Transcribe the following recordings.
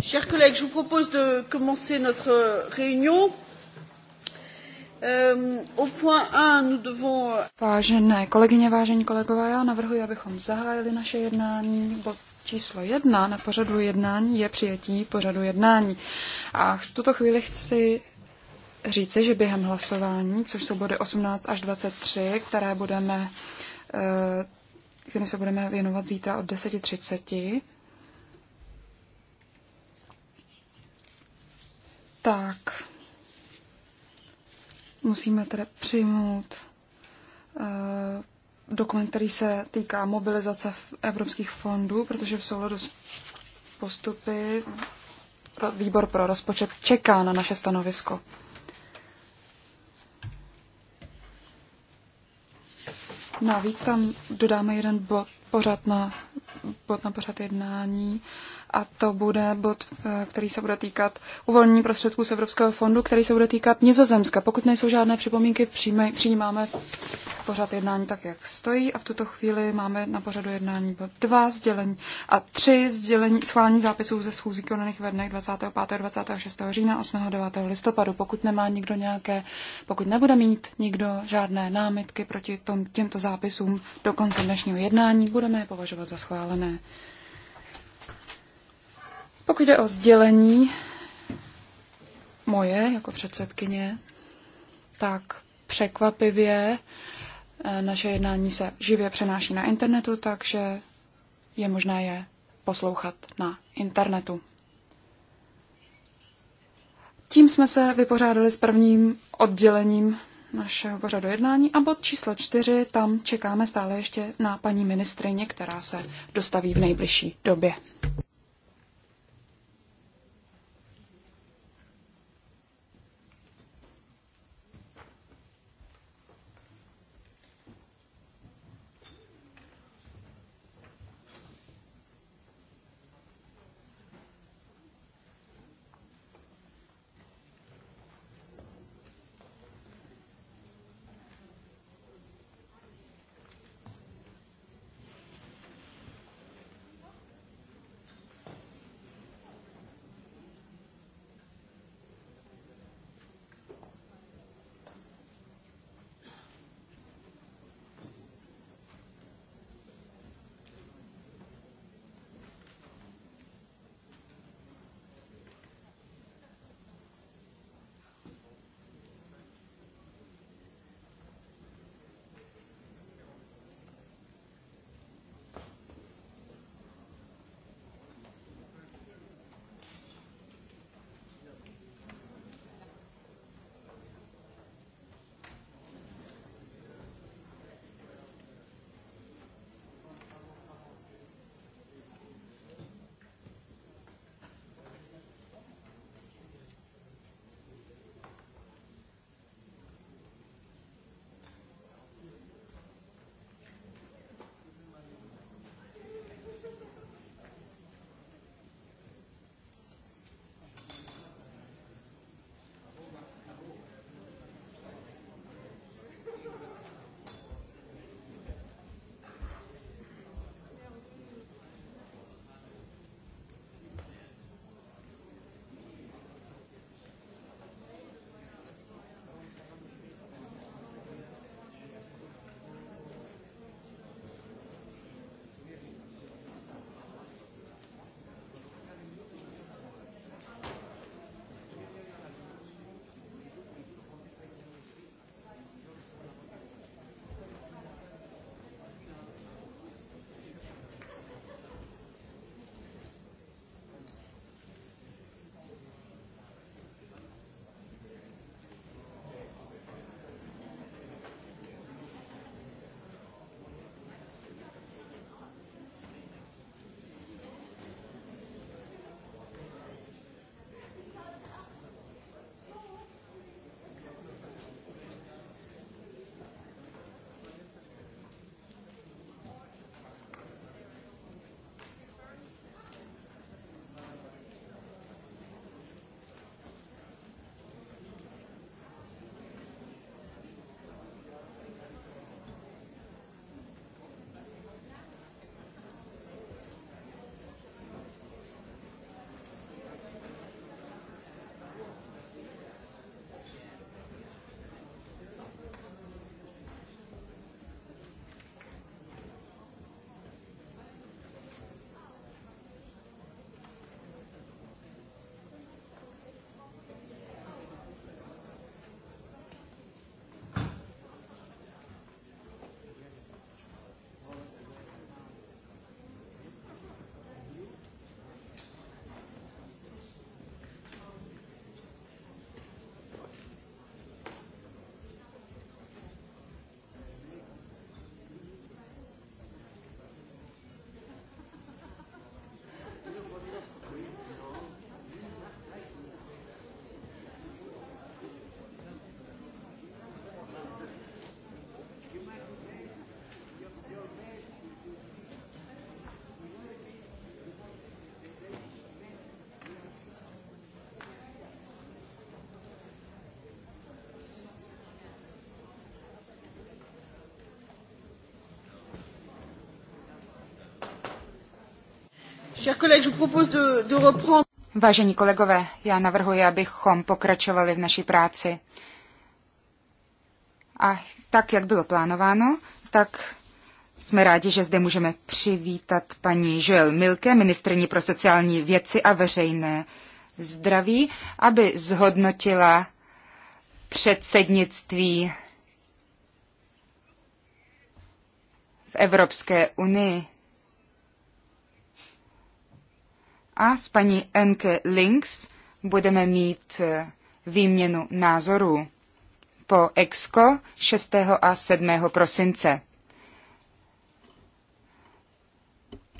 chers collègues je vous propose de commencer notre réunion. Euh, au point un nous devons... Vážené kolegyně, vážení kolegové, já navrhuji, abychom zahájili naše jednání. Bod číslo jedna na pořadu jednání je přijetí pořadu jednání. A v tuto chvíli chci říci, že během hlasování, což jsou body 18 až 23, které budeme, eh, kterým se budeme věnovat zítra od 10.30, tak musíme tedy přijmout eh, dokument, který se týká mobilizace evropských fondů, protože v souladu s postupy výbor pro rozpočet čeká na naše stanovisko. Navíc tam dodáme jeden bod, pořad na, bod na pořad jednání a to bude bod, eh, který se bude týkat uvolnění prostředků z Evropského fondu, který se bude týkat Nizozemska. Pokud nejsou žádné připomínky, přijímáme pořad jednání tak, jak stojí a v tuto chvíli máme na pořadu jednání bod 2 sdělení a 3 sdělení schválení zápisů ze schůzí konaných ve dnech 25. a 26. října 8. a 9. listopadu. Pokud nemá nikdo nějaké, pokud nebude mít nikdo žádné námitky proti tom, těmto zápisům do konce dnešního jednání, budeme je považovat za schválené. Pokud jde o sdělení moje jako předsedkyně, tak překvapivě eh, naše jednání se živě přenáší na internetu, takže je možné je poslouchat na internetu. Tím jsme se vypořádali s prvním oddělením našeho pořadu jednání a bod číslo čtyři, tam čekáme stále ještě na paní ministrině, která se dostaví v nejbližší době. Vážení kolegové, já navrhuji, abychom pokračovali v naší práci. A tak, jak bylo plánováno, tak jsme rádi, že zde můžeme přivítat paní Joel Milke, ministrní pro sociální věci a veřejné zdraví, aby zhodnotila předsednictví v Evropské unii. a s paní Enke Links budeme mít eh, výměnu názorů po EXCO 6. a 7. prosince.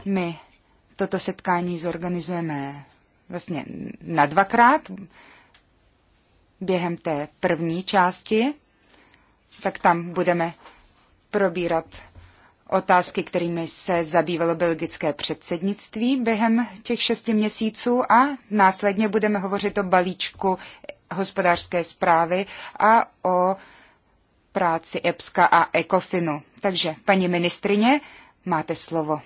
My toto setkání zorganizujeme vlastně na dvakrát během té první části, tak tam budeme probírat otázky, kterými se zabývalo belgické předsednictví během těch šesti měsíců a následně budeme hovořit o balíčku hospodářské zprávy a o práci EPSKA a ECOFINu. Takže, paní ministrině, máte slovo.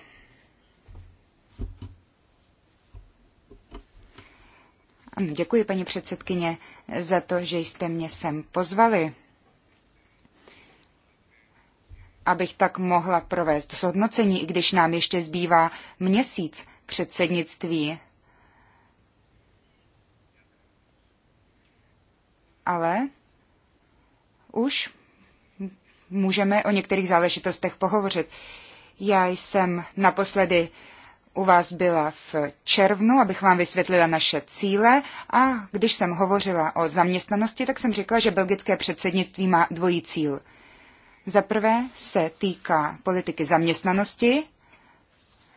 děkuji, paní předsedkyně, za to, že jste mě sem pozvali abych tak mohla provést zhodnocení, i když nám ještě zbývá měsíc předsednictví. Ale už můžeme o některých záležitostech pohovořit. Já jsem naposledy u vás byla v červnu, abych vám vysvětlila naše cíle a když jsem hovořila o zaměstnanosti, tak jsem řekla, že belgické předsednictví má dvojí cíl – za prvé se týká politiky zaměstnanosti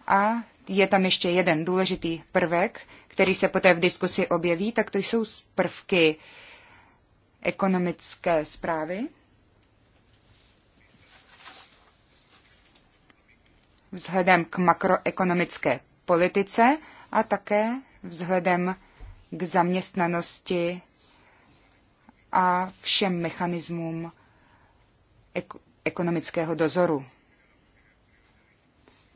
a je tam ještě jeden důležitý prvek, který se poté v diskusi objeví, tak to jsou prvky ekonomické zprávy. Vzhledem k makroekonomické politice a také vzhledem k zaměstnanosti a všem mechanismům ekonomického dozoru.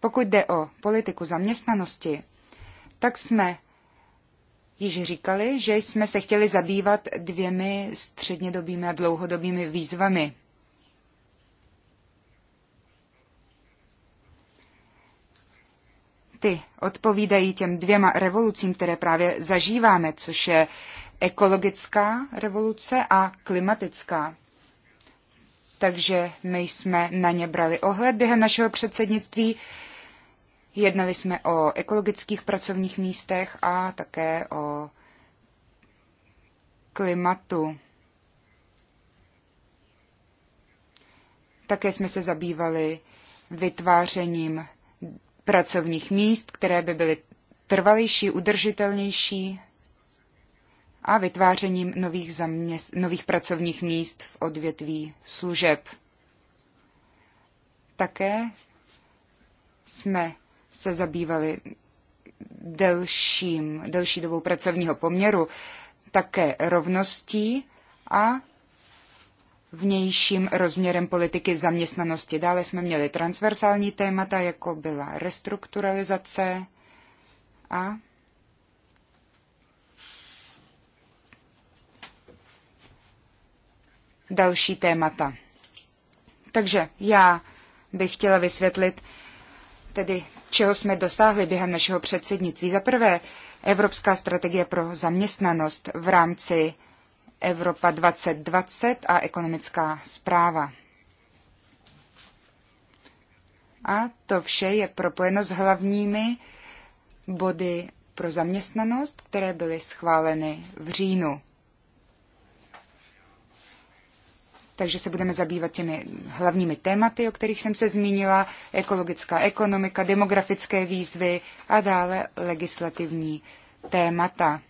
Pokud jde o politiku zaměstnanosti, tak jsme již říkali, že jsme se chtěli zabývat dvěmi střednědobými a dlouhodobými výzvami. Ty odpovídají těm dvěma revolucím, které právě zažíváme, což je ekologická revoluce a klimatická takže my jsme na ně brali ohled během našeho předsednictví. Jednali jsme o ekologických pracovních místech a také o klimatu. Také jsme se zabývali vytvářením pracovních míst, které by byly trvalejší, udržitelnější a vytvářením nových, zaměst, nových pracovních míst v odvětví služeb. Také jsme se zabývali delším, delší dobou pracovního poměru, také rovností a vnějším rozměrem politiky zaměstnanosti. Dále jsme měli transversální témata, jako byla restrukturalizace a další témata. Takže já bych chtěla vysvětlit, tedy čeho jsme dosáhli během našeho předsednictví. Za prvé, Evropská strategie pro zaměstnanost v rámci Evropa 2020 a ekonomická zpráva. A to vše je propojeno s hlavními body pro zaměstnanost, které byly schváleny v říjnu. takže se budeme zabývat těmi hlavními tématy, o kterých jsem se zmínila, ekologická ekonomika, demografické výzvy a dále legislativní témata.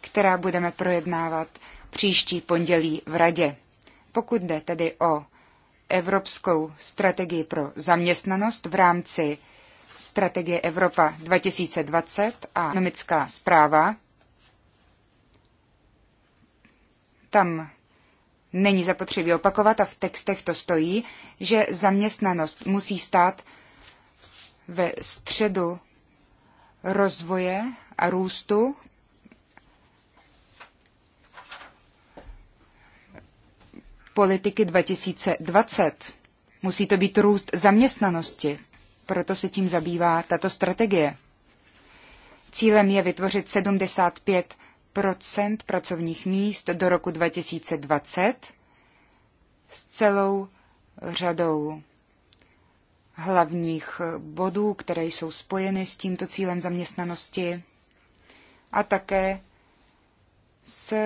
která budeme projednávat příští pondělí v Radě. Pokud jde tedy o Evropskou strategii pro zaměstnanost v rámci strategie Evropa 2020 a ekonomická zpráva, tam není zapotřebí opakovat a v textech to stojí, že zaměstnanost musí stát ve středu rozvoje a růstu politiky 2020. Musí to být růst zaměstnanosti, proto se tím zabývá tato strategie. Cílem je vytvořit 75 procent pracovních míst do roku 2020 s celou řadou hlavních bodů, které jsou spojeny s tímto cílem zaměstnanosti a také s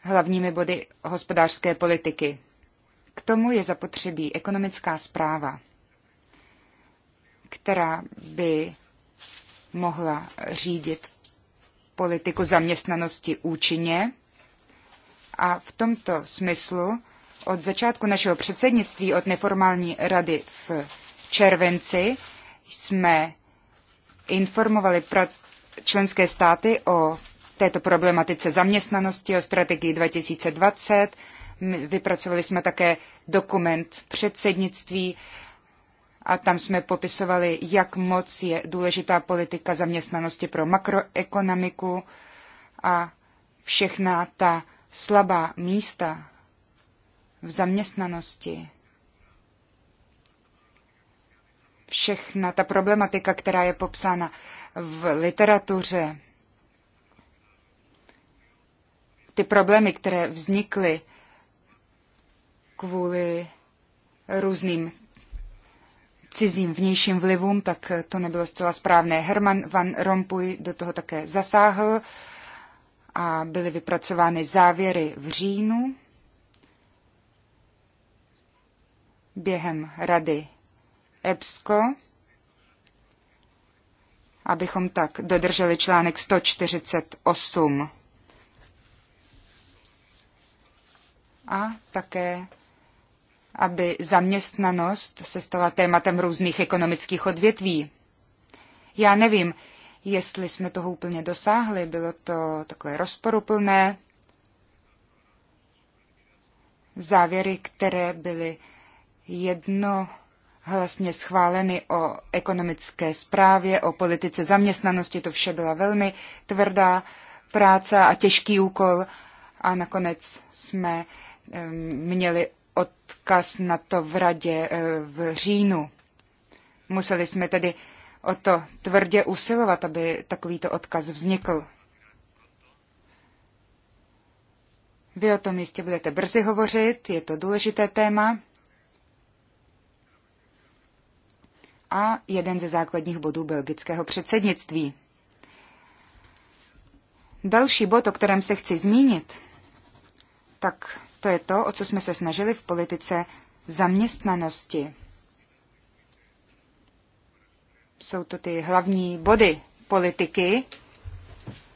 hlavními body hospodářské politiky. K tomu je zapotřebí ekonomická zpráva, která by mohla řídit politiku zaměstnanosti účinně a v tomto smyslu od začátku našeho předsednictví, od neformální rady v červenci, jsme informovali členské státy o této problematice zaměstnanosti, o strategii 2020. Vypracovali jsme také dokument předsednictví a tam jsme popisovali, jak moc je důležitá politika zaměstnanosti pro makroekonomiku a všechna ta slabá místa v zaměstnanosti. Všechna ta problematika, která je popsána v literatuře, ty problémy, které vznikly kvůli různým cizím vnějším vlivům, tak to nebylo zcela správné. Herman van Rompuy do toho také zasáhl a byly vypracovány závěry v říjnu během rady EBSCO, abychom tak dodrželi článek 148 a také aby zaměstnanost se stala tématem různých ekonomických odvětví. Já nevím, jestli jsme toho úplně dosáhli, bylo to takové rozporuplné. Závěry, které byly jedno hlasně schváleny o ekonomické zprávě, o politice zaměstnanosti, to vše byla velmi tvrdá práce a těžký úkol a nakonec jsme měli odkaz na to v radě eh, v říjnu. Museli jsme tedy o to tvrdě usilovat, aby takovýto odkaz vznikl. Vy o tom jistě budete brzy hovořit, je to důležité téma. A jeden ze základních bodů belgického předsednictví. Další bod, o kterém se chci zmínit, tak to je to, o co jsme se snažili v politice zaměstnanosti. Jsou to ty hlavní body politiky,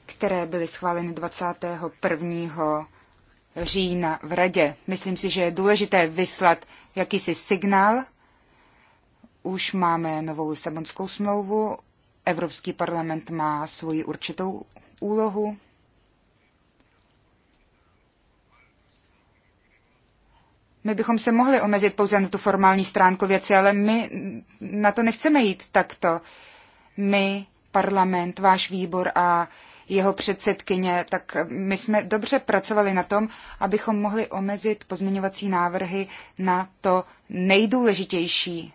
které byly schváleny 21. října v Radě. Myslím si, že je důležité vyslat jakýsi signál. Už máme novou Lisabonskou smlouvu, Evropský parlament má svoji určitou úlohu. My bychom se mohli omezit pouze na tu formální stránku věci, ale my na to nechceme jít takto. My, parlament, váš výbor a jeho předsedkyně, tak my jsme dobře pracovali na tom, abychom mohli omezit pozměňovací návrhy na to nejdůležitější.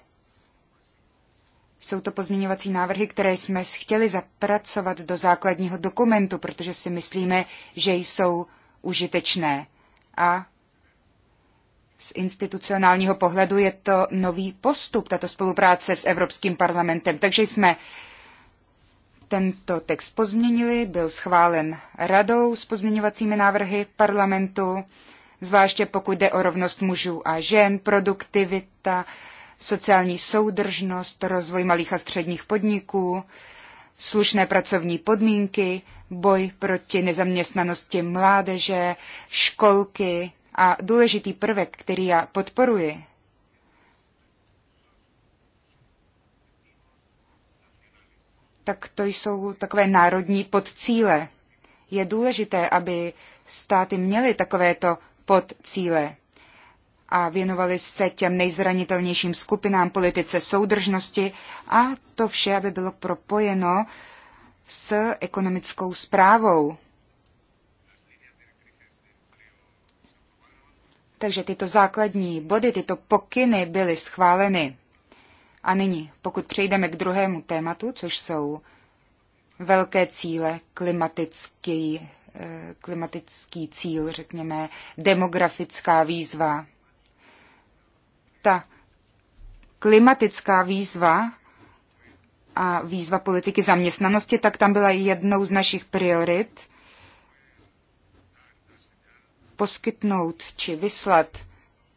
Jsou to pozměňovací návrhy, které jsme chtěli zapracovat do základního dokumentu, protože si myslíme, že jsou užitečné a z institucionálního pohledu je to nový postup, tato spolupráce s Evropským parlamentem. Takže jsme tento text pozměnili, byl schválen radou s pozměňovacími návrhy parlamentu, zvláště pokud jde o rovnost mužů a žen, produktivita, sociální soudržnost, rozvoj malých a středních podniků, slušné pracovní podmínky, boj proti nezaměstnanosti mládeže, školky, a důležitý prvek, který já podporuji, tak to jsou takové národní podcíle. Je důležité, aby státy měly takovéto podcíle a věnovali se těm nejzranitelnějším skupinám politice soudržnosti a to vše, aby bylo propojeno s ekonomickou zprávou. Takže tyto základní body, tyto pokyny byly schváleny. A nyní, pokud přejdeme k druhému tématu, což jsou velké cíle, klimatický, eh, klimatický cíl, řekněme, demografická výzva. Ta klimatická výzva a výzva politiky zaměstnanosti, tak tam byla jednou z našich priorit poskytnout či vyslat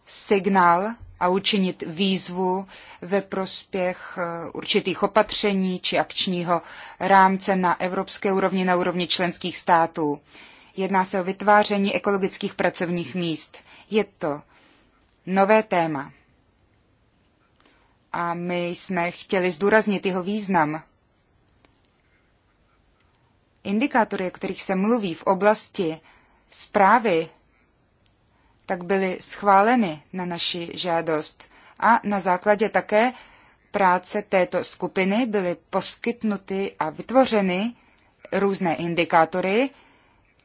signál a učinit výzvu ve prospěch eh, určitých opatření či akčního rámce na evropské úrovni, na úrovni členských států. Jedná se o vytváření ekologických pracovních míst. Je to nové téma. A my jsme chtěli zdůraznit jeho význam. Indikátory, o kterých se mluví v oblasti zprávy tak byly schváleny na naši žádost a na základě také práce této skupiny byly poskytnuty a vytvořeny různé indikátory,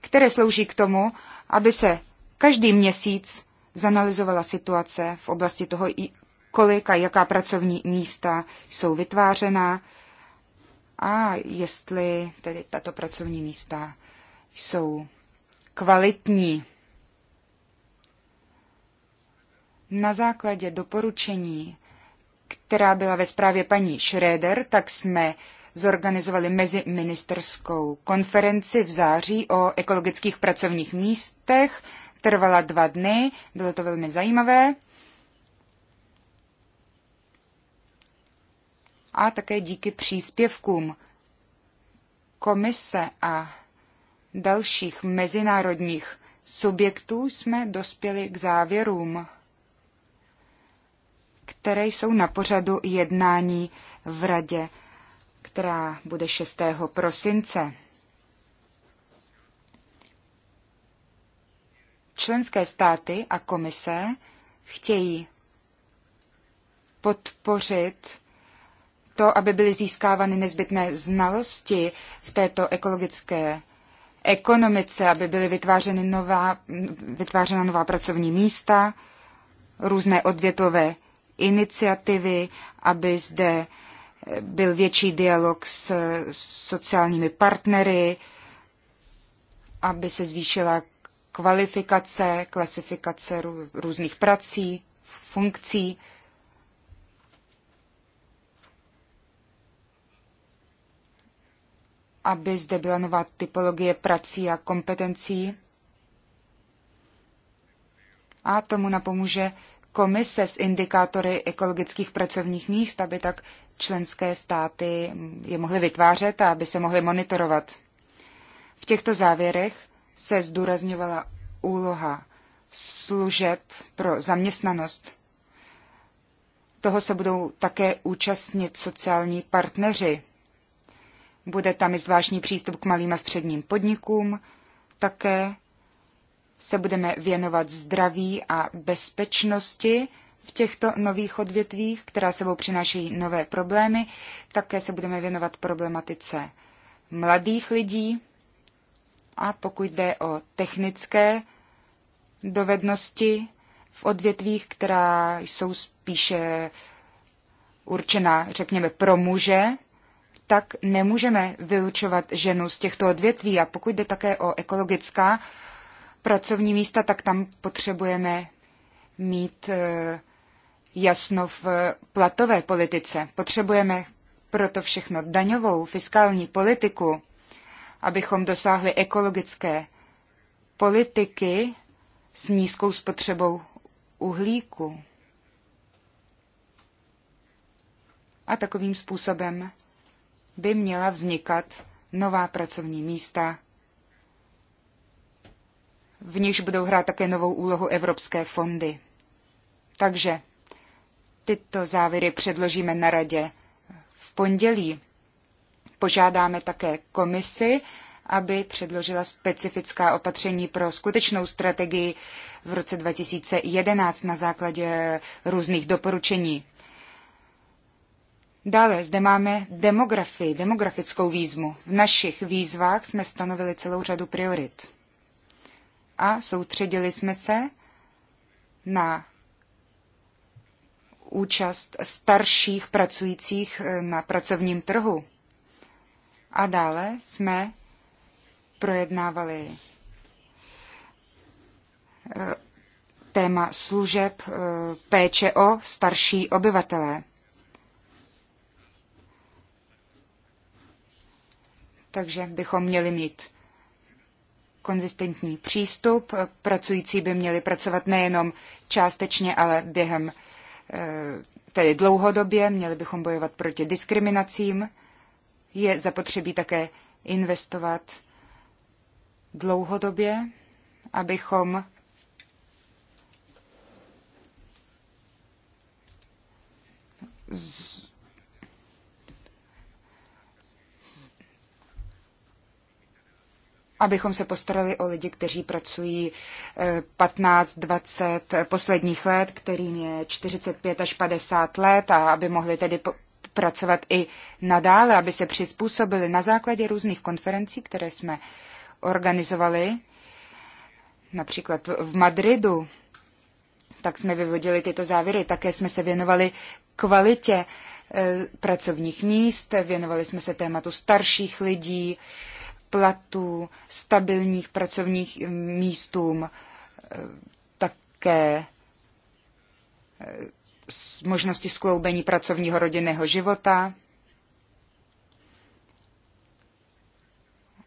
které slouží k tomu, aby se každý měsíc zanalizovala situace v oblasti toho, kolik a jaká pracovní místa jsou vytvářena a jestli tedy tato pracovní místa jsou kvalitní. Na základě doporučení, která byla ve zprávě paní Schröder, tak jsme zorganizovali meziministerskou konferenci v září o ekologických pracovních místech. Trvala dva dny, bylo to velmi zajímavé. A také díky příspěvkům komise a dalších mezinárodních subjektů jsme dospěli k závěrům které jsou na pořadu jednání v Radě, která bude 6. prosince. Členské státy a komise chtějí podpořit to, aby byly získávány nezbytné znalosti v této ekologické ekonomice, aby byly vytvářeny nová, vytvářena nová pracovní místa, různé odvětové iniciativy, aby zde byl větší dialog s sociálními partnery, aby se zvýšila kvalifikace, klasifikace různých prací, funkcí. aby zde byla nová typologie prací a kompetencí. A tomu napomůže komise s indikátory ekologických pracovních míst, aby tak členské státy je mohly vytvářet a aby se mohly monitorovat. V těchto závěrech se zdůrazňovala úloha služeb pro zaměstnanost. Toho se budou také účastnit sociální partneři. Bude tam i zvláštní přístup k malým a středním podnikům, také se budeme věnovat zdraví a bezpečnosti v těchto nových odvětvích, která sebou přinášejí nové problémy. Také se budeme věnovat problematice mladých lidí a pokud jde o technické dovednosti v odvětvích, která jsou spíše určena, řekněme, pro muže, tak nemůžeme vylučovat ženu z těchto odvětví. A pokud jde také o ekologická pracovní místa, tak tam potřebujeme mít e, jasno v platové politice. Potřebujeme proto všechno daňovou, fiskální politiku, abychom dosáhli ekologické politiky s nízkou spotřebou uhlíku. A takovým způsobem by měla vznikat nová pracovní místa v nichž budou hrát také novou úlohu evropské fondy. Takže tyto závěry předložíme na radě v pondělí. Požádáme také komisi, aby předložila specifická opatření pro skutečnou strategii v roce 2011 na základě různých doporučení. Dále zde máme demografii, demografickou výzvu. V našich výzvách jsme stanovili celou řadu priorit a soustředili jsme se na účast starších pracujících eh, na pracovním trhu. A dále jsme projednávali eh, téma služeb eh, péče o starší obyvatelé. Takže bychom měli mít konzistentní přístup. Pracující by měli pracovat nejenom částečně, ale během eh, tedy dlouhodobě. Měli bychom bojovat proti diskriminacím. Je zapotřebí také investovat dlouhodobě, abychom abychom se postarali o lidi, kteří pracují 15-20 eh, posledních let, kterým je 45 až 50 let a aby mohli tedy pracovat i nadále, aby se přizpůsobili na základě různých konferencí, které jsme organizovali, například v Madridu, tak jsme vyvodili tyto závěry. Také jsme se věnovali kvalitě eh, pracovních míst, věnovali jsme se tématu starších lidí, platů, stabilních pracovních místům, eh, také eh, možnosti skloubení pracovního rodinného života,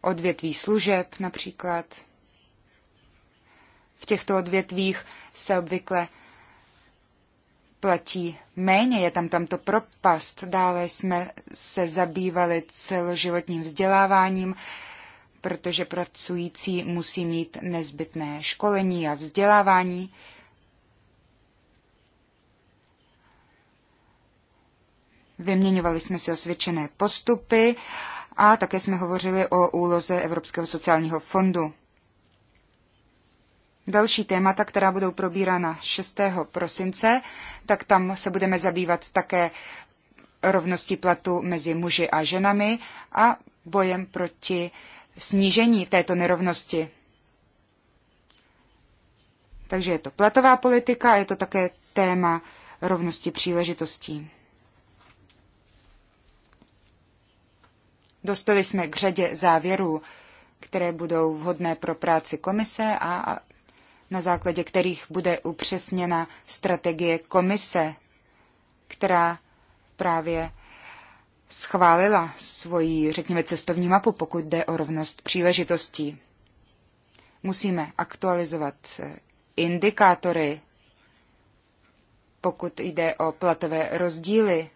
odvětví služeb například. V těchto odvětvích se obvykle platí méně, je tam tamto propast. Dále jsme se zabývali celoživotním vzděláváním, protože pracující musí mít nezbytné školení a vzdělávání. Vyměňovali jsme si osvědčené postupy a také jsme hovořili o úloze Evropského sociálního fondu další témata, která budou probírána 6. prosince, tak tam se budeme zabývat také rovností platu mezi muži a ženami a bojem proti snížení této nerovnosti. Takže je to platová politika a je to také téma rovnosti příležitostí. Dospěli jsme k řadě závěrů, které budou vhodné pro práci komise a na základě kterých bude upřesněna strategie komise, která právě schválila svoji, řekněme, cestovní mapu, pokud jde o rovnost příležitostí. Musíme aktualizovat eh, indikátory, pokud jde o platové rozdíly,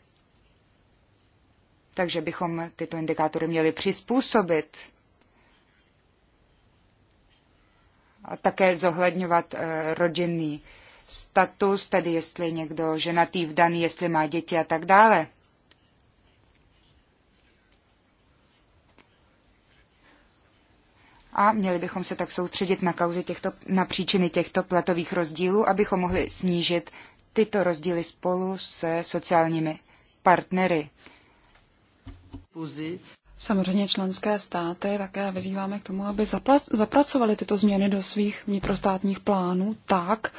takže bychom tyto indikátory měli přizpůsobit a také zohledňovat eh, rodinný status, tedy jestli někdo ženatý, vdaný, jestli má děti a tak dále. A měli bychom se tak soustředit na kauzy těchto, na příčiny těchto platových rozdílů, abychom mohli snížit tyto rozdíly spolu se sociálními partnery. Samozřejmě členské státy také vyzýváme k tomu, aby zapracovali tyto změny do svých vnitrostátních plánů tak,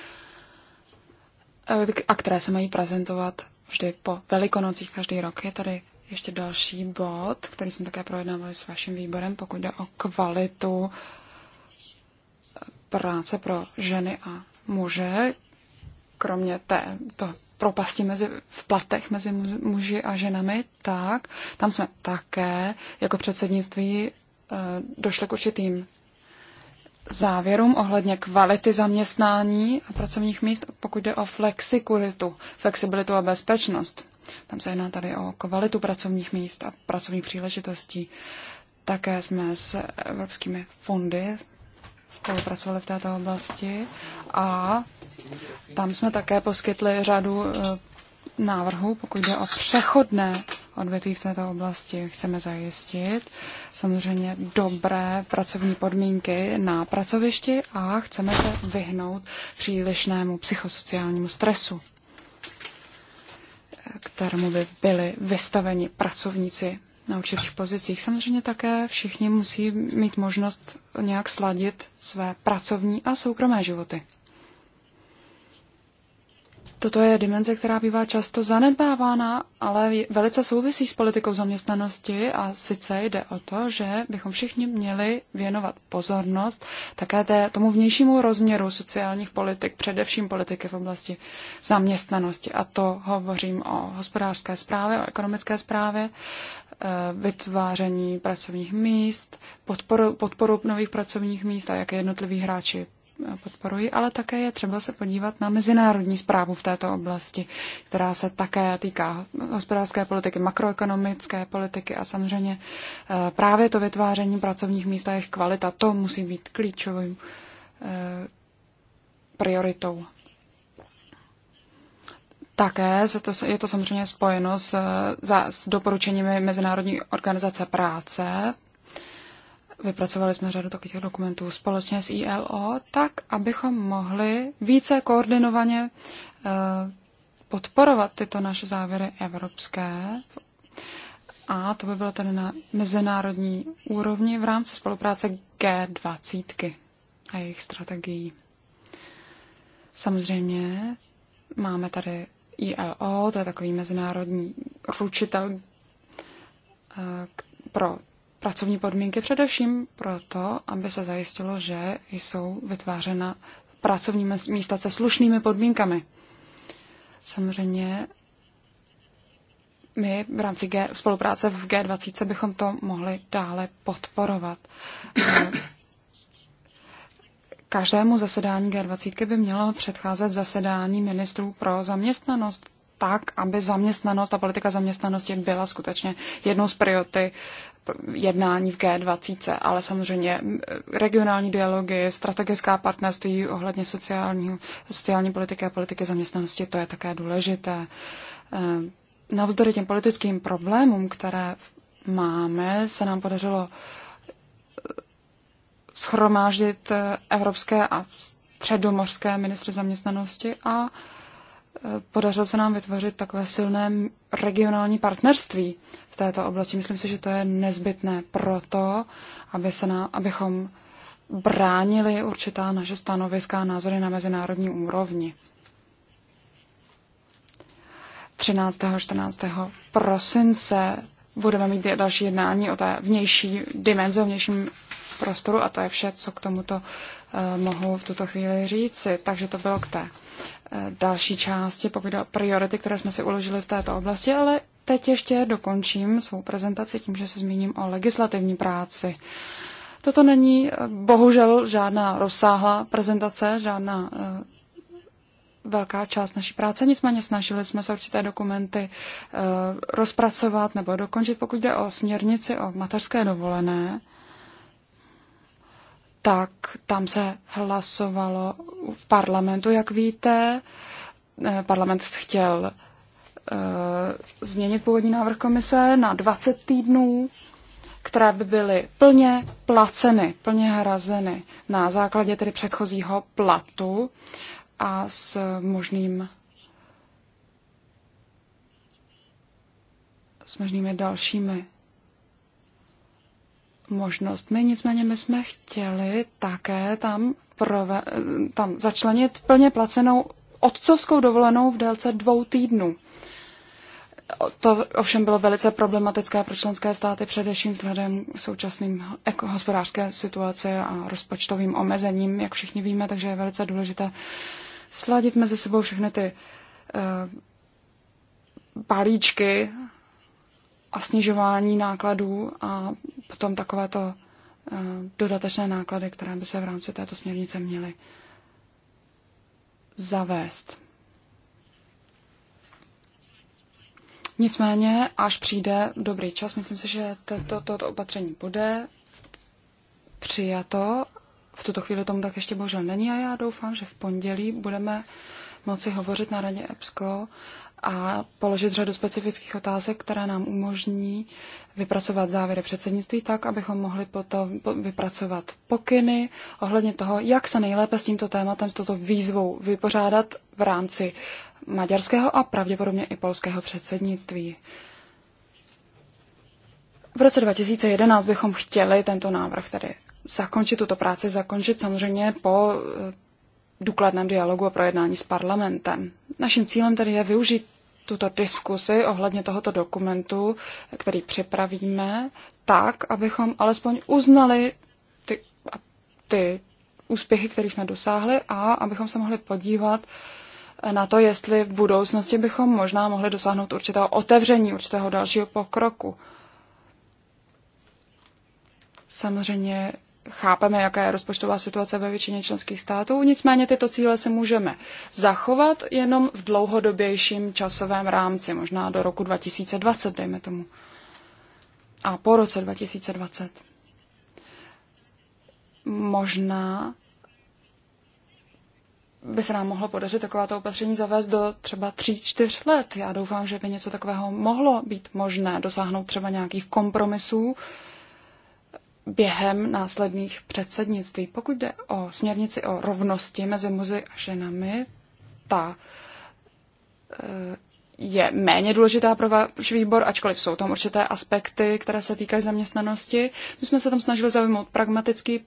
eh, a které se mají prezentovat vždy po velikonocích každý rok. Je tady ještě další bod, který jsme také projednávali s vaším výborem, pokud jde o kvalitu eh, práce pro ženy a muže, kromě té, to, propasti mezi, v platech mezi muži a ženami, tak tam jsme také jako předsednictví eh, došli k určitým závěrům ohledně kvality zaměstnání a pracovních míst, pokud jde o flexikuritu, flexibilitu a bezpečnost. Tam se jedná tady o kvalitu pracovních míst a pracovních příležitostí. Také jsme s evropskými fondy spolupracovali v této oblasti a tam jsme také poskytli řadu eh, návrhů, pokud jde o přechodné odvětví v této oblasti. Chceme zajistit samozřejmě dobré pracovní podmínky na pracovišti a chceme se vyhnout přílišnému psychosociálnímu stresu, eh, kterému by byli vystaveni pracovníci na určitých pozicích. Samozřejmě také všichni musí mít možnost nějak sladit své pracovní a soukromé životy. Toto je dimenze, která bývá často zanedbávána, ale velice souvisí s politikou zaměstnanosti a sice jde o to, že bychom všichni měli věnovat pozornost také té, tomu vnějšímu rozměru sociálních politik, především politiky v oblasti zaměstnanosti. A to hovořím o hospodářské správě, o ekonomické správě, e, vytváření pracovních míst, podporu, podporu nových pracovních míst a jak jednotliví hráči podporuji, ale také je třeba se podívat na mezinárodní zprávu v této oblasti, která se také týká hospodářské politiky, makroekonomické politiky a samozřejmě eh, právě to vytváření pracovních míst a jejich kvalita, to musí být klíčovým eh, prioritou. Také je to samozřejmě spojeno s, eh, s doporučeními Mezinárodní organizace práce, Vypracovali jsme řadu takových dokumentů společně s ILO, tak, abychom mohli více koordinovaně eh, podporovat tyto naše závěry evropské a to by bylo tedy na mezinárodní úrovni v rámci spolupráce G20 a jejich strategií. Samozřejmě máme tady ILO, to je takový mezinárodní ručitel eh, pro pracovní podmínky především proto, aby se zajistilo, že jsou vytvářena pracovní místa se slušnými podmínkami. Samozřejmě my v rámci G, spolupráce v G20 bychom to mohli dále podporovat. Eh, každému zasedání G20 by mělo předcházet zasedání ministrů pro zaměstnanost tak, aby zaměstnanost a politika zaměstnanosti byla skutečně jednou z priority jednání v G20, ale samozřejmě regionální dialogy, strategická partnerství ohledně sociální, sociální politiky a politiky zaměstnanosti, to je také důležité. Eh, navzdory těm politickým problémům, které máme, se nám podařilo eh, schromáždit eh, evropské a středomořské ministry zaměstnanosti a podařilo se nám vytvořit takové silné regionální partnerství této oblasti. Myslím si, že to je nezbytné proto, aby se na, abychom bránili určitá naše stanoviska názory na mezinárodní úrovni. 13. a 14. prosince budeme mít další jednání o té vnější dimenzi, o vnějším prostoru a to je vše, co k tomuto eh, mohu v tuto chvíli říci. Takže to bylo k té eh, další části, pokud jde o priority, které jsme si uložili v této oblasti, ale teď ještě dokončím svou prezentaci tím, že se zmíním o legislativní práci. Toto není eh, bohužel žádná rozsáhlá prezentace, žádná eh, velká část naší práce, nicméně snažili jsme se určité dokumenty eh, rozpracovat nebo dokončit, pokud jde o směrnici o mateřské dovolené tak tam se hlasovalo v parlamentu, jak víte. Parlament chtěl Eh, změnit původní návrh komise na 20 týdnů, které by byly plně placeny, plně hrazeny na základě tedy předchozího platu a s možným s možnými dalšími možnostmi. Nicméně my jsme chtěli také tam, prove, tam začlenit plně placenou otcovskou dovolenou v délce dvou týdnů. To ovšem bylo velice problematické pro členské státy, především vzhledem k současným hospodářské situaci a rozpočtovým omezením, jak všichni víme, takže je velice důležité sladit mezi sebou všechny ty uh, balíčky a snižování nákladů a potom takovéto uh, dodatečné náklady, které by se v rámci této směrnice měly zavést. Nicméně, až přijde dobrý čas, myslím si, že toto to, to opatření bude přijato. V tuto chvíli tomu tak ještě bohužel není a já doufám, že v pondělí budeme moci hovořit na radě EBSCO a položit řadu specifických otázek, které nám umožní vypracovat závěry předsednictví tak, abychom mohli potom vypracovat pokyny ohledně toho, jak se nejlépe s tímto tématem, s touto výzvou vypořádat v rámci maďarského a pravděpodobně i polského předsednictví. V roce 2011 bychom chtěli tento návrh tedy zakončit tuto práci, zakončit samozřejmě po důkladném dialogu a projednání s parlamentem. Naším cílem tedy je využít tuto diskusi ohledně tohoto dokumentu, který připravíme, tak, abychom alespoň uznali ty, ty úspěchy, které jsme dosáhli a abychom se mohli podívat na to, jestli v budoucnosti bychom možná mohli dosáhnout určitého otevření, určitého dalšího pokroku. Samozřejmě chápeme, jaká je rozpočtová situace ve většině členských států, nicméně tyto cíle se můžeme zachovat jenom v dlouhodobějším časovém rámci, možná do roku 2020, dejme tomu. A po roce 2020. Možná by se nám mohlo podařit takováto opatření zavést do třeba tří, čtyř let. Já doufám, že by něco takového mohlo být možné dosáhnout třeba nějakých kompromisů, během následných předsednictví. Pokud jde o směrnici o rovnosti mezi muži a ženami, ta eh, je méně důležitá pro váš výbor, ačkoliv jsou tam určité aspekty, které se týkají zaměstnanosti. My jsme se tam snažili zaujmout pragmatický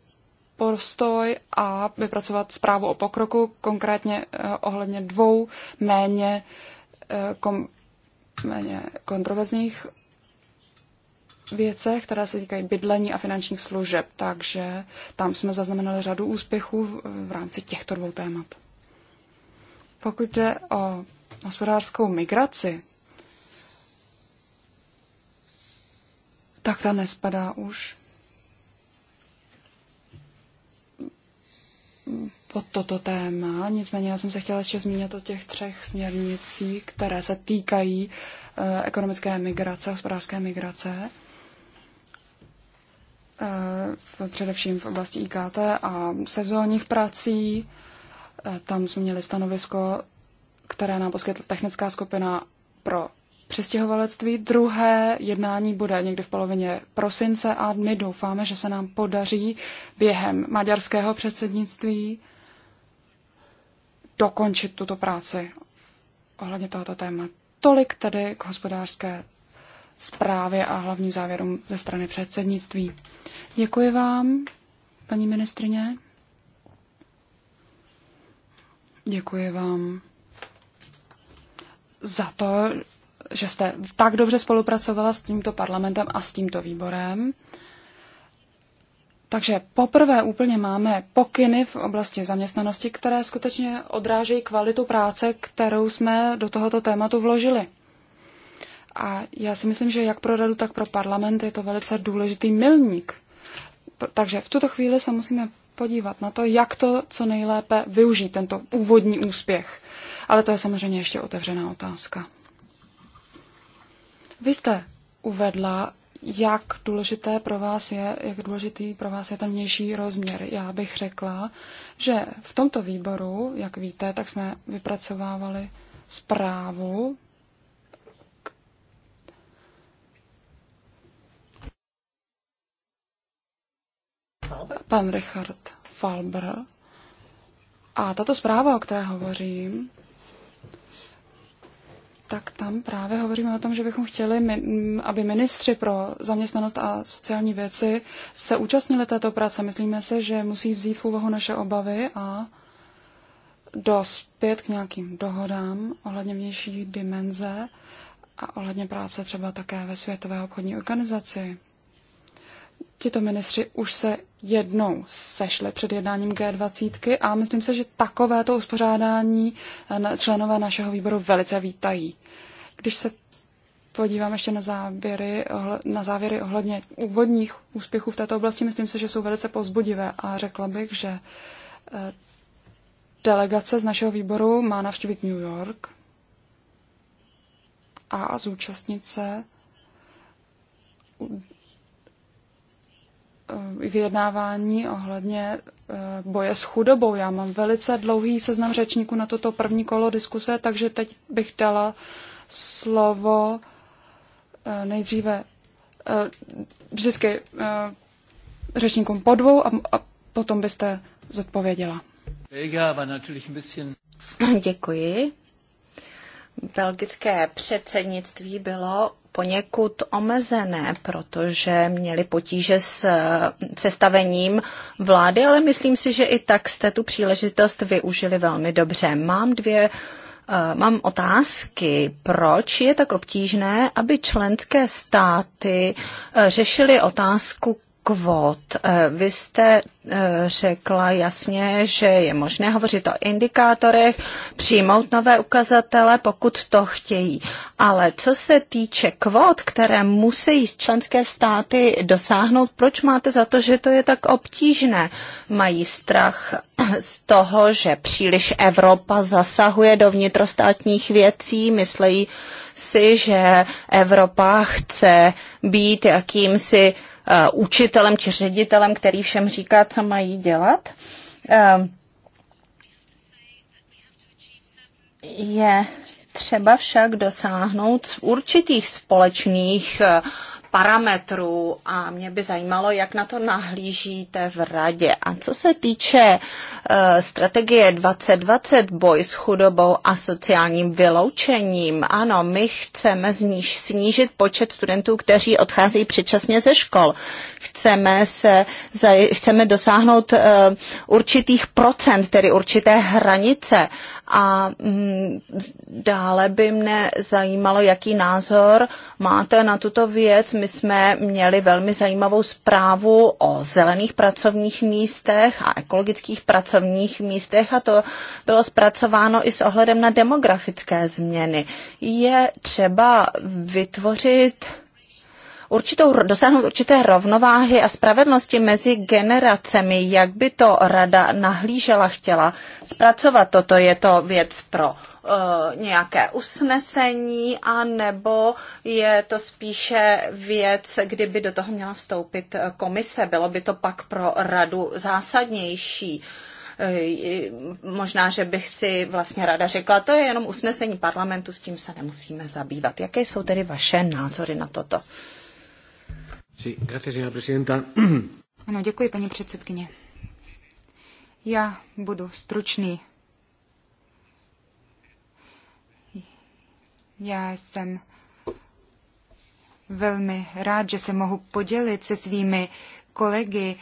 postoj a vypracovat zprávu o pokroku, konkrétně eh, ohledně dvou méně, eh, kom, méně kontroverzních věcech, které se týkají bydlení a finančních služeb, takže tam jsme zaznamenali řadu úspěchů v rámci těchto dvou témat. Pokud jde o hospodářskou migraci, tak ta nespadá už pod toto téma. Nicméně já jsem se chtěla ještě zmínit o těch třech směrnicích, které se týkají eh, ekonomické migrace, hospodářské migrace. Eh, především v oblasti IKT a sezónních prací. Eh, tam jsme měli stanovisko, které nám poskytla technická skupina pro přestěhovalectví. Druhé jednání bude někdy v polovině prosince a my doufáme, že se nám podaří během maďarského předsednictví dokončit tuto práci ohledně tohoto téma. Tolik tedy k hospodářské zprávě a hlavním závěrům ze strany předsednictví. Děkuji vám, paní ministrině. Děkuji vám za to, že jste tak dobře spolupracovala s tímto parlamentem a s tímto výborem. Takže poprvé úplně máme pokyny v oblasti zaměstnanosti, které skutečně odrážejí kvalitu práce, kterou jsme do tohoto tématu vložili. A já si myslím, že jak pro radu, tak pro parlament je to velice důležitý milník. Takže v tuto chvíli se musíme podívat na to, jak to co nejlépe využít, tento úvodní úspěch. Ale to je samozřejmě ještě otevřená otázka. Vy jste uvedla, jak důležité pro vás je, jak důležitý pro vás je ten vnější rozměr. Já bych řekla, že v tomto výboru, jak víte, tak jsme vypracovávali zprávu pan Richard Falber. A tato zpráva, o které hovořím, tak tam právě hovoříme o tom, že bychom chtěli, aby ministři pro zaměstnanost a sociální věci se účastnili této práce. Myslíme se, že musí vzít v úvahu naše obavy a dospět k nějakým dohodám ohledně vnější dimenze a ohledně práce třeba také ve Světové obchodní organizaci tito ministři už se jednou sešli před jednáním G20 a myslím se, že takovéto uspořádání eh, členové našeho výboru velice vítají. Když se podívám ještě na závěry, na závěry ohledně úvodních úspěchů v této oblasti, myslím se, že jsou velice pozbudivé a řekla bych, že eh, delegace z našeho výboru má navštívit New York a zúčastnit se Eh, vyjednávání ohledně eh, boje s chudobou. Já mám velice dlouhý seznam řečníků na toto první kolo diskuse, takže teď bych dala slovo eh, nejdříve vždycky řečníkům po dvou a, potom byste zodpověděla. Děkuji. Belgické předsednictví bylo poněkud omezené, protože měli potíže s sestavením vlády, ale myslím si, že i tak jste tu příležitost využili velmi dobře. Mám dvě eh, Mám otázky, proč je tak obtížné, aby členské státy eh, řešily otázku kvót. Eh, vy jste eh, řekla jasně, že je možné hovořit o indikátorech, přijmout nové ukazatele, pokud to chtějí. Ale co se týče kvót, které musí členské státy dosáhnout, proč máte za to, že to je tak obtížné? Mají strach z toho, že příliš Evropa zasahuje do vnitrostátních věcí, myslejí si, že Evropa chce být jakýmsi Eh, učitelem či ředitelem, který všem říká, co mají dělat. Eh, je třeba však dosáhnout určitých společných eh, parametrů a mě by zajímalo, jak na to nahlížíte v radě. A co se týče uh, strategie 2020 boj s chudobou a sociálním vyloučením, ano, my chceme zniž, snížit počet studentů, kteří odcházejí předčasně ze škol. Chceme, se, chceme dosáhnout uh, určitých procent, tedy určité hranice a mm, dále by mne zajímalo, jaký názor máte na tuto věc. My jsme měli velmi zajímavou zprávu o zelených pracovních místech a ekologických pracovních místech a to bylo zpracováno i s ohledem na demografické změny. Je třeba vytvořit určitou, dosáhnout určité rovnováhy a spravedlnosti mezi generacemi, jak by to rada nahlížela, chtěla zpracovat. Toto je to věc pro eh, nějaké usnesení, a nebo je to spíše věc, kdyby do toho měla vstoupit eh, komise. Bylo by to pak pro radu zásadnější. Eh, možná, že bych si vlastně rada řekla, to je jenom usnesení parlamentu, s tím se nemusíme zabývat. Jaké jsou tedy vaše názory na toto? Sí, gracias, señora presidenta. Ano, děkuji, paní předsedkyně. Já budu stručný. Já jsem velmi rád, že se mohu podělit se svými kolegy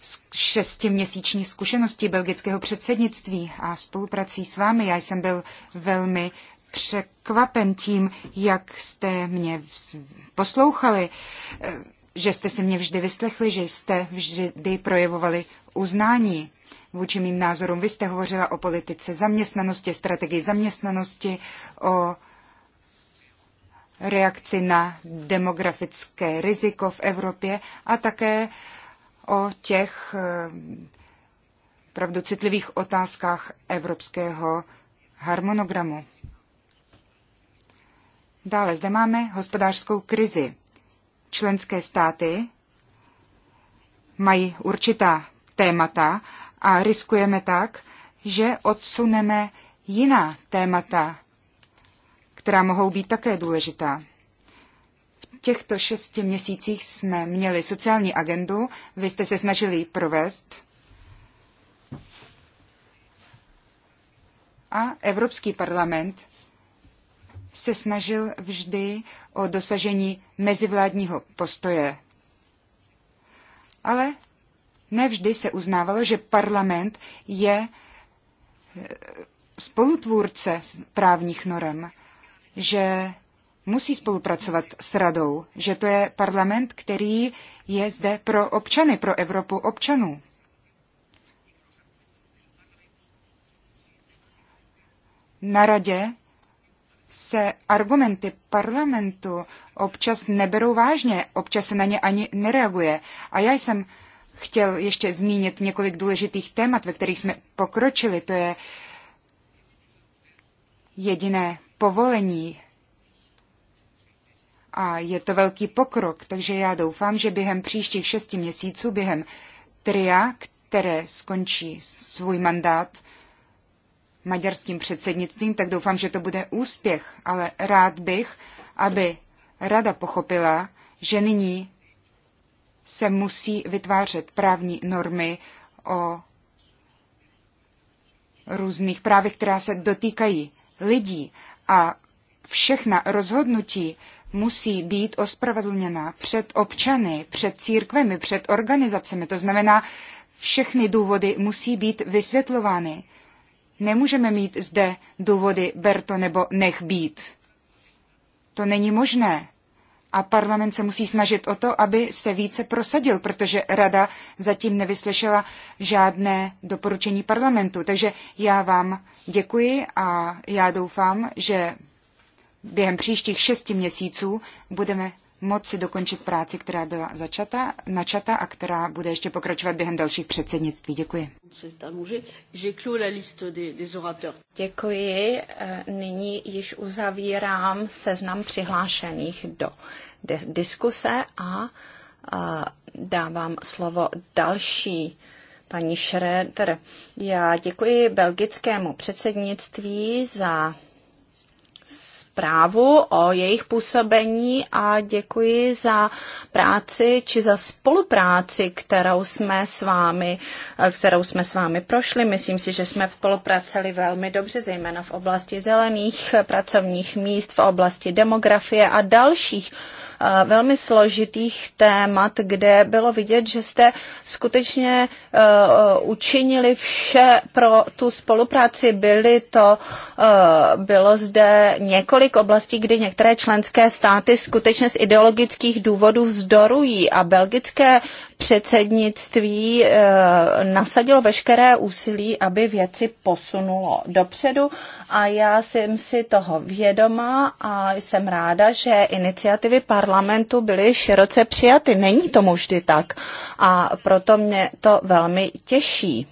z šestiměsíční zkušeností belgického předsednictví a spoluprací s vámi. Já jsem byl velmi překvapen tím, jak jste mě poslouchali že jste si mě vždy vyslechli, že jste vždy projevovali uznání vůči mým názorům. Vy jste hovořila o politice zaměstnanosti, strategii zaměstnanosti, o reakci na demografické riziko v Evropě a také o těch eh, pravdu citlivých otázkách evropského harmonogramu. Dále zde máme hospodářskou krizi členské státy mají určitá témata a riskujeme tak, že odsuneme jiná témata, která mohou být také důležitá. V těchto šesti měsících jsme měli sociální agendu, vy jste se snažili ji provést. A Evropský parlament se snažil vždy o dosažení mezivládního postoje. Ale nevždy se uznávalo, že parlament je e, spolutvůrce právních norem, že musí spolupracovat s radou, že to je parlament, který je zde pro občany, pro Evropu občanů. Na radě se argumenty parlamentu občas neberou vážně, občas se na ně ani nereaguje. A já jsem chtěl ještě zmínit několik důležitých témat, ve kterých jsme pokročili. To je jediné povolení a je to velký pokrok, takže já doufám, že během příštích šesti měsíců, během tria, které skončí svůj mandát, maďarským předsednictvím, tak doufám, že to bude úspěch, ale rád bych, aby rada pochopila, že nyní se musí vytvářet právní normy o různých právech, která se dotýkají lidí a všechna rozhodnutí musí být ospravedlněna před občany, před církvemi, před organizacemi. To znamená, všechny důvody musí být vysvětlovány. Nemůžeme mít zde důvody ber to nebo nech být. To není možné. A parlament se musí snažit o to, aby se více prosadil, protože rada zatím nevyslyšela žádné doporučení parlamentu. Takže já vám děkuji a já doufám, že během příštích šesti měsíců budeme moci dokončit práci, která byla začata, načata a která bude ještě pokračovat během dalších předsednictví. Děkuji. Děkuji. E, nyní již uzavírám seznam přihlášených do diskuse a e, dávám slovo další paní Schroeder. Já děkuji belgickému předsednictví za zprávu o jejich působení a děkuji za práci či za spolupráci, kterou jsme s vámi, eh, kterou jsme s vámi prošli. Myslím si, že jsme spolupracovali velmi dobře, zejména v oblasti zelených pracovních míst, v oblasti demografie a dalších velmi složitých témat, kde bylo vidět, že jste skutečně e, e, učinili vše pro tu spolupráci. Byly to, e, bylo zde několik oblastí, kdy některé členské státy skutečně z ideologických důvodů vzdorují a belgické předsednictví eh, nasadilo veškeré úsilí, aby věci posunulo dopředu a já jsem si toho vědoma a jsem ráda, že iniciativy parlamentu byly široce přijaty. Není tomu vždy tak a proto mě to velmi těší.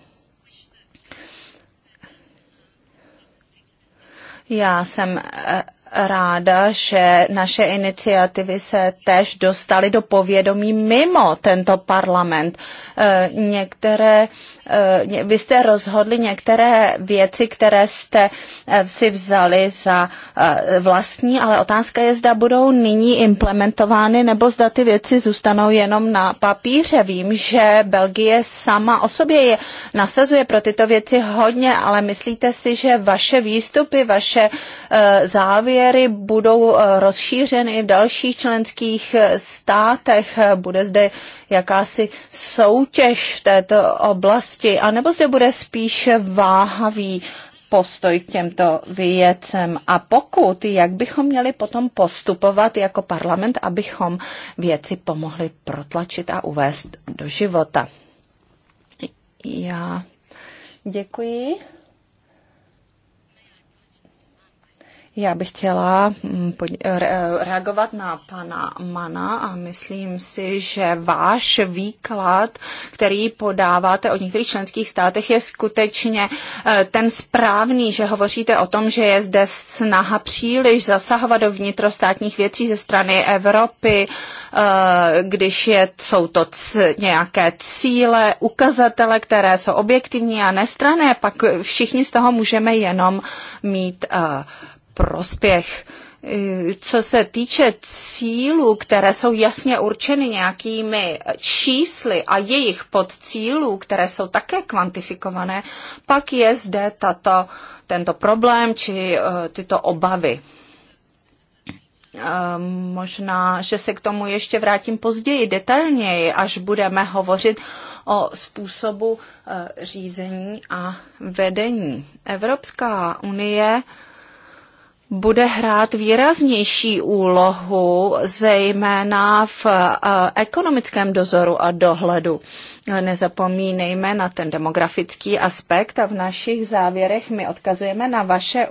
Já jsem eh, ráda, že naše iniciativy se tež dostaly do povědomí mimo tento parlament. Eh, některé Eh, vy jste rozhodli některé věci, které jste eh, si vzali za eh, vlastní, ale otázka je, zda budou nyní implementovány nebo zda ty věci zůstanou jenom na papíře. Vím, že Belgie sama o sobě je, nasazuje pro tyto věci hodně, ale myslíte si, že vaše výstupy, vaše závěry budou rozšířeny v dalších členských státech? Bude zde jakási soutěž v této oblasti, anebo zde bude spíše váhavý postoj k těmto věcem a pokud, jak bychom měli potom postupovat jako parlament, abychom věci pomohli protlačit a uvést do života. Já děkuji. Já bych chtěla mm, reagovat na pana Mana a myslím si, že váš výklad, který podáváte o některých členských státech, je skutečně eh, ten správný, že hovoříte o tom, že je zde snaha příliš zasahovat do vnitrostátních věcí ze strany Evropy, eh, když je, jsou to nějaké cíle, ukazatele, které jsou objektivní a nestrané, pak všichni z toho můžeme jenom mít uh, prospěch. Co se týče cílů, které jsou jasně určeny nějakými čísly a jejich podcílů, které jsou také kvantifikované, pak je zde tato, tento problém či eh, tyto obavy. Eh, možná, že se k tomu ještě vrátím později, detailněji, až budeme hovořit o způsobu eh, řízení a vedení. Evropská unie bude hrát výraznější úlohu, zejména v eh, ekonomickém dozoru a dohledu. Eh, nezapomínejme na ten demografický aspekt a v našich závěrech my odkazujeme na vaše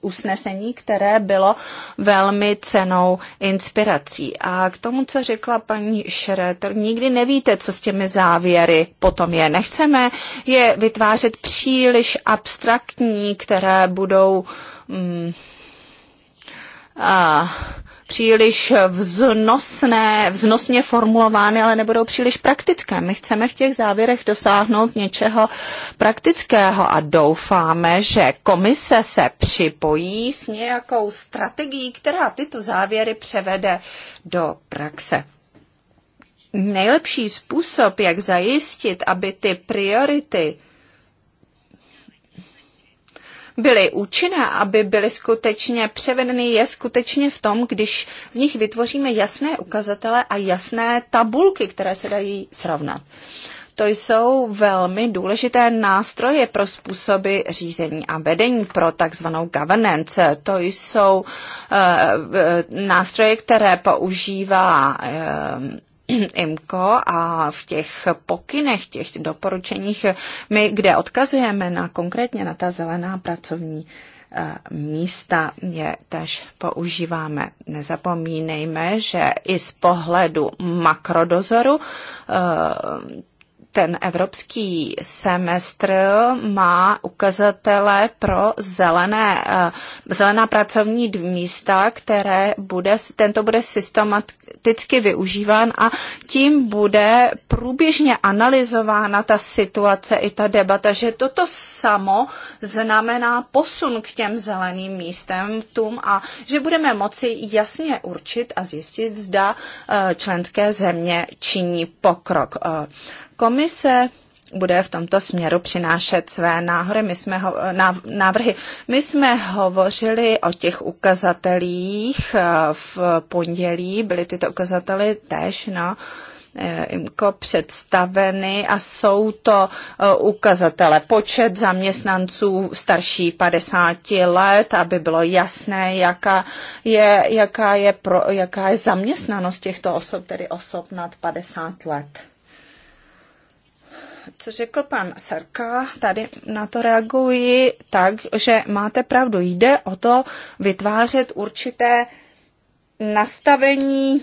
usnesení, které bylo velmi cenou inspirací. A k tomu, co řekla paní Šreter, nikdy nevíte, co s těmi závěry potom je. Nechceme je vytvářet příliš abstraktní, které budou mm, a příliš vznosné, vznosně formulovány, ale nebudou příliš praktické. My chceme v těch závěrech dosáhnout něčeho praktického a doufáme, že komise se připojí s nějakou strategií, která tyto závěry převede do praxe. Nejlepší způsob, jak zajistit, aby ty priority byly účinné, aby byly skutečně převedeny, je skutečně v tom, když z nich vytvoříme jasné ukazatele a jasné tabulky, které se dají srovnat. To jsou velmi důležité nástroje pro způsoby řízení a vedení pro takzvanou governance. To jsou uh, nástroje, které používá uh, IMCO a v těch pokynech, těch doporučeních, my kde odkazujeme na konkrétně na ta zelená pracovní e, místa je tež používáme. Nezapomínejme, že i z pohledu makrodozoru e, ten evropský semestr má ukazatele pro zelené, eh, zelená pracovní místa, které bude, tento bude systematicky využíván a tím bude průběžně analyzována ta situace i ta debata, že toto samo znamená posun k těm zeleným místem tům a že budeme moci jasně určit a zjistit, zda eh, členské země činí pokrok. Eh, Komise bude v tomto směru přinášet své náhory. My jsme ho, návrhy. My jsme hovořili o těch ukazatelích eh, v pondělí, byly tyto ukazatele tež na eh, IMCO představeny a jsou to eh, ukazatele počet zaměstnanců starší 50 let, aby bylo jasné, jaká je, jaká je, pro, jaká je zaměstnanost těchto osob, tedy osob nad 50 let co řekl pan Sarka, tady na to reaguji tak, že máte pravdu, jde o to vytvářet určité nastavení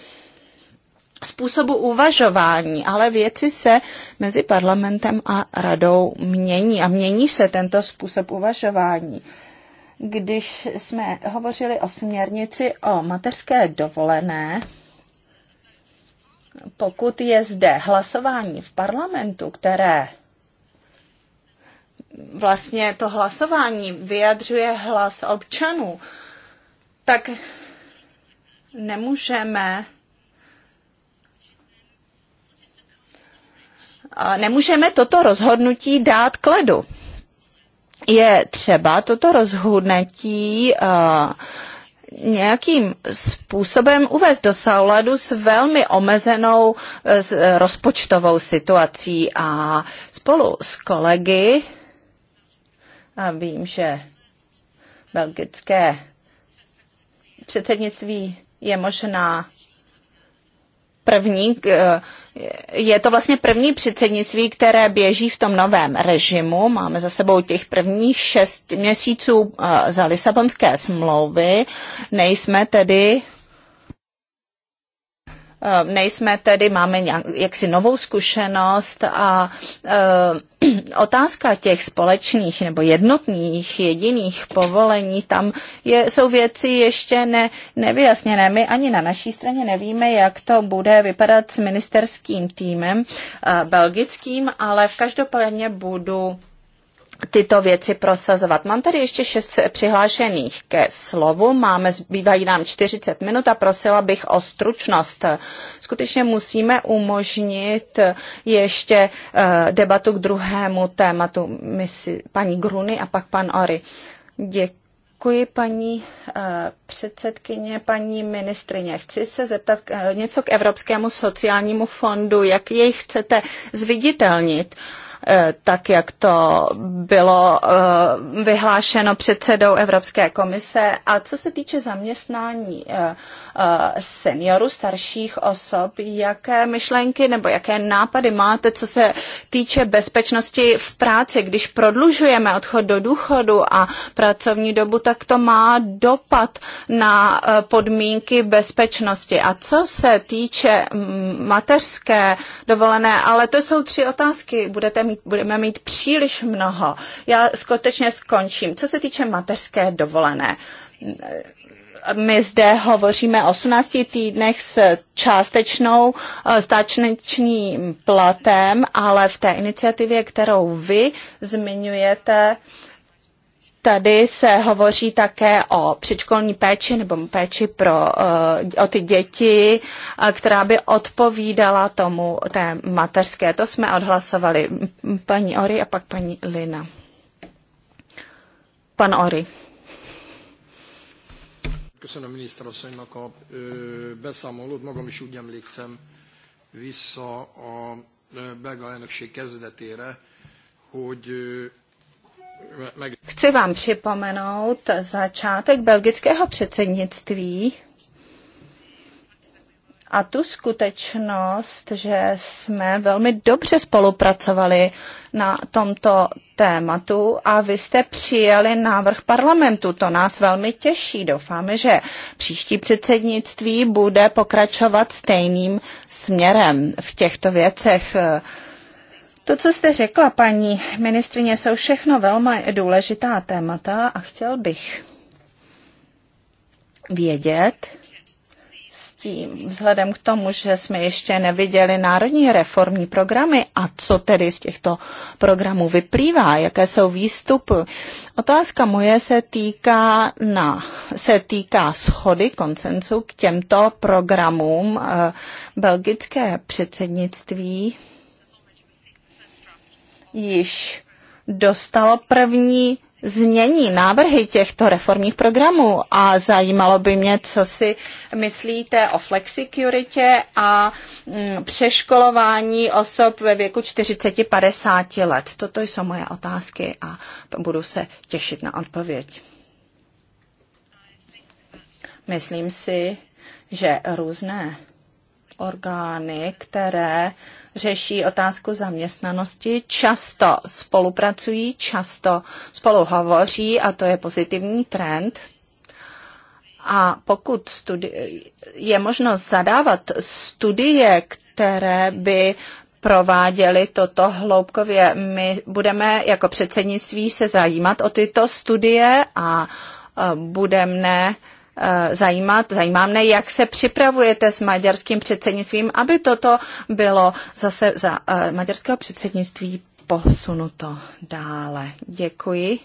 způsobu uvažování, ale věci se mezi parlamentem a radou mění a mění se tento způsob uvažování. Když jsme hovořili o směrnici o mateřské dovolené, pokud je zde hlasování v parlamentu, které vlastně to hlasování vyjadřuje hlas občanů, tak nemůžeme nemůžeme toto rozhodnutí dát k ledu. Je třeba toto rozhodnutí uh, nějakým způsobem uvést do souladu s velmi omezenou eh, s eh, rozpočtovou situací a spolu s kolegy a vím, že belgické předsednictví je možná první, eh, je to vlastně první předsednictví, které běží v tom novém režimu. Máme za sebou těch prvních šest měsíců eh, za Lisabonské smlouvy. Nejsme tedy Eh, nejsme tedy, máme jaksi novou zkušenost a eh, otázka těch společných nebo jednotných, jediných povolení, tam je, jsou věci ještě ne, nevyjasněné. My ani na naší straně nevíme, jak to bude vypadat s ministerským týmem eh, belgickým, ale v každopádně budu tyto věci prosazovat. Mám tady ještě šest přihlášených ke slovu. Máme, zbývají nám 40 minut a prosila bych o stručnost. Skutečně musíme umožnit ještě eh, debatu k druhému tématu. si, paní Gruny a pak pan Ory. Děkuji. paní paní eh, předsedkyně, paní ministrině. Chci se zeptat eh, něco k Evropskému sociálnímu fondu. Jak jej chcete zviditelnit? Eh, tak jak to bylo eh, vyhlášeno předsedou Evropské komise. A co se týče zaměstnání eh, seniorů, starších osob, jaké myšlenky nebo jaké nápady máte, co se týče bezpečnosti v práci, když prodlužujeme odchod do důchodu a pracovní dobu, tak to má dopad na podmínky bezpečnosti. A co se týče mm, mateřské dovolené, ale to jsou tři otázky, budete mít mít, budeme mít příliš mnoho. Já skutečně skončím. Co se týče mateřské dovolené, my zde hovoříme o 18 týdnech s částečnou eh, stáčnečním platem, ale v té iniciativě, kterou vy zmiňujete, Tady se hovoří také o předškolní péči nebo péči pro, eh, o ty děti, eh, která by odpovídala tomu té mateřské. To jsme odhlasovali paní Ory a pak paní Lina. Pan Ory. Köszönöm miniszterasszonynak a ö, beszámolót. Magam is úgy emlékszem vissza a belga elnökség kezdetére, hogy Chci vám připomenout začátek belgického předsednictví a tu skutečnost, že jsme velmi dobře spolupracovali na tomto tématu a vy jste přijali návrh parlamentu. To nás velmi těší. Doufáme, že příští předsednictví bude pokračovat stejným směrem v těchto věcech. To, co jste řekla, paní ministrině, jsou všechno velmi důležitá témata a chtěl bych vědět, s tím, vzhledem k tomu, že jsme ještě neviděli národní reformní programy a co tedy z těchto programů vyplývá, jaké jsou výstupy. Otázka moje se týká, na, se týká schody, koncensu k těmto programům. Eh, belgické předsednictví již dostalo první změní návrhy těchto reformních programů a zajímalo by mě, co si myslíte o flexikuritě a mm, přeškolování osob ve věku 40-50 let. Toto jsou moje otázky a budu se těšit na odpověď. Myslím si, že různé orgány, které uh, řeší otázku zaměstnanosti, často spolupracují, často spolu hovoří a to je pozitivní trend. A pokud studi- je možnost zadávat studie, které by prováděli toto hloubkově. My budeme jako předsednictví se zajímat o tyto studie a budeme Eh, zajímat. Zajímá mne, jak se připravujete s maďarským předsednictvím, aby toto bylo zase za eh, maďarského předsednictví posunuto dále. Děkuji.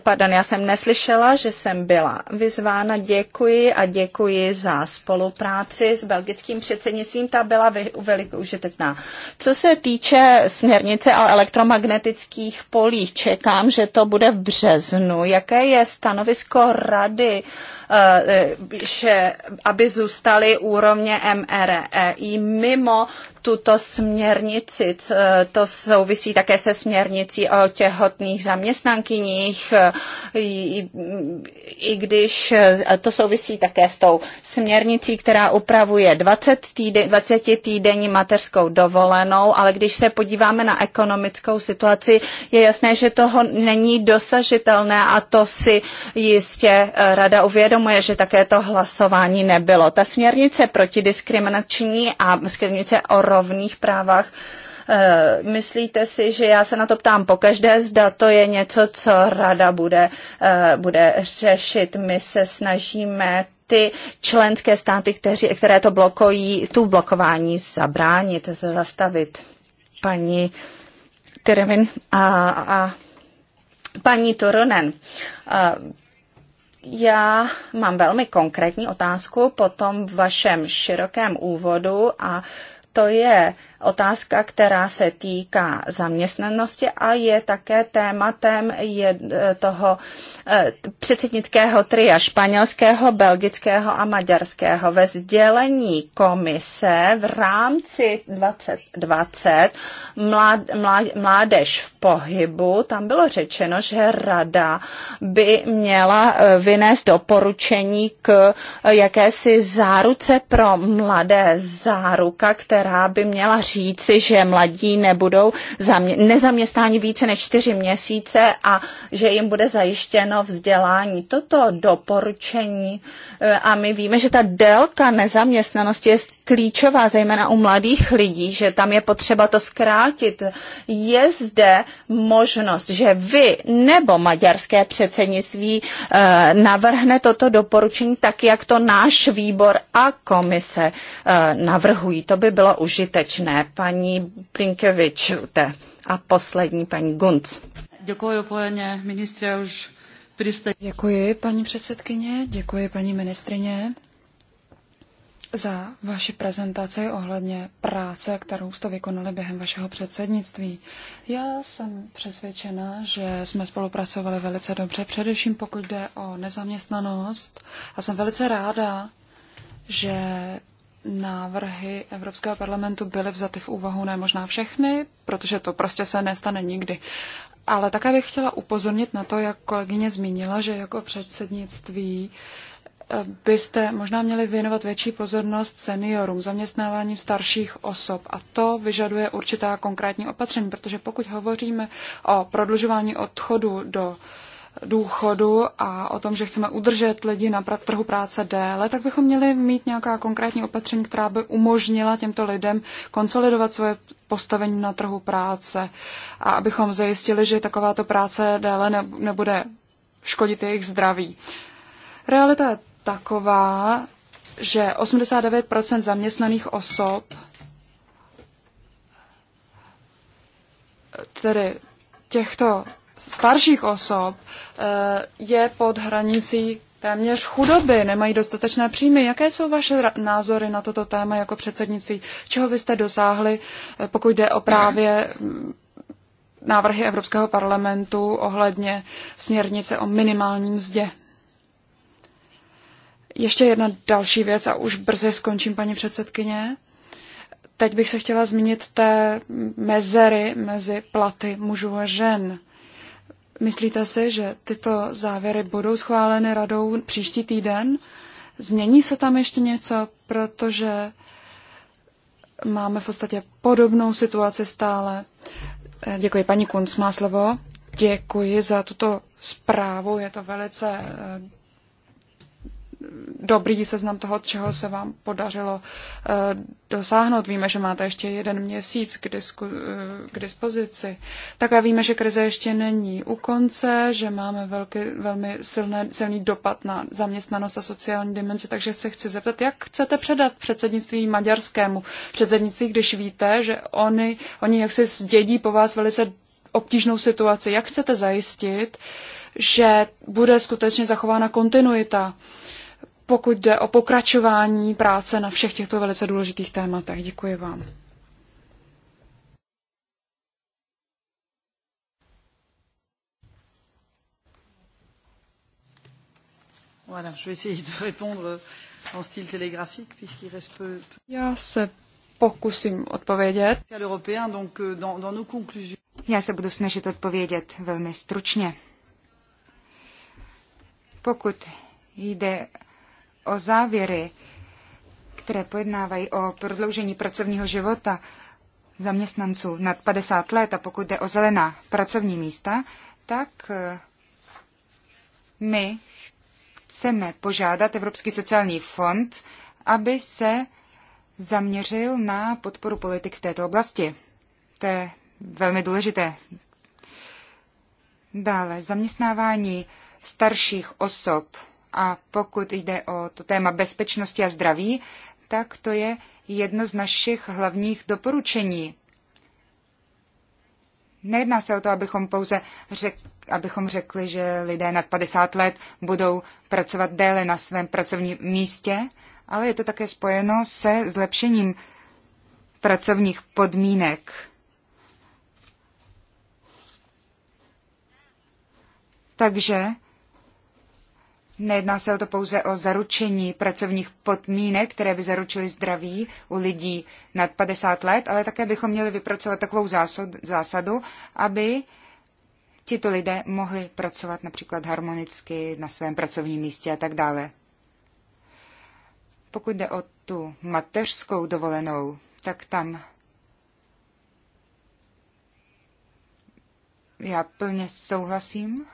Pardon, já jsem neslyšela, že jsem byla vyzvána. Děkuji a děkuji za spolupráci s belgickým předsednictvím. Ta byla velice užitečná. Co se týče směrnice o elektromagnetických polích, čekám, že to bude v březnu. Jaké je stanovisko rady? Eh, že aby zůstaly úrovně MREI mimo tuto směrnici. To souvisí také se směrnicí o těhotných zaměstnankyních, e, i, i když e, to souvisí také s tou směrnicí, která upravuje 20, týden, 20 týdenní mateřskou dovolenou, ale když se podíváme na ekonomickou situaci, je jasné, že toho není dosažitelné a to si jistě e, rada uvědomuje, že také to hlasování nebylo. Ta směrnice protidiskriminační a směrnice o rovných právách. Eh, myslíte si, že já se na to ptám pokaždé, zda to je něco, co rada bude, eh, bude řešit. My se snažíme ty členské státy, kteří, které to blokují, tu blokování zabránit, zastavit. Paní Tyrvin a, a paní Turunen. Eh, já mám velmi konkrétní otázku po tom vašem širokém úvodu a to je otázka, která se týká zaměstnanosti a je také tématem toho eh, předsednického tria španělského, belgického a maďarského. Ve sdělení komise v rámci 2020 mládež v pohybu, tam bylo řečeno, že rada by měla eh, vynést doporučení k eh, jakési záruce pro mladé záruka, která by měla říci, že mladí nebudou nezaměstnáni více než čtyři měsíce a že jim bude zajištěno vzdělání. Toto doporučení eh, a my víme, že ta délka nezaměstnanosti je klíčová, zejména u mladých lidí, že tam je potřeba to zkrátit. Je zde možnost, že vy nebo maďarské předsednictví eh, navrhne toto doporučení tak, jak to náš výbor a komise eh, navrhují. To by bylo užitečné paní Plinkevič a poslední paní Gunc. Děkuji, paní ministře, už pristej. Děkuji, paní předsedkyně, děkuji, paní ministrině, za vaši prezentaci ohledně práce, kterou jste vykonali během vašeho předsednictví. Já jsem přesvědčena, že jsme spolupracovali velice dobře, především pokud jde o nezaměstnanost. A jsem velice ráda, že návrhy Evropského parlamentu byly vzaty v úvahu, ne možná všechny, protože to prostě se nestane nikdy. Ale také bych chtěla upozornit na to, jak kolegyně zmínila, že jako předsednictví eh, byste možná měli věnovat větší pozornost seniorům, zaměstnávání starších osob. A to vyžaduje určitá konkrétní opatření, protože pokud hovoříme o prodlužování odchodu do důchodu a o tom, že chceme udržet lidi na trhu práce déle, tak bychom měli mít nějaká konkrétní opatření, která by umožnila těmto lidem konsolidovat svoje postavení na trhu práce a abychom zajistili, že takováto práce déle nebude škodit jejich zdraví. Realita je taková, že 89% zaměstnaných osob tedy těchto starších osob eh, je pod hranicí téměř chudoby, nemají dostatečné příjmy. Jaké jsou vaše názory na toto téma jako předsednictví? Čeho byste dosáhli, eh, pokud jde o právě mm, návrhy Evropského parlamentu ohledně směrnice o minimálním mzdě? Ještě jedna další věc a už brzy skončím, paní předsedkyně. Teď bych se chtěla zmínit té mezery mezi platy mužů a žen. Myslíte si, že tyto závěry budou schváleny radou příští týden? Změní se tam ještě něco, protože máme v podstatě podobnou situaci stále. Děkuji, paní Kunc má slovo. Děkuji za tuto zprávu, je to velice eh, dobrý seznam toho, čeho se vám podařilo eh, dosáhnout. Víme, že máte ještě jeden měsíc k, disku, eh, k dispozici. Také víme, že krize ještě není u konce, že máme velký, velmi silné, silný dopad na zaměstnanost a sociální dimenzi, takže se chci zeptat, jak chcete předat předsednictví maďarskému předsednictví, když víte, že oni, oni jak se zdědí po vás velice obtížnou situaci. Jak chcete zajistit, že bude skutečně zachována kontinuita pokud jde o pokračování práce na všech těchto velice důležitých tématech. Děkuji vám. Já se pokusím odpovědět. Euh, Já se budu snažit odpovědět velmi stručně. Pokud jde o závěry, které pojednávají o prodloužení pracovního života zaměstnanců nad 50 let a pokud jde o zelená pracovní místa, tak eh, my chceme požádat Evropský sociální fond, aby se zaměřil na podporu politik v této oblasti. To je velmi důležité. Dále zaměstnávání starších osob a pokud jde o to téma bezpečnosti a zdraví, tak to je jedno z našich hlavních doporučení. Nejedná se o to, abychom pouze řek, abychom řekli, že lidé nad 50 let budou pracovat déle na svém pracovním místě, ale je to také spojeno se zlepšením pracovních podmínek. Takže Nejedná se o to pouze o zaručení pracovních podmínek, které by zaručily zdraví u lidí nad 50 let, ale také bychom měli vypracovat takovou zásadu, aby tito lidé mohli pracovat například harmonicky na svém pracovním místě a tak dále. Pokud jde o tu mateřskou dovolenou, tak tam já plně souhlasím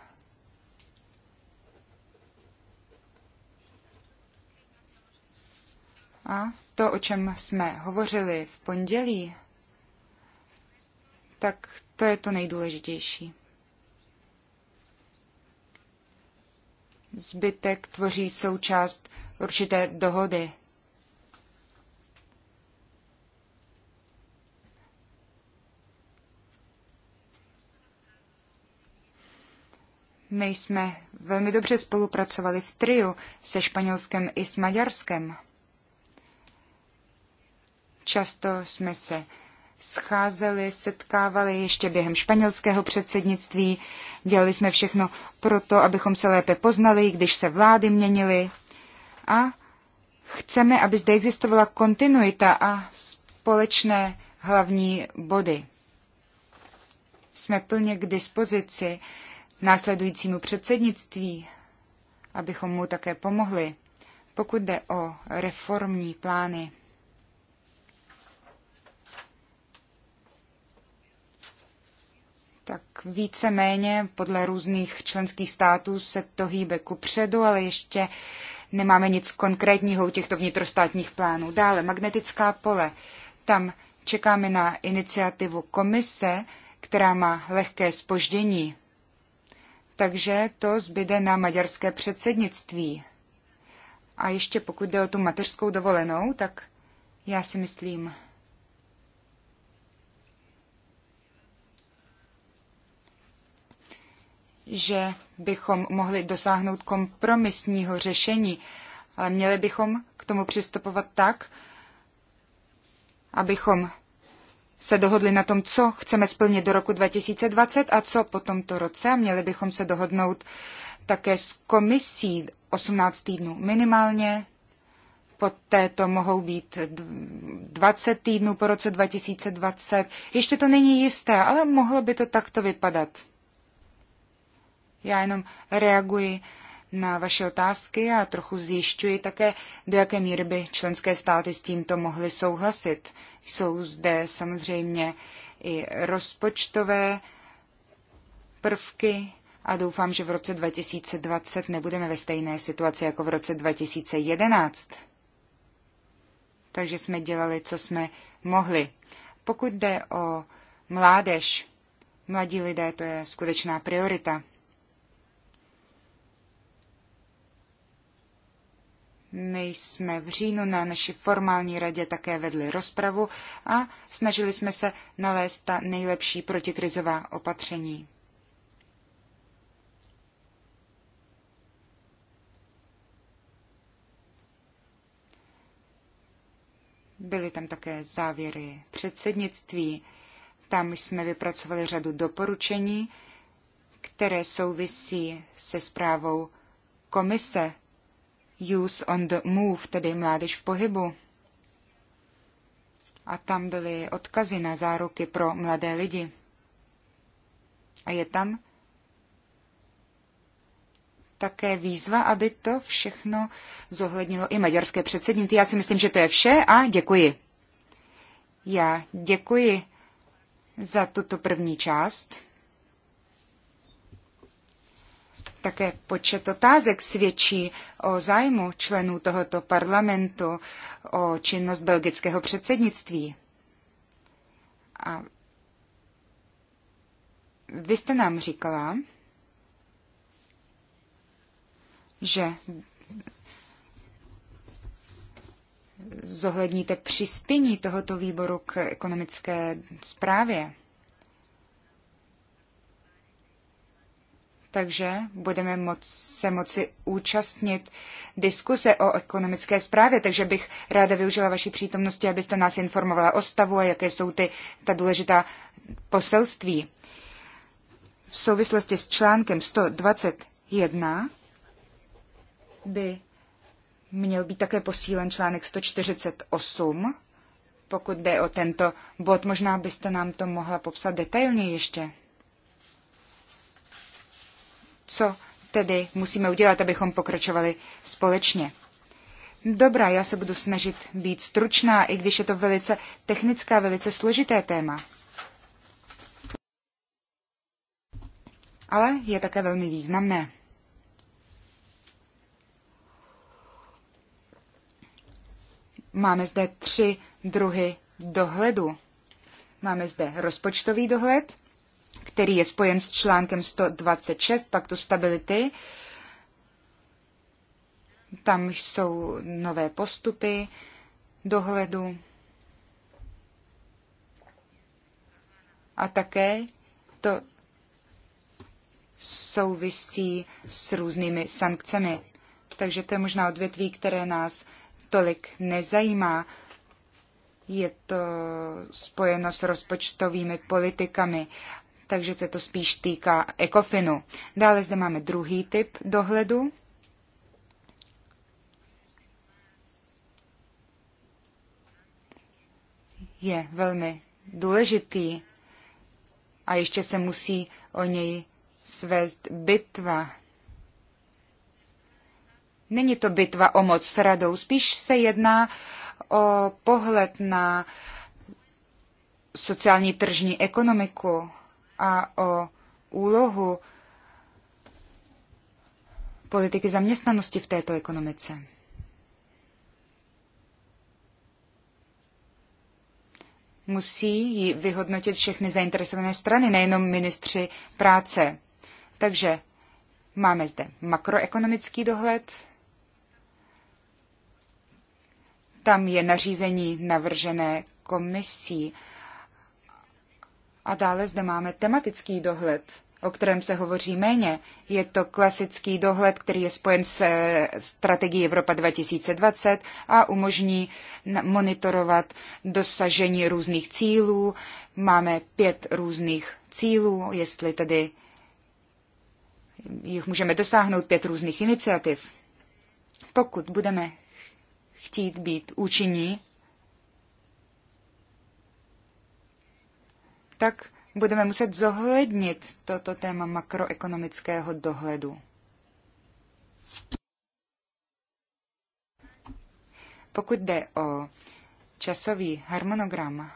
A to, o čem jsme hovořili v pondělí, tak to je to nejdůležitější. Zbytek tvoří součást určité dohody. My jsme velmi dobře spolupracovali v triu se Španělskem i s Maďarskem. Často jsme se scházeli, setkávali ještě během španělského předsednictví. Dělali jsme všechno proto, abychom se lépe poznali, když se vlády měnily. A chceme, aby zde existovala kontinuita a společné hlavní body. Jsme plně k dispozici následujícímu předsednictví, abychom mu také pomohli, pokud jde o reformní plány. tak víceméně podle různých členských států se to hýbe ku předu, ale ještě nemáme nic konkrétního u těchto vnitrostátních plánů. Dále magnetická pole. Tam čekáme na iniciativu komise, která má lehké spoždění. Takže to zbyde na maďarské předsednictví. A ještě pokud jde o tu mateřskou dovolenou, tak já si myslím, že bychom mohli dosáhnout kompromisního řešení, ale měli bychom k tomu přistupovat tak, abychom se dohodli na tom, co chceme splnit do roku 2020 a co po tomto roce. měli bychom se dohodnout také s komisí 18 týdnů minimálně. Poté to mohou být 20 týdnů po roce 2020. Ještě to není jisté, ale mohlo by to takto vypadat. Já jenom reaguji na vaše otázky a trochu zjišťuji také, do jaké míry by členské státy s tímto mohly souhlasit. Jsou zde samozřejmě i rozpočtové prvky a doufám, že v roce 2020 nebudeme ve stejné situaci jako v roce 2011. Takže jsme dělali, co jsme mohli. Pokud jde o mládež, mladí lidé, to je skutečná priorita. My jsme v říjnu na naší formální radě také vedli rozpravu a snažili jsme se nalézt ta nejlepší protikrizová opatření. Byly tam také závěry předsednictví. Tam jsme vypracovali řadu doporučení, které souvisí se zprávou komise Youth on the Move, tedy mládež v pohybu. A tam byly odkazy na záruky pro mladé lidi. A je tam také výzva, aby to všechno zohlednilo i maďarské předsednictví. Já si myslím, že to je vše a děkuji. Já děkuji za tuto první část. Také počet otázek svědčí o zájmu členů tohoto parlamentu o činnost belgického předsednictví. A vy jste nám říkala, že zohledníte přispění tohoto výboru k ekonomické zprávě. takže budeme moc, se moci účastnit diskuse o ekonomické zprávě, takže bych ráda využila vaší přítomnosti, abyste nás informovala o stavu a jaké jsou ty, ta důležitá poselství. V souvislosti s článkem 121 by měl být také posílen článek 148, pokud jde o tento bod. Možná byste nám to mohla popsat detailně ještě co tedy musíme udělat, abychom pokračovali společně. Dobrá, já se budu snažit být stručná, i když je to velice technická, velice složité téma. Ale je také velmi významné. Máme zde tři druhy dohledu. Máme zde rozpočtový dohled, který je spojen s článkem 126 Paktu stability. Tam jsou nové postupy dohledu a také to souvisí s různými sankcemi. Takže to je možná odvětví, které nás tolik nezajímá. Je to spojeno s rozpočtovými politikami takže se to spíš týká ECOFINu. Dále zde máme druhý typ dohledu. Je velmi důležitý a ještě se musí o něj svést bitva. Není to bitva o moc s radou, spíš se jedná o pohled na sociální tržní ekonomiku a o úlohu politiky zaměstnanosti v této ekonomice. Musí ji vyhodnotit všechny zainteresované strany, nejenom ministři práce. Takže máme zde makroekonomický dohled, tam je nařízení navržené komisí a dále zde máme tematický dohled, o kterém se hovoří méně. Je to klasický dohled, který je spojen se strategií Evropa 2020 a umožní monitorovat dosažení různých cílů. Máme pět různých cílů, jestli tedy jich můžeme dosáhnout pět různých iniciativ. Pokud budeme chtít být účinní, tak budeme muset zohlednit toto téma makroekonomického dohledu. Pokud jde o časový harmonogram,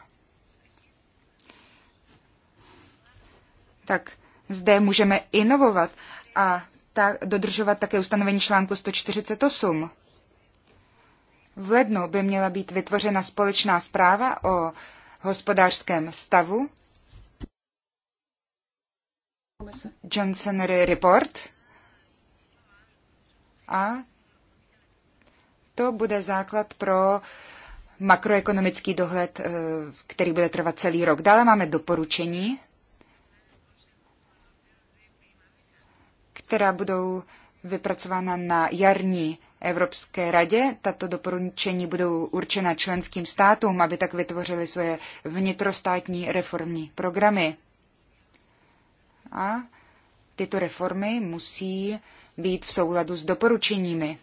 tak zde můžeme inovovat a ta, dodržovat také ustanovení článku 148. V lednu by měla být vytvořena společná zpráva o hospodářském stavu Johnson Report. A to bude základ pro makroekonomický dohled, eh, který bude trvat celý rok. Dále máme doporučení, která budou vypracována na jarní Evropské radě. Tato doporučení budou určena členským státům, aby tak vytvořili svoje vnitrostátní reformní programy a tyto reformy musí být v souladu s doporučeními.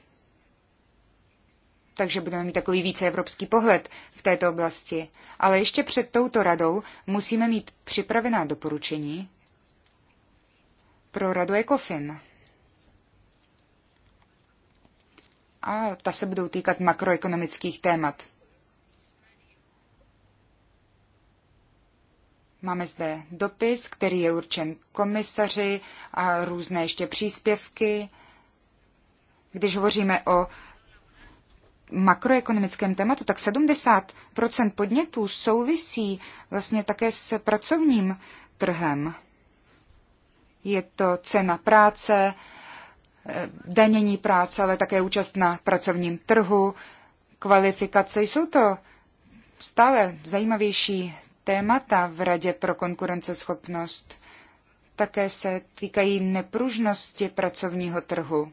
Takže budeme mít takový více evropský pohled v této oblasti. Ale ještě před touto radou musíme mít připravená doporučení pro radu ECOFIN. A ta se budou týkat makroekonomických témat. Máme zde dopis, který je určen komisaři a různé ještě příspěvky. Když hovoříme o makroekonomickém tématu, tak 70 podnětů souvisí vlastně také s pracovním trhem. Je to cena práce, eh, danění práce, ale také účast na pracovním trhu, kvalifikace. Jsou to stále zajímavější témata v Radě pro konkurenceschopnost. Také se týkají nepružnosti pracovního trhu.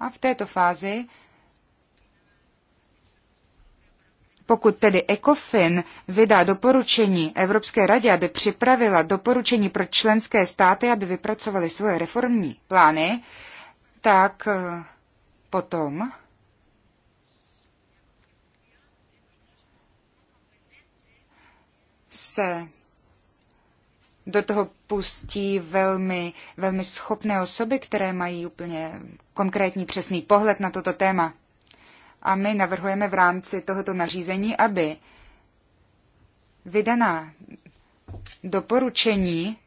A v této fázi, pokud tedy ECOFIN vydá doporučení Evropské radě, aby připravila doporučení pro členské státy, aby vypracovali svoje reformní plány, tak eh, potom se do toho pustí velmi, velmi schopné osoby, které mají úplně konkrétní přesný pohled na toto téma. A my navrhujeme v rámci tohoto nařízení, aby vydaná doporučení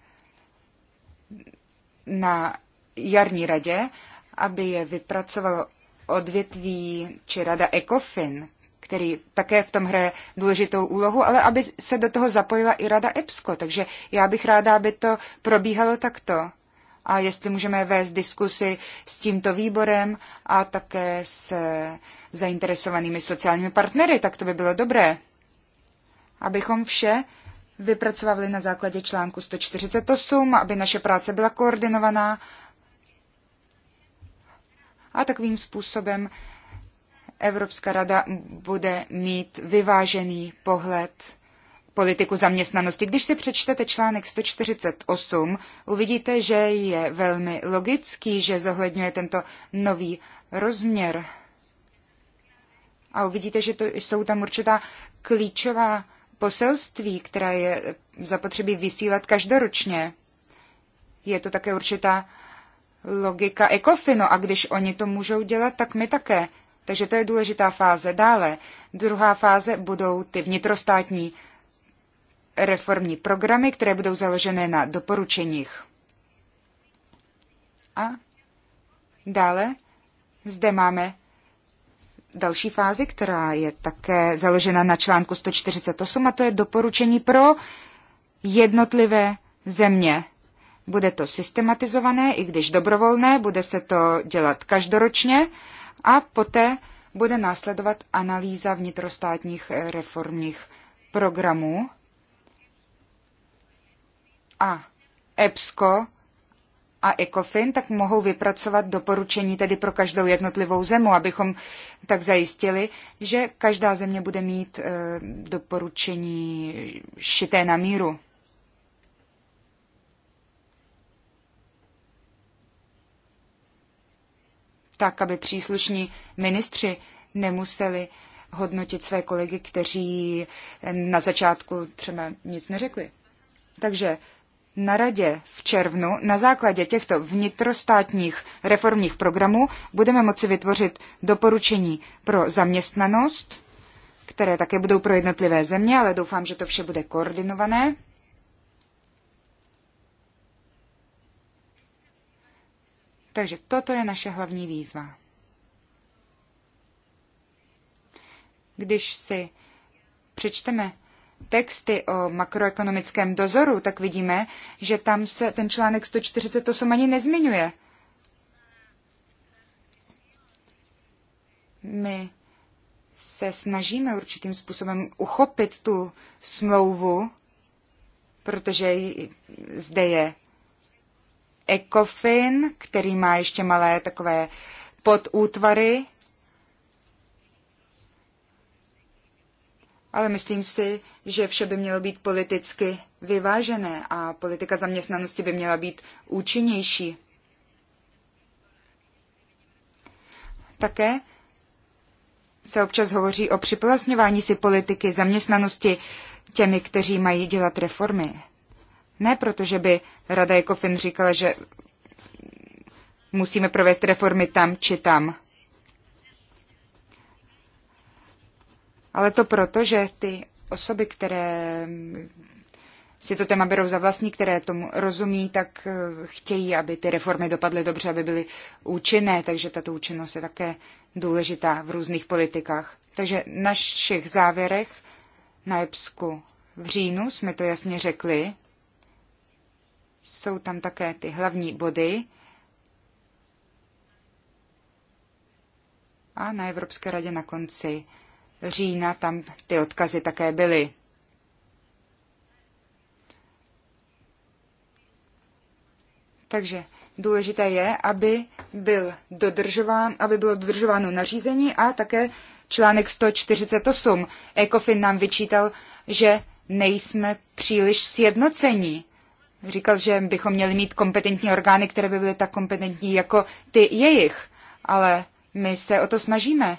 na jarní radě, aby je vypracovalo odvětví či rada ECOFIN, který také v tom hraje důležitou úlohu, ale aby se do toho zapojila i Rada EPSCO. Takže já bych ráda, aby to probíhalo takto. A jestli můžeme vést diskusy s tímto výborem a také s zainteresovanými sociálními partnery, tak to by bylo dobré. Abychom vše vypracovali na základě článku 148, aby naše práce byla koordinovaná a takovým způsobem Evropská rada bude mít vyvážený pohled politiku zaměstnanosti. Když si přečtete článek 148, uvidíte, že je velmi logický, že zohledňuje tento nový rozměr. A uvidíte, že to jsou tam určitá klíčová poselství, která je zapotřebí vysílat každoročně. Je to také určitá logika ekofino a když oni to můžou dělat, tak my také. Takže to je důležitá fáze. Dále, druhá fáze budou ty vnitrostátní reformní programy, které budou založené na doporučeních. A dále zde máme další fázi, která je také založena na článku 148, a to je doporučení pro jednotlivé země. Bude to systematizované, i když dobrovolné, bude se to dělat každoročně a poté bude následovat analýza vnitrostátních eh, reformních programů a EPSCO a ECOFIN tak mohou vypracovat doporučení tedy pro každou jednotlivou zemu, abychom tak zajistili, že každá země bude mít eh, doporučení šité na míru. tak aby příslušní ministři nemuseli hodnotit své kolegy, kteří na začátku třeba nic neřekli. Takže na radě v červnu na základě těchto vnitrostátních reformních programů budeme moci vytvořit doporučení pro zaměstnanost, které také budou pro jednotlivé země, ale doufám, že to vše bude koordinované. Takže toto je naše hlavní výzva. Když si přečteme texty o makroekonomickém dozoru, tak vidíme, že tam se ten článek 148 ani nezmiňuje. My se snažíme určitým způsobem uchopit tu smlouvu, protože zde je ECOFIN, který má ještě malé takové podútvary, ale myslím si, že vše by mělo být politicky vyvážené a politika zaměstnanosti by měla být účinnější. Také se občas hovoří o připlasňování si politiky zaměstnanosti těmi, kteří mají dělat reformy. Ne proto, že by Rada Ekofin říkala, že musíme provést reformy tam či tam. Ale to proto, že ty osoby, které si to téma berou za vlastní, které tomu rozumí, tak eh, chtějí, aby ty reformy dopadly dobře, aby byly účinné, takže tato účinnost je také důležitá v různých politikách. Takže v našich závěrech na EPSku v říjnu jsme to jasně řekli, jsou tam také ty hlavní body. A na Evropské radě na konci října tam ty odkazy také byly. Takže důležité je, aby, byl dodržován, aby bylo dodržováno nařízení a také článek 148. Ecofin nám vyčítal, že nejsme příliš sjednocení říkal, že bychom měli mít kompetentní orgány, které by byly tak kompetentní jako ty jejich. Ale my se o to snažíme.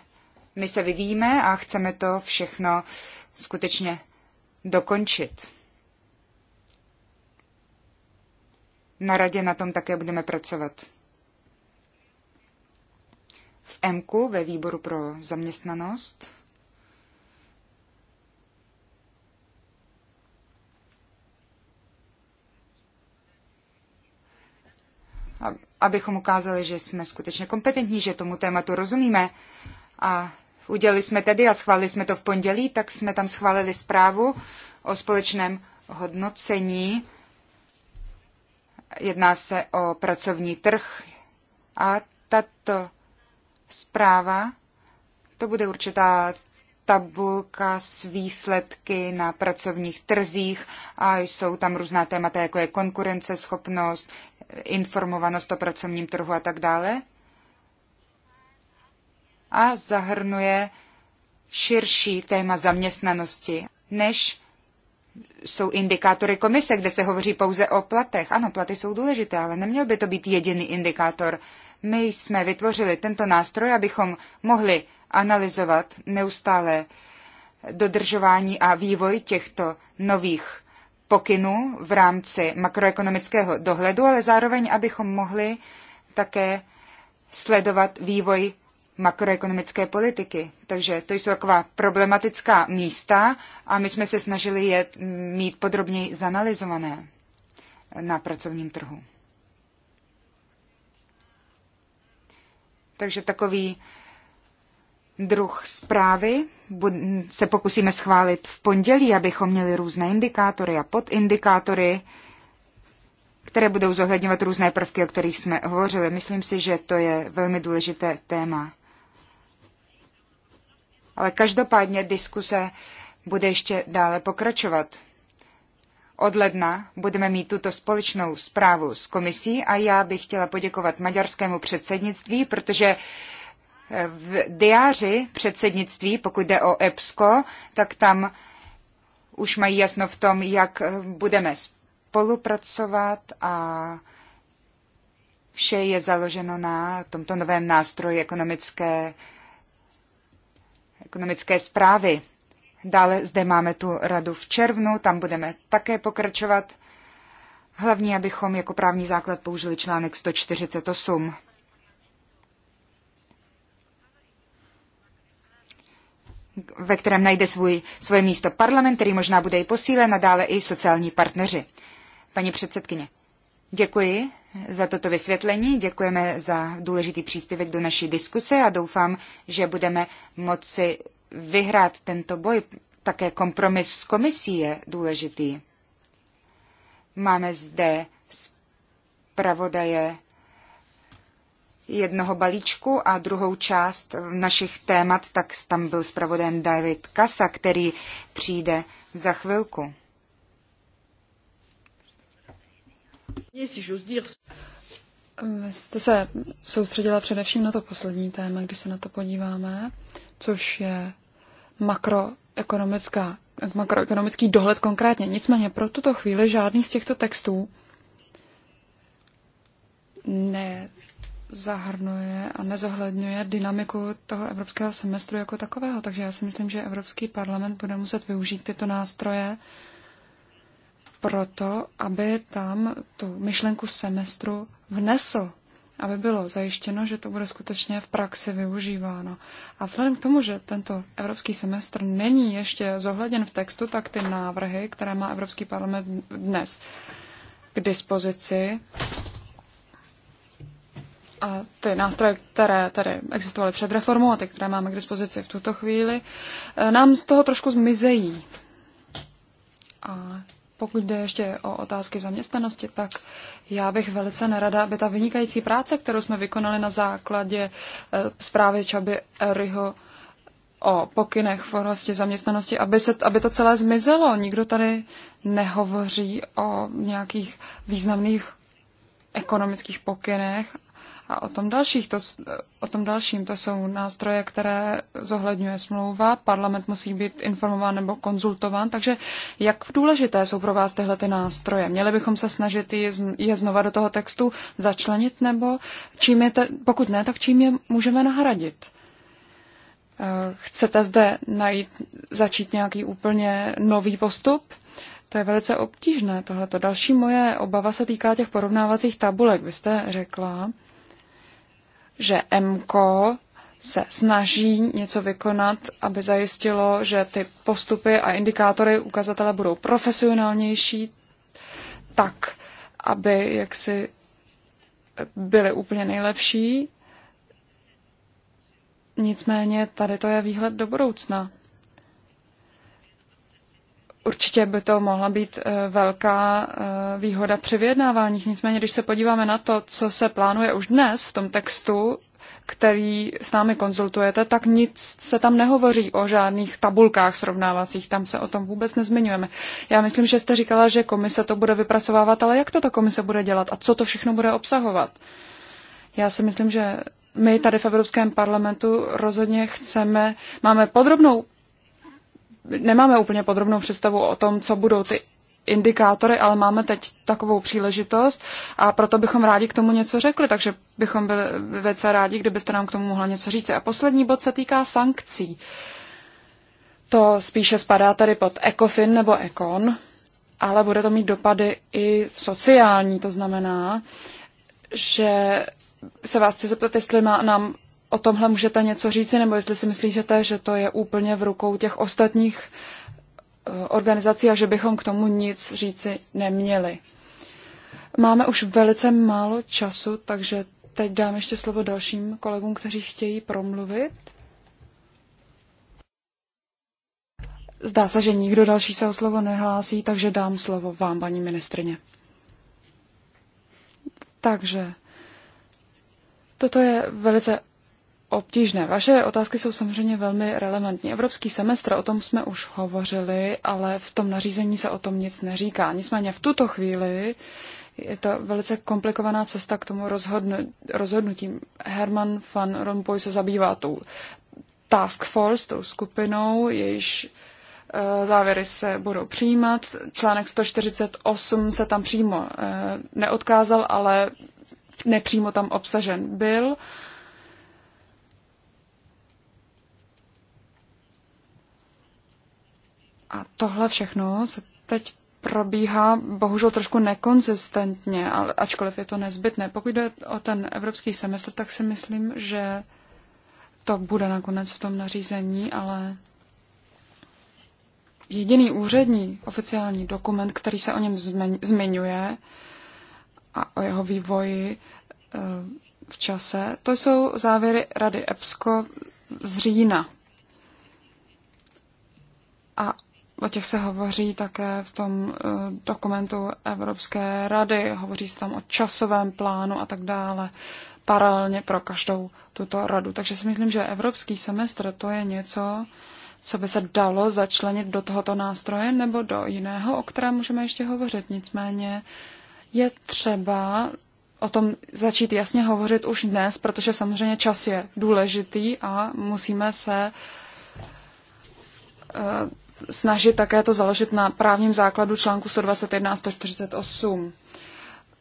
My se vyvíjíme a chceme to všechno skutečně dokončit. Na radě na tom také budeme pracovat. V MKU ve výboru pro zaměstnanost abychom ukázali, že jsme skutečně kompetentní, že tomu tématu rozumíme. A udělali jsme tedy a schválili jsme to v pondělí, tak jsme tam schválili zprávu o společném hodnocení. Jedná se o pracovní trh a tato zpráva, to bude určitá tabulka s výsledky na pracovních trzích a jsou tam různá témata, jako je konkurenceschopnost, informovanost o pracovním trhu a tak dále. A zahrnuje širší téma zaměstnanosti, než jsou indikátory komise, kde se hovoří pouze o platech. Ano, platy jsou důležité, ale neměl by to být jediný indikátor. My jsme vytvořili tento nástroj, abychom mohli analyzovat neustále dodržování a vývoj těchto nových pokynů v rámci makroekonomického dohledu, ale zároveň, abychom mohli také sledovat vývoj makroekonomické politiky. Takže to jsou taková problematická místa a my jsme se snažili je mít podrobněji zanalizované na pracovním trhu. Takže takový druh zprávy se pokusíme schválit v pondělí, abychom měli různé indikátory a podindikátory, které budou zohledňovat různé prvky, o kterých jsme hovořili. Myslím si, že to je velmi důležité téma. Ale každopádně diskuse bude ještě dále pokračovat. Od ledna budeme mít tuto společnou zprávu s komisí a já bych chtěla poděkovat maďarskému předsednictví, protože v diáři předsednictví, pokud jde o EPSCO, tak tam už mají jasno v tom, jak eh, budeme spolupracovat a vše je založeno na tomto novém nástroji ekonomické, ekonomické zprávy. Dále zde máme tu radu v červnu, tam budeme také pokračovat. Hlavně, abychom jako právní základ použili článek 148. ve kterém najde svůj, svoje místo parlament, který možná bude i posílen a dále i sociální partneři. Paní předsedkyně, děkuji za toto vysvětlení, děkujeme za důležitý příspěvek do naší diskuse a doufám, že budeme moci vyhrát tento boj. Také kompromis s komisí je důležitý. Máme zde zpravodaje jednoho balíčku a druhou část našich témat, tak tam byl zpravodajem David Kasa, který přijde za chvilku. Jste se soustředila především na to poslední téma, když se na to podíváme, což je makroekonomická, makroekonomický dohled konkrétně. Nicméně pro tuto chvíli žádný z těchto textů ne, zahrnuje a nezohledňuje dynamiku toho evropského semestru jako takového. Takže já si myslím, že Evropský parlament bude muset využít tyto nástroje proto, aby tam tu myšlenku semestru vnesl, aby bylo zajištěno, že to bude skutečně v praxi využíváno. A vzhledem k tomu, že tento evropský semestr není ještě zohledněn v textu, tak ty návrhy, které má Evropský parlament dnes k dispozici, a ty nástroje, které tady existovaly před reformou a ty, které máme k dispozici v tuto chvíli, eh, nám z toho trošku zmizejí. A pokud jde ještě o otázky zaměstnanosti, tak já bych velice nerada, aby ta vynikající práce, kterou jsme vykonali na základě eh, zprávy Čaby Eryho o pokynech v oblasti zaměstnanosti, aby, se, aby to celé zmizelo. Nikdo tady nehovoří o nějakých významných ekonomických pokynech a o tom, dalších, to, o tom dalším. To jsou nástroje, které zohledňuje smlouva. Parlament musí být informován nebo konzultován. Takže jak důležité jsou pro vás tyhle ty nástroje? Měli bychom se snažit je znova do toho textu začlenit, nebo čím je te, pokud ne, tak čím je můžeme nahradit? Eh, chcete zde najít, začít nějaký úplně nový postup? To je velice obtížné tohleto. Další moje obava se týká těch porovnávacích tabulek. Vy jste řekla, že MKO se snaží něco vykonat, aby zajistilo, že ty postupy a indikátory ukazatele budou profesionálnější, tak, aby jaksi byly úplně nejlepší. Nicméně tady to je výhled do budoucna. Určitě by to mohla být eh, velká eh, výhoda při vyjednáváních. Nicméně, když se podíváme na to, co se plánuje už dnes v tom textu, který s námi konzultujete, tak nic se tam nehovoří o žádných tabulkách srovnávacích, tam se o tom vůbec nezmiňujeme. Já myslím, že jste říkala, že komise to bude vypracovávat, ale jak to ta komise bude dělat a co to všechno bude obsahovat? Já si myslím, že my tady v Evropském parlamentu rozhodně chceme, máme podrobnou nemáme úplně podrobnou představu o tom, co budou ty indikátory, ale máme teď takovou příležitost a proto bychom rádi k tomu něco řekli, takže bychom byli velice rádi, kdybyste nám k tomu mohla něco říct. A poslední bod se týká sankcí. To spíše spadá tady pod ECOFIN nebo ECON, ale bude to mít dopady i sociální, to znamená, že se vás chci zeptat, jestli má, nám o tomhle můžete něco říci, nebo jestli si myslíte, že to je úplně v rukou těch ostatních eh, organizací a že bychom k tomu nic říci neměli. Máme už velice málo času, takže teď dám ještě slovo dalším kolegům, kteří chtějí promluvit. Zdá se, že nikdo další se o slovo nehlásí, takže dám slovo vám, paní ministrině. Takže toto je velice obtížné. Vaše otázky jsou samozřejmě velmi relevantní. Evropský semestr, o tom jsme už hovořili, ale v tom nařízení se o tom nic neříká. Nicméně v tuto chvíli je to velice komplikovaná cesta k tomu rozhodn- rozhodnutí. Herman van Rompuy se zabývá tou task force, tou skupinou, jejíž eh, závěry se budou přijímat. Článek 148 se tam přímo eh, neodkázal, ale nepřímo tam obsažen byl. A tohle všechno se teď probíhá bohužel trošku nekonzistentně, ale ačkoliv je to nezbytné. Pokud jde o ten evropský semestr, tak si myslím, že to bude nakonec v tom nařízení, ale jediný úřední oficiální dokument, který se o něm zmiňuje a o jeho vývoji eh, v čase, to jsou závěry Rady EPSCO z října. A O těch se hovoří také v tom eh, dokumentu Evropské rady, hovoří se tam o časovém plánu a tak dále, paralelně pro každou tuto radu. Takže si myslím, že evropský semestr to je něco, co by se dalo začlenit do tohoto nástroje nebo do jiného, o kterém můžeme ještě hovořit. Nicméně je třeba o tom začít jasně hovořit už dnes, protože samozřejmě čas je důležitý a musíme se eh, snažit také to založit na právním základu článku 121 a 148.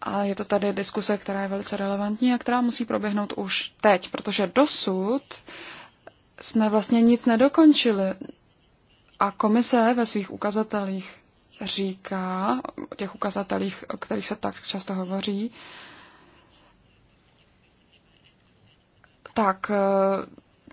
A je to tady diskuse, která je velice relevantní a která musí proběhnout už teď, protože dosud jsme vlastně nic nedokončili. A komise ve svých ukazatelích říká, o těch ukazatelích, o kterých se tak často hovoří, tak eh,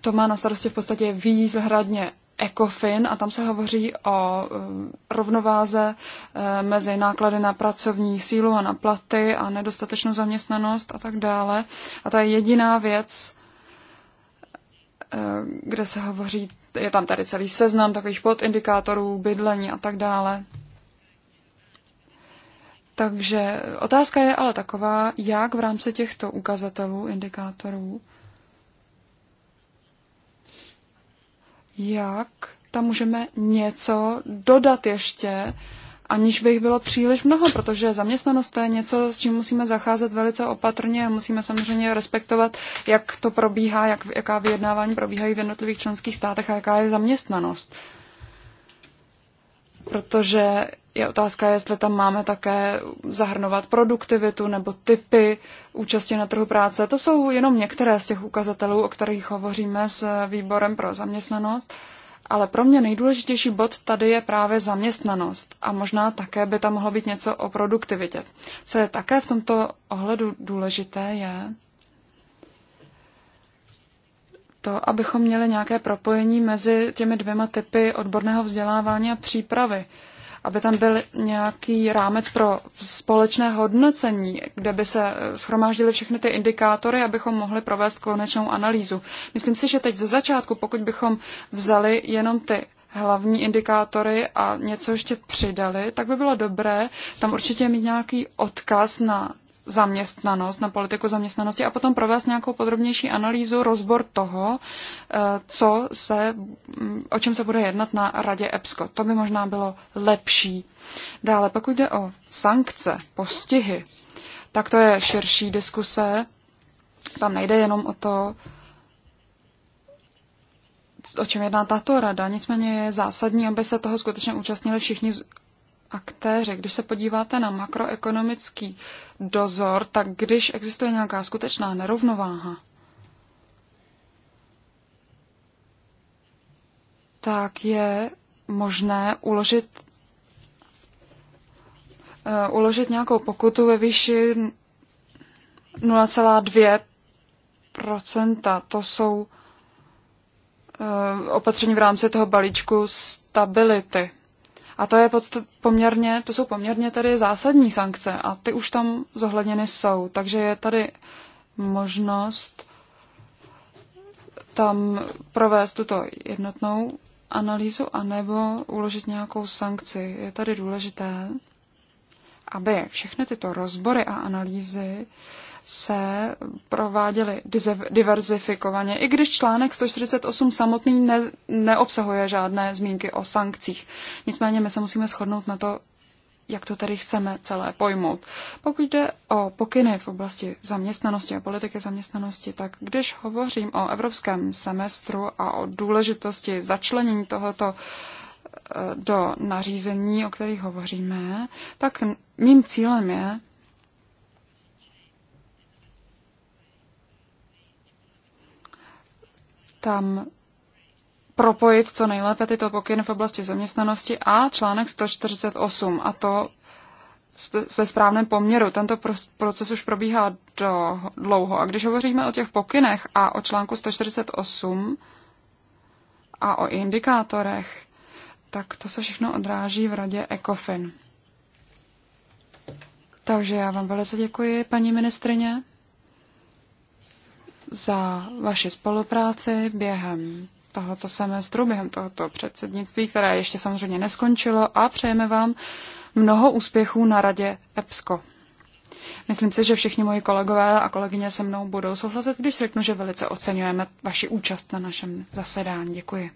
to má na starosti v podstatě výhradně ECOFIN a tam se hovoří o um, rovnováze um, mezi náklady na pracovní sílu a na platy a nedostatečnou zaměstnanost a tak dále. A to je jediná věc, eh, kde se hovoří, je tam tady celý seznam takových podindikátorů, bydlení a tak dále. Takže otázka je ale taková, jak v rámci těchto ukazatelů, indikátorů, jak tam můžeme něco dodat ještě, aniž by jich bylo příliš mnoho, protože zaměstnanost to je něco, s čím musíme zacházet velice opatrně a musíme samozřejmě respektovat, jak to probíhá, jak, jaká vyjednávání probíhají v jednotlivých členských státech a jaká je zaměstnanost. Protože je otázka, jestli tam máme také zahrnovat produktivitu nebo typy účasti na trhu práce. To jsou jenom některé z těch ukazatelů, o kterých hovoříme s výborem pro zaměstnanost. Ale pro mě nejdůležitější bod tady je právě zaměstnanost a možná také by tam mohlo být něco o produktivitě. Co je také v tomto ohledu důležité je to, abychom měli nějaké propojení mezi těmi dvěma typy odborného vzdělávání a přípravy. Uh, aby tam byl nějaký rámec pro společné hodnocení, kde by se schromáždily všechny ty indikátory, abychom mohli provést konečnou analýzu. Myslím si, že teď ze začátku, pokud bychom vzali jenom ty hlavní indikátory a něco ještě přidali, tak by bylo dobré tam určitě mít nějaký odkaz na zaměstnanost, na politiku zaměstnanosti a potom provést nějakou podrobnější analýzu, rozbor toho, eh, co se, mm, o čem se bude jednat na radě EPSCO. To by možná bylo lepší. Dále, pokud jde o sankce, postihy, tak to je širší diskuse. Tam nejde jenom o to, o čem jedná tato rada. Nicméně je zásadní, aby se toho skutečně účastnili všichni aktéři. Když se podíváte na makroekonomický dozor, tak když existuje nějaká skutečná nerovnováha, tak je možné uložit uh, uložit nějakou pokutu ve výši 0,2%. To jsou uh, opatření v rámci toho balíčku stability. A to, je podst- poměrně, to jsou poměrně tady zásadní sankce a ty už tam zohledněny jsou. Takže je tady možnost tam provést tuto jednotnou analýzu anebo uložit nějakou sankci. Je tady důležité, aby všechny tyto rozbory a analýzy se prováděly diverzifikovaně, i když článek 148 samotný ne, neobsahuje žádné zmínky o sankcích. Nicméně my se musíme shodnout na to, jak to tady chceme celé pojmout. Pokud jde o pokyny v oblasti zaměstnanosti a politiky zaměstnanosti, tak když hovořím o evropském semestru a o důležitosti začlenění tohoto eh, do nařízení, o kterých hovoříme, tak mým cílem je tam propojit co nejlépe tyto pokyny v oblasti zaměstnanosti a článek 148, a to ve správném poměru. Tento proces už probíhá do, dlouho. A když hovoříme o těch pokynech a o článku 148 a o indikátorech, tak to se všechno odráží v radě ECOFIN. Takže já vám velice děkuji, paní ministrině za vaši spolupráci během tohoto semestru, během tohoto předsednictví, které ještě samozřejmě neskončilo a přejeme vám mnoho úspěchů na radě EPSCO. Myslím si, že všichni moji kolegové a kolegyně se mnou budou souhlasit, když řeknu, že velice oceňujeme vaši účast na našem zasedání. Děkuji.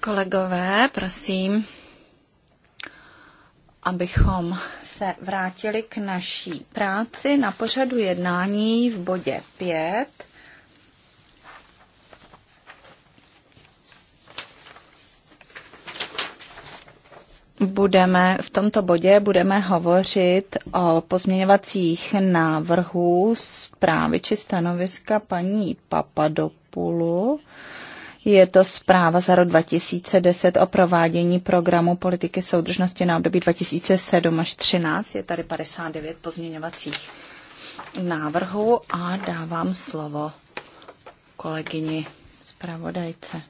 Kolegové, prosím, abychom se vrátili k naší práci na pořadu jednání v bodě 5. budeme v tomto bodě budeme hovořit o pozměňovacích návrhů zprávy či stanoviska paní Papado, Půlu Je to zpráva za rok 2010 o provádění programu politiky soudržnosti na období 2007 až 2013. Je tady 59 pozměňovacích návrhů a dávám slovo kolegyni zpravodajce.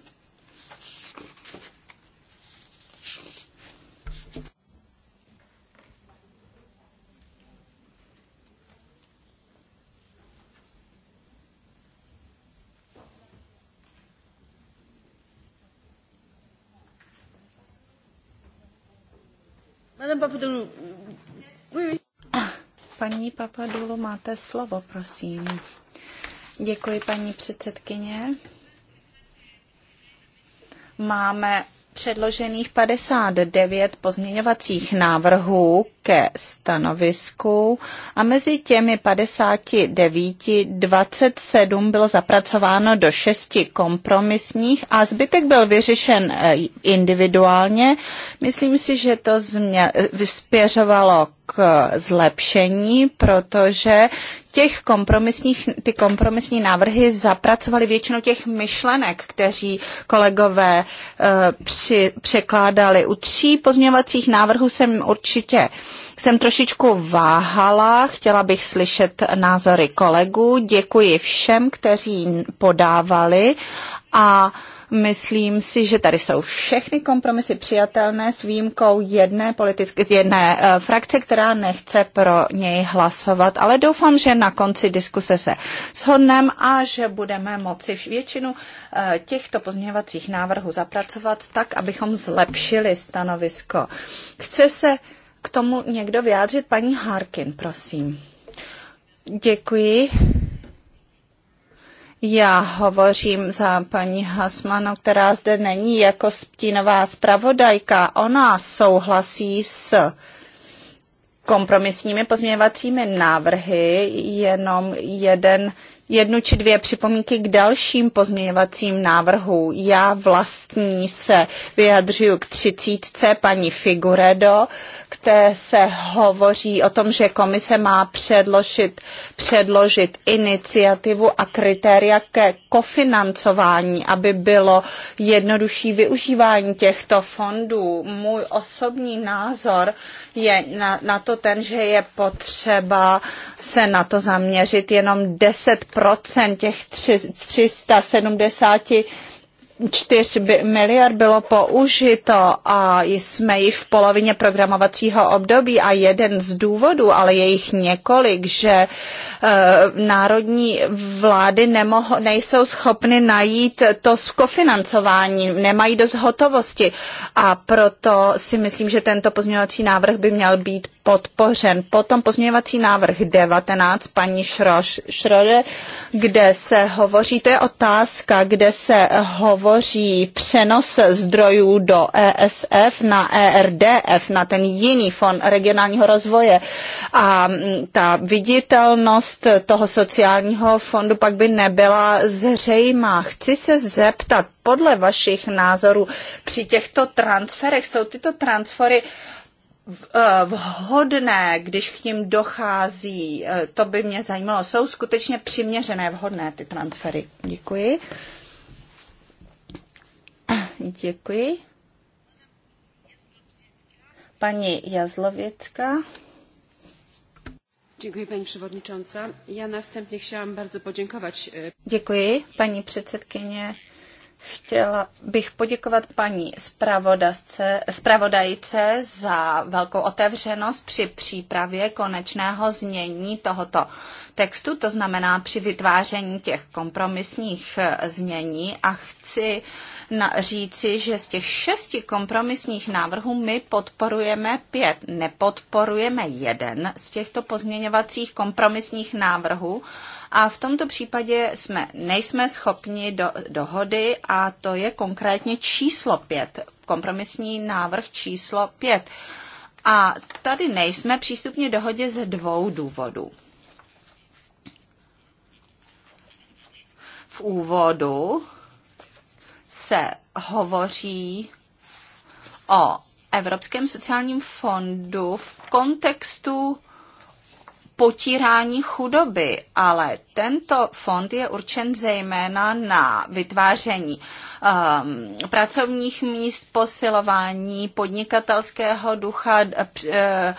Madame Papadoulou. Oui, oui. Paní Papadoulou, máte slovo, prosím. Děkuji, paní předsedkyně. Máme předložených 59 pozměňovacích návrhů ke stanovisku a mezi těmi 59 27 bylo zapracováno do šesti kompromisních a zbytek byl vyřešen eh, individuálně. Myslím si, že to vyspěřovalo k zlepšení, protože těch kompromisních, ty kompromisní návrhy zapracovali většinu těch myšlenek, kteří kolegové e, při, překládali. U tří pozměňovacích návrhů jsem určitě jsem trošičku váhala, chtěla bych slyšet názory kolegů. Děkuji všem, kteří podávali a Myslím si, že tady jsou všechny kompromisy přijatelné s výjimkou jedné, politické, jedné uh, frakce, která nechce pro něj hlasovat, ale doufám, že na konci diskuse se shodneme a že budeme moci většinu uh, těchto pozměňovacích návrhů zapracovat tak, abychom zlepšili stanovisko. Chce se k tomu někdo vyjádřit? Paní Harkin, prosím. Děkuji. Já hovořím za paní Hasmano, která zde není jako stínová zpravodajka. Ona souhlasí s kompromisními pozměňovacími návrhy, jenom jeden jednu či dvě připomínky k dalším pozměňovacím návrhu. Já vlastní se vyjadřuju k třicítce paní Figuredo, Poté se hovoří o tom, že komise má předložit, předložit iniciativu a kritéria ke kofinancování, aby bylo jednodušší využívání těchto fondů. Můj osobní názor je na, na to ten, že je potřeba se na to zaměřit jenom 10% těch tři, 370 4 miliard bylo použito a jsme již v polovině programovacího období a jeden z důvodů, ale je jich několik, že e, národní vlády nemoho, nejsou schopny najít to skofinancování, nemají dost hotovosti a proto si myslím, že tento pozměňovací návrh by měl být podpořen. Potom pozměňovací návrh 19 paní Šrode, kde se hovoří, to je otázka, kde se hovoří přenos zdrojů do ESF na ERDF, na ten jiný fond regionálního rozvoje. A mm, ta viditelnost toho sociálního fondu pak by nebyla zřejmá. Chci se zeptat, podle vašich názorů při těchto transferech jsou tyto transfery uh, Eh, vhodné, když k ním dochází? Eh, to by mě zajímalo. Jsou skutečně přiměřené, vhodné ty transfery? Děkuji. Děkuji. Pani Jazlowiecka. Eh, Děkuji, paní předsedkyně. Já na chci chciałam bardzo poděkovat. Děkuji, paní předsedkyně. Chtěla bych poděkovat paní zpravodajce za velkou otevřenost při přípravě konečného znění tohoto textu, to znamená při vytváření těch kompromisních eh, znění a chci na, říci, že z těch šesti kompromisních návrhů my podporujeme pět, nepodporujeme jeden z těchto pozměňovacích kompromisních návrhů a v tomto případě jsme, nejsme schopni do, dohody a to je konkrétně číslo pět kompromisní návrh číslo pět A tady nejsme přístupně dohodě ze dvou důvodů. V úvodu se hovoří o Evropském sociálním fondu v kontextu potírání chudoby, ale tento fond je určen zejména na vytváření um, pracovních míst, posilování podnikatelského ducha, eh, eh,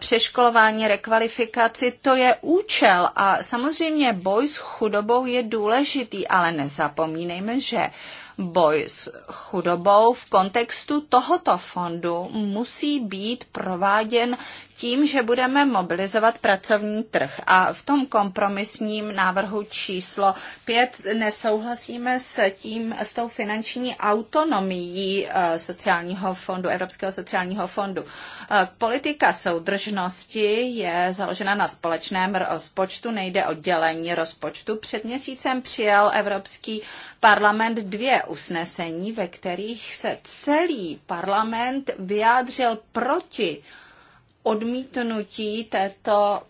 přeškolování, rekvalifikaci. To je účel a samozřejmě boj s chudobou je důležitý, ale nezapomínejme, že boj s chudobou v kontextu tohoto fondu musí být prováděn tím, že budeme mobilizovat pracovní trh. A v tom kompromisním návrhu číslo 5 nesouhlasíme s tím, s tou finanční autonomií eh, sociálního fondu, Evropského sociálního fondu. Eh, politika soudržnosti je založena na společném rozpočtu, nejde o dělení rozpočtu. Před měsícem přijel Evropský parlament dvě usnesení, ve kterých se celý parlament vyjádřil proti odmítnutí této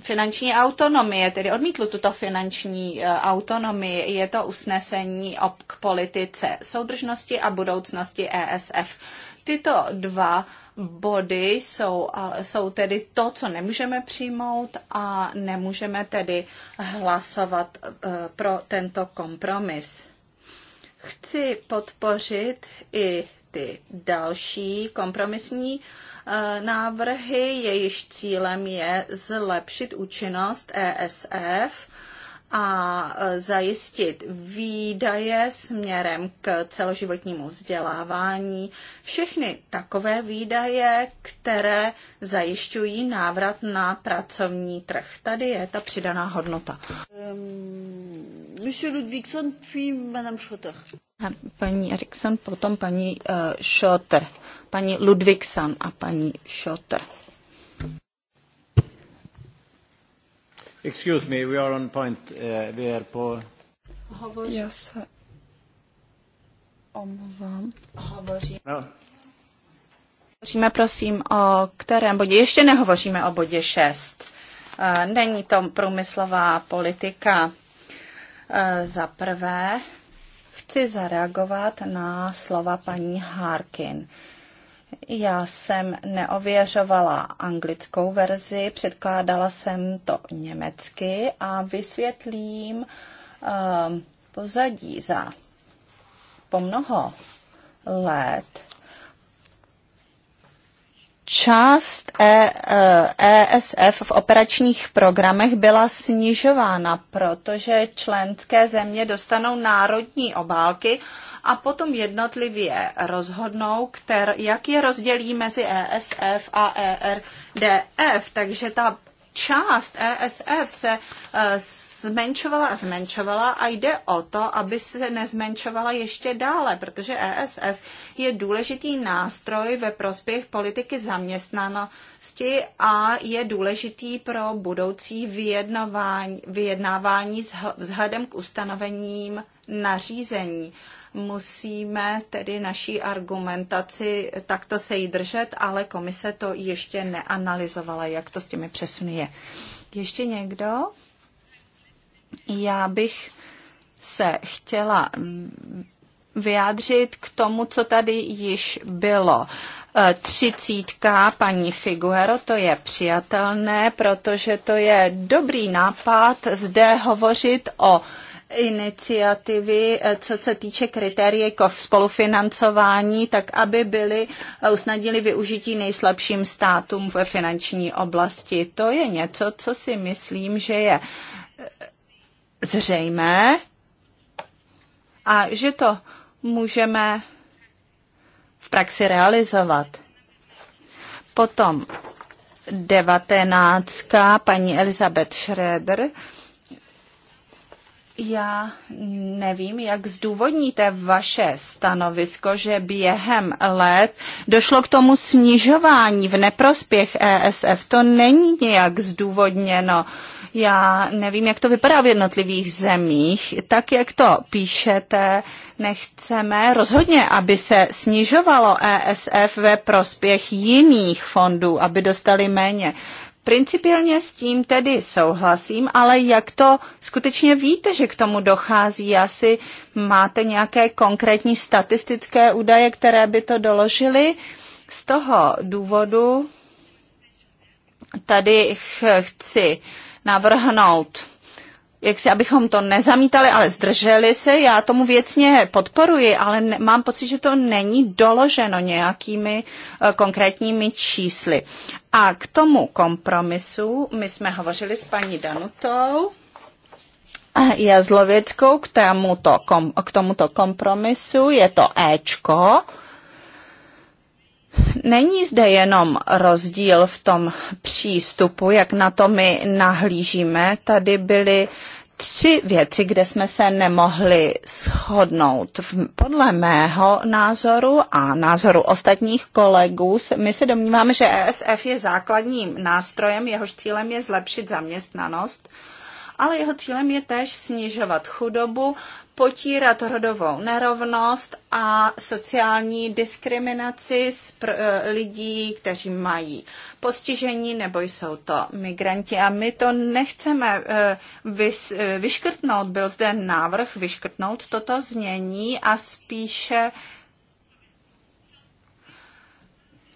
finanční autonomie, tedy odmítl tuto finanční e, autonomii, je to usnesení o k politice soudržnosti a budoucnosti ESF. Tyto dva body jsou, jsou tedy to, co nemůžeme přijmout a nemůžeme tedy hlasovat e, pro tento kompromis. Chci podpořit i ty další kompromisní eh, návrhy, jejichž cílem je zlepšit účinnost ESF a e, zajistit výdaje směrem k celoživotnímu vzdělávání, všechny takové výdaje, které zajišťují návrat na pracovní trh. Tady je ta přidaná hodnota. Um, monsieur Ludvíkson, puis Madame Schotter. Paní Erikson, potom paní uh, Schotter, paní Ludvíkson a paní Schotter. Excuse me, we are on point. Uh, we are po... Hovoří. Já se omlouvám. Hovoří. No. Hovoříme prosím o kterém bodě? Ještě nehovoříme o bodě 6. Eh, není to průmyslová politika. Eh, za prvé chci zareagovat na slova paní Harkin. Já jsem neověřovala anglickou verzi, předkládala jsem to německy a vysvětlím eh, pozadí za po mnoho let část ESF e, e v operačních programech byla snižována, protože členské země dostanou národní obálky a potom jednotlivě rozhodnou, kter, jak je rozdělí mezi ESF a ERDF. Takže ta část ESF se e, zmenšovala a zmenšovala a jde o to, aby se nezmenšovala ještě dále, protože ESF je důležitý nástroj ve prospěch politiky zaměstnanosti a je důležitý pro budoucí vyjednávání vzhledem k ustanovením nařízení. Musíme tedy naší argumentaci takto se jí držet, ale komise to ještě neanalyzovala, jak to s těmi přesuny je. Ještě někdo? Já bych se chtěla vyjádřit k tomu, co tady již bylo. E, třicítka paní Figuero, to je přijatelné, protože to je dobrý nápad zde hovořit o iniciativy, e, co se týče kritérií jako spolufinancování, tak aby byly e, usnadnili využití nejslabším státům ve finanční oblasti. To je něco, co si myslím, že je zřejmé a že to můžeme v praxi realizovat. Potom devatenáctka, paní Elizabeth Schroeder. Já nevím, jak zdůvodníte vaše stanovisko, že během let došlo k tomu snižování v neprospěch ESF. To není nějak zdůvodněno. Uh, já nevím, jak to vypadá v jednotlivých zemích. Tak, jak to píšete, nechceme rozhodně, aby se snižovalo ESF ve prospěch jiných fondů, aby dostali méně. Principiálně s tím tedy souhlasím, ale jak to skutečně víte, že k tomu dochází? Asi máte nějaké konkrétní statistické údaje, které by to doložily? Z toho důvodu tady ch- chci navrhnout jak si, abychom to nezamítali, ale zdrželi se. Já tomu věcně podporuji, ale ne, mám pocit, že to není doloženo nějakými uh, konkrétními čísly. A k tomu kompromisu my jsme hovořili s paní Danutou eh, Jazlověckou k tomuto, kom, k tomuto kompromisu. Je to Ečko. Není zde jenom rozdíl v tom přístupu, jak na to my nahlížíme. Tady byly tři věci, kde jsme se nemohli shodnout. Podle mého názoru a názoru ostatních kolegů, my se domníváme, že ESF je základním nástrojem, jehož cílem je zlepšit zaměstnanost ale jeho cílem je též snižovat chudobu, potírat rodovou nerovnost a sociální diskriminaci z eh, lidí, kteří mají postižení nebo jsou to migranti. A my to nechceme eh, eh, vyškrtnout. Byl zde návrh vyškrtnout toto znění a spíše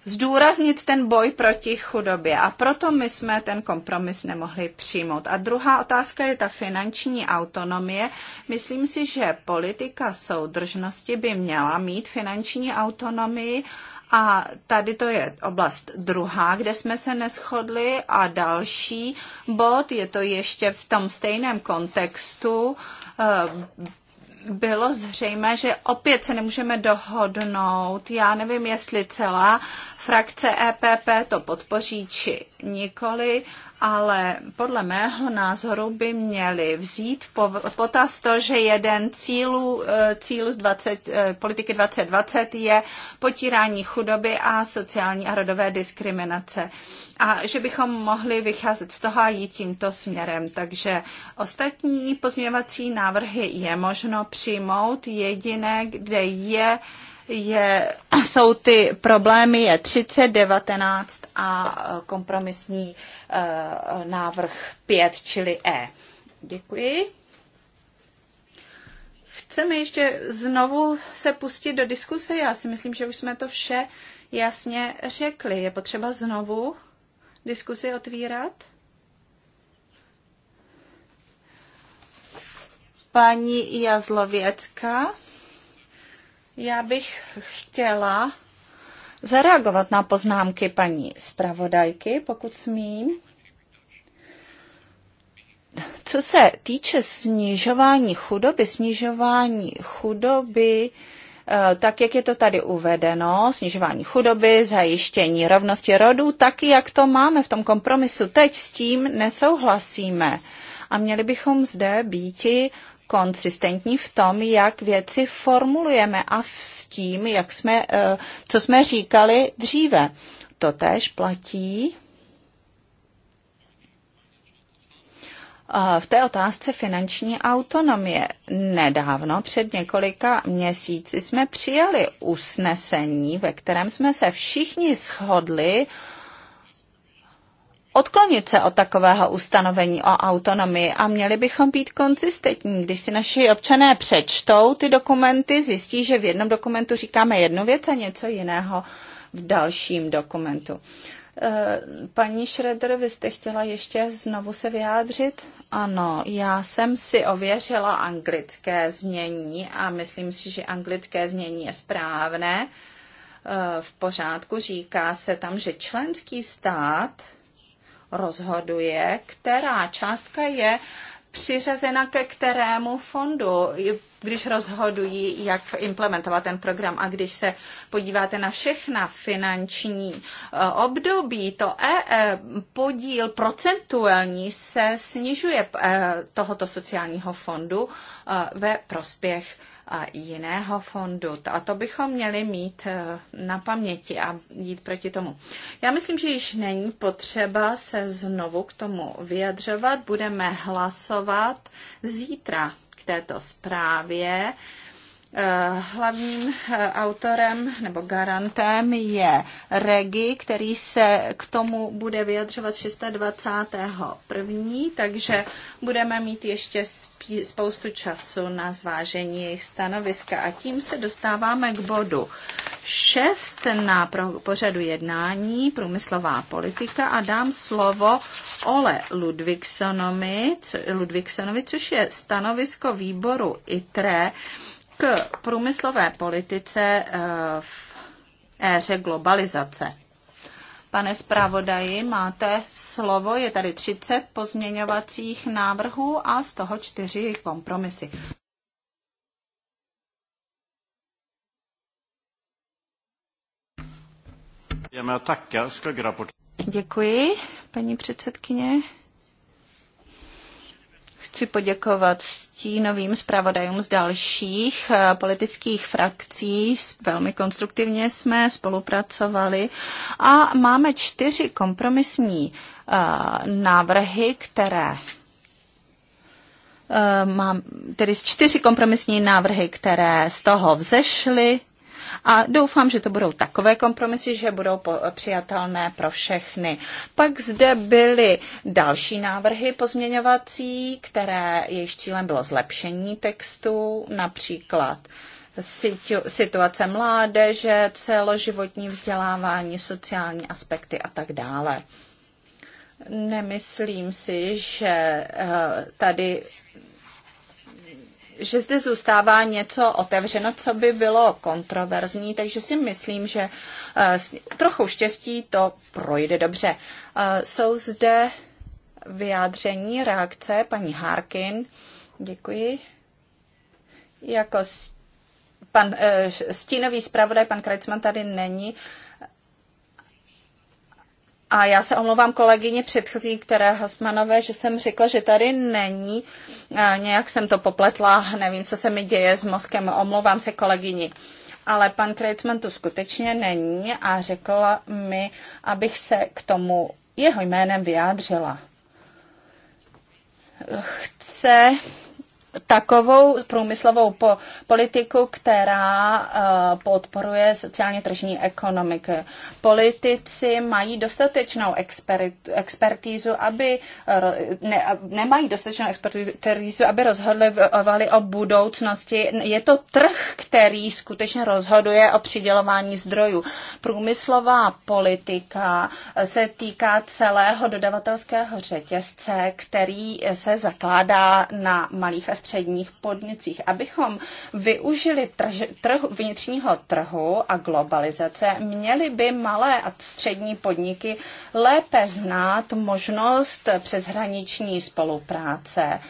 zdůraznit ten boj proti chudobě. A proto my jsme ten kompromis nemohli přijmout. A druhá otázka je ta finanční autonomie. Myslím si, že politika soudržnosti by měla mít finanční autonomii a tady to je oblast druhá, kde jsme se neschodli. A další bod, je to ještě v tom stejném kontextu, eh, bylo zřejmé, že opět se nemůžeme dohodnout. Já nevím, jestli celá frakce EPP to podpoří či nikoli ale podle mého názoru by měli vzít v potaz to, že jeden cílů, cílu eh, z 20, eh, politiky 2020 je potírání chudoby a sociální a rodové diskriminace. A že bychom mohli vycházet z toho a jít tímto směrem. Takže ostatní pozměňovací návrhy je možno přijmout. Jediné, kde je uh, je, jsou ty problémy je 30, 19 a e, kompromisní e, návrh 5, čili E. Děkuji. Chceme ještě znovu se pustit do diskuse. Já si myslím, že už jsme to vše jasně řekli. Je potřeba znovu diskusi otvírat? Paní Jazlověcka. Já bych chtěla zareagovat na poznámky paní zpravodajky, pokud smím. Co se týče snižování chudoby, snižování chudoby, eh, tak jak je to tady uvedeno, snižování chudoby, zajištění rovnosti rodů, tak jak to máme v tom kompromisu teď, s tím nesouhlasíme. A měli bychom zde býti konsistentní v tom, jak věci formulujeme a s tím, jak jsme, eh, co jsme říkali dříve. To tež platí eh, V té otázce finanční autonomie nedávno, před několika měsíci, jsme přijali usnesení, ve kterém jsme se všichni shodli odklonit se od takového ustanovení o autonomii a měli bychom být konzistentní. Když si naši občané přečtou ty dokumenty, zjistí, že v jednom dokumentu říkáme jednu věc a něco jiného v dalším dokumentu. Eh, paní Šreder, vy jste chtěla ještě znovu se vyjádřit? Ano, já jsem si ověřila anglické znění a myslím si, že anglické znění je správné. Eh, v pořádku říká se tam, že členský stát rozhoduje, která částka je přiřazena ke kterému fondu, když rozhodují, jak implementovat ten program. A když se podíváte na všechna finanční eh, období, to e, e, podíl procentuální se snižuje eh, tohoto sociálního fondu eh, ve prospěch jiného fondu. A to bychom měli mít eh, na paměti a jít proti tomu. Já myslím, že již není potřeba se znovu k tomu vyjadřovat. Budeme hlasovat zítra k této zprávě. Eh, hlavním eh, autorem nebo garantem je Regi, který se k tomu bude vyjadřovat 26.1., takže budeme mít ještě spoustu času na zvážení jejich stanoviska. A tím se dostáváme k bodu 6 na pořadu jednání průmyslová politika a dám slovo Ole Ludvigsonovi, což je stanovisko výboru ITRE k průmyslové politice eh, v éře globalizace. Pane zpravodaji, máte slovo, je tady 30 pozměňovacích návrhů a z toho čtyři kompromisy. Děkuji, paní předsedkyně. Chci poděkovat stínovým zpravodajům z dalších eh, politických frakcí. Velmi konstruktivně jsme spolupracovali a máme čtyři kompromisní eh, návrhy, které eh, mám tedy čtyři kompromisní návrhy, které z toho vzešly a doufám, že to budou takové kompromisy, že budou přijatelné pro všechny. Pak zde byly další návrhy pozměňovací, které jejich cílem bylo zlepšení textu, například situace mládeže, celoživotní vzdělávání, sociální aspekty a tak dále. Nemyslím si, že eh, tady že zde zůstává něco otevřeno, co by bylo kontroverzní, takže si myslím, že eh, s trochu štěstí to projde dobře. Eh, jsou zde vyjádření, reakce paní Harkin. Děkuji. Jako pan, eh, stínový zpravodaj, pan Krecman tady není. A já se omlouvám kolegyně předchozí, které Hasmanové, že jsem řekla, že tady není. Nějak jsem to popletla, nevím, co se mi děje s mozkem, omlouvám se kolegyni ale pan Kreitzman tu skutečně není a řekla mi, abych se k tomu jeho jménem vyjádřila. Chce takovou průmyslovou po, politiku, která uh, podporuje sociálně tržní ekonomiky. Politici mají dostatečnou expert, expertízu, aby ne, nemají dostatečnou expertízu, aby rozhodovali o budoucnosti. Je to trh, který skutečně rozhoduje o přidělování zdrojů. Průmyslová politika eh, se týká celého dodavatelského řetězce, který se zakládá na malých středních podnicích. Abychom využili trž, trh, vnitřního trhu a globalizace, měly by malé a střední podniky lépe znát možnost přeshraniční spolupráce. Uh,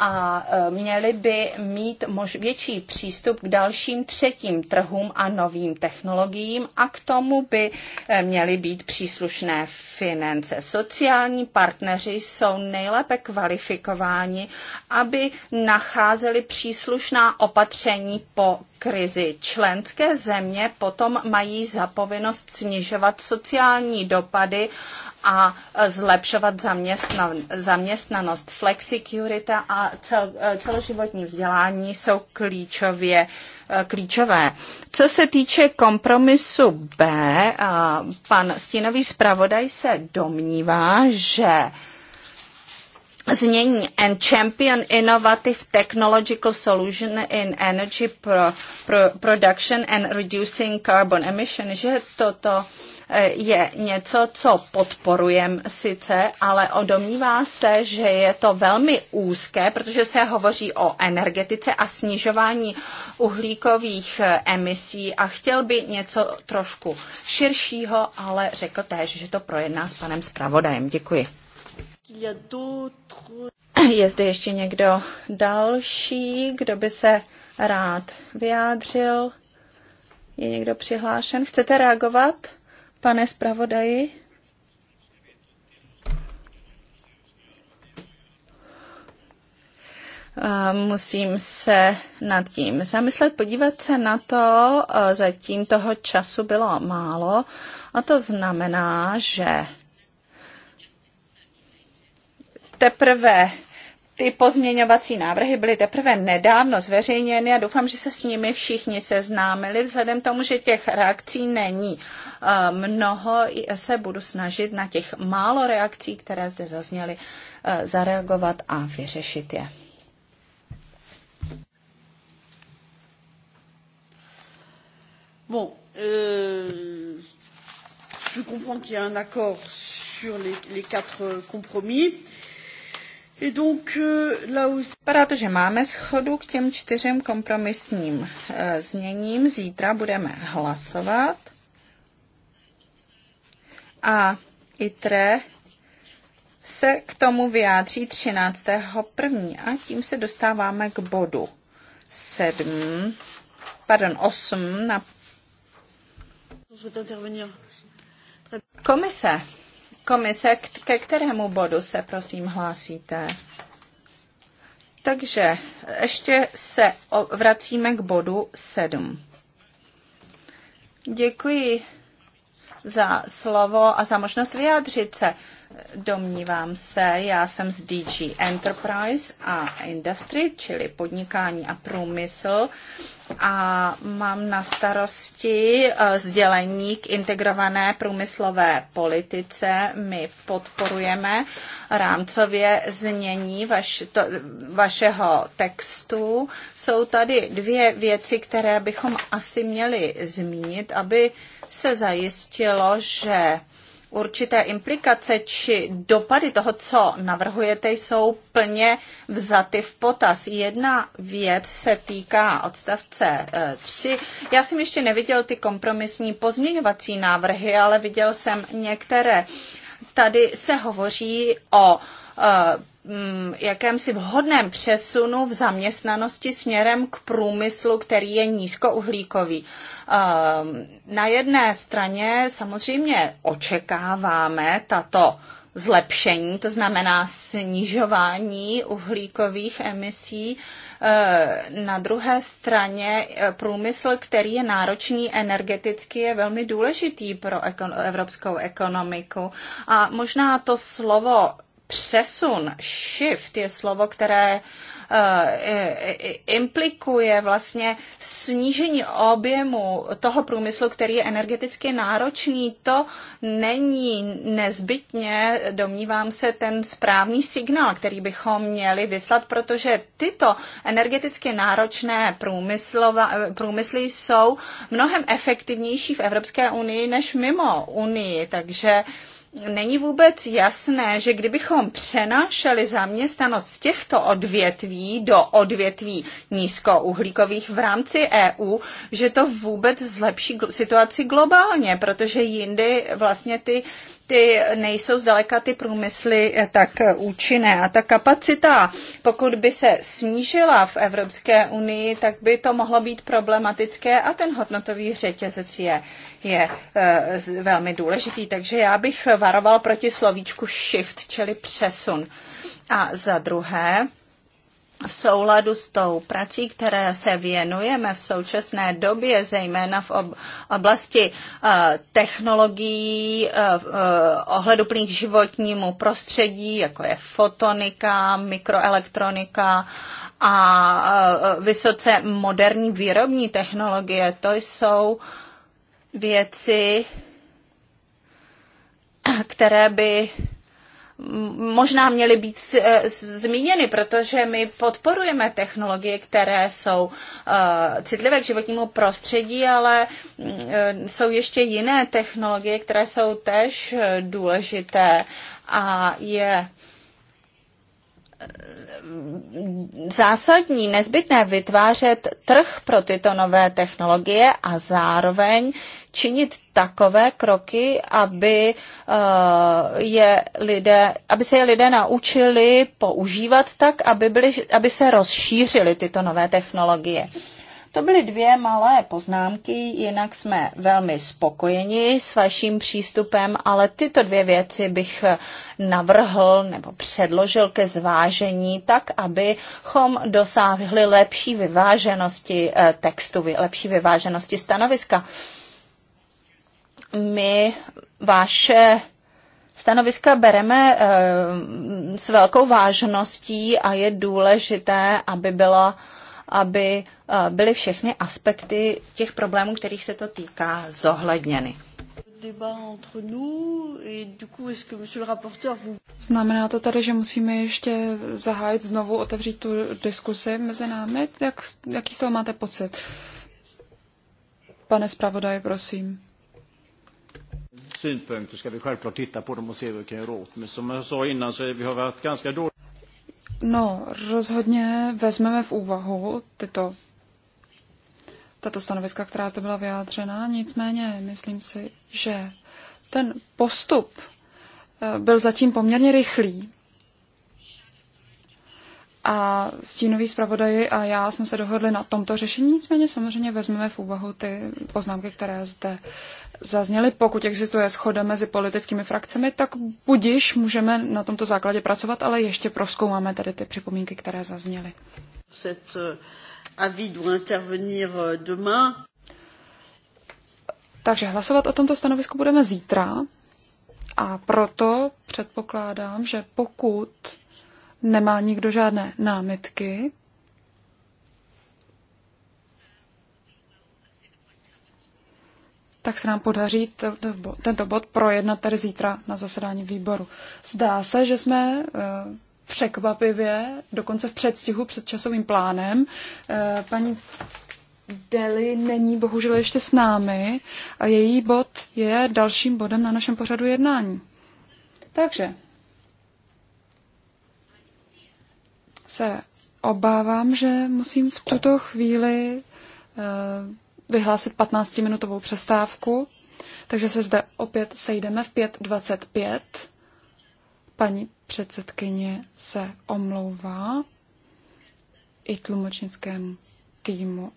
a e, měli by mít mož, větší přístup k dalším třetím trhům a novým technologiím a k tomu by e, měly být příslušné finance. Sociální partneři jsou nejlépe kvalifikováni, aby nacházeli příslušná opatření po krizi. Členské země potom mají zapovinnost snižovat sociální dopady a e, zlepšovat zaměstna, zaměstnanost. Flexicurity a cel, e, celoživotní vzdělání jsou klíčově e, klíčové. Co se týče kompromisu B, pan stínový zpravodaj se domnívá, že znění and champion innovative technological solution in energy pro, pro, production and reducing carbon emission, že toto eh, je něco, co podporujem sice, ale odomývá se, že je to velmi úzké, protože se hovoří o energetice a snižování uhlíkových eh, emisí a chtěl by něco trošku širšího, ale řekl též, že to projedná s panem zpravodajem. Děkuji. Je zde ještě někdo další, kdo by se rád vyjádřil? Je někdo přihlášen? Chcete reagovat, pane zpravodaji? Musím se nad tím zamyslet, podívat se na to. E, zatím toho času bylo málo a to znamená, že teprve ty pozměňovací návrhy byly teprve nedávno zveřejněny a doufám, že se s nimi všichni seznámili. Vzhledem tomu, že těch reakcí není eh, mnoho, se budu snažit na těch málo reakcí, které zde zazněly, eh, zareagovat a vyřešit je. Bon, euh, je comprends qu'il y a un accord sur les, les quatre compromis. Euh, Euh, Vypadá to, že máme schodu k těm čtyřem kompromisním eh, zněním. Zítra budeme hlasovat. A ITRE se k tomu vyjádří 13. a tím se dostáváme k bodu 7, pardon 8 na Komise komise, ke kterému bodu se prosím hlásíte? Takže ještě se vracíme k bodu 7. Děkuji za slovo a za možnost vyjádřit se. Domnívám se, já jsem z DG Enterprise a Industry, čili podnikání a průmysl a mám na starosti e, sdělení k integrované průmyslové politice. My podporujeme rámcově znění vaš, to, vašeho textu. Jsou tady dvě věci, které bychom asi měli zmínit, aby se zajistilo, že určité implikace či dopady toho, co navrhujete, jsou plně vzaty v potaz. Jedna věc se týká odstavce 3. Eh, Já jsem ještě neviděl ty kompromisní pozměňovací návrhy, ale viděl jsem některé. Tady se hovoří o eh, Mm, jakémsi vhodném přesunu v zaměstnanosti směrem k průmyslu, který je nízkouhlíkový. Ehm, na jedné straně samozřejmě očekáváme tato zlepšení, to znamená snižování uhlíkových emisí. Ehm, na druhé straně eh, průmysl, který je náročný energeticky, je velmi důležitý pro evropskou ekonomiku. A možná to slovo přesun, shift je slovo, které eh, implikuje vlastně snížení objemu toho průmyslu, který je energeticky náročný. To není nezbytně, domnívám se, ten správný signál, který bychom měli vyslat, protože tyto energeticky náročné průmysly jsou mnohem efektivnější v Evropské unii než mimo unii. Takže uh, není vůbec jasné, že kdybychom přenášeli zaměstnanost z těchto odvětví do odvětví nízkouhlíkových v rámci EU, že to vůbec zlepší situaci globálně, protože jindy vlastně ty ty nejsou zdaleka ty průmysly eh, tak eh, účinné. A ta kapacita, pokud by se snížila v Evropské unii, tak by to mohlo být problematické a ten hodnotový řetězec je, je e, velmi důležitý. Takže já bych varoval proti slovíčku shift, čili přesun. A za druhé, v souladu s tou prací, které se věnujeme v současné době, zejména v oblasti eh, technologií eh, eh, ohleduplných životnímu prostředí, jako je fotonika, mikroelektronika a vysoce moderní výrobní technologie, to jsou věci, které by možná měly být eh, zmíněny, protože my podporujeme technologie, které jsou eh, citlivé k životnímu prostředí, ale mm, eh, jsou ještě jiné technologie, které jsou tež důležité a je zásadní, nezbytné vytvářet trh pro tyto nové technologie a zároveň činit takové kroky, aby, eh, je lidé, aby se je lidé naučili používat tak, aby, byli, aby se rozšířily tyto nové technologie. To byly dvě malé poznámky, jinak jsme velmi spokojeni s vaším přístupem, ale tyto dvě věci bych navrhl nebo předložil ke zvážení tak, abychom dosáhli lepší vyváženosti eh, textu, lepší vyváženosti stanoviska. My vaše Stanoviska bereme eh, s velkou vážností a je důležité, aby byla aby eh, byly všechny aspekty těch problémů, kterých se to týká, zohledněny. Znamená to tady, že musíme ještě zahájit znovu, otevřít tu diskusi mezi námi? Jak, jaký z toho máte pocit? Pane zpravodaj, prosím. Synpunkter ska vi självklart titta på dem och se vad vi kan göra åt. Men som jag sa innan så har vi varit ganska dåliga. No, rozhodně vezmeme v úvahu tyto tato stanoviska, která zde byla vyjádřena. Nicméně myslím si, že ten postup eh, byl zatím poměrně rychlý. A stínový zpravodaj a já jsme se dohodli na tomto řešení, nicméně samozřejmě vezmeme v úvahu ty poznámky, které zde zazněly. Pokud existuje schoda mezi politickými frakcemi, tak budiš můžeme na tomto základě pracovat, ale ještě proskoumáme tady ty připomínky, které zazněly. Euh, euh, Takže hlasovat o tomto stanovisku budeme zítra a proto předpokládám, že pokud nemá nikdo žádné námitky, tak se nám podaří tento bod projednat tady zítra na zasedání výboru. Zdá se, že jsme eh, překvapivě, dokonce v předstihu před časovým plánem, eh, paní Deli není bohužel ještě s námi a její bod je dalším bodem na našem pořadu jednání. Takže se obávám, že musím v tuto chvíli eh, vyhlásit 15-minutovou přestávku, takže se zde opět sejdeme v 5.25. Paní předsedkyně se omlouvá i tlumočnickému týmu.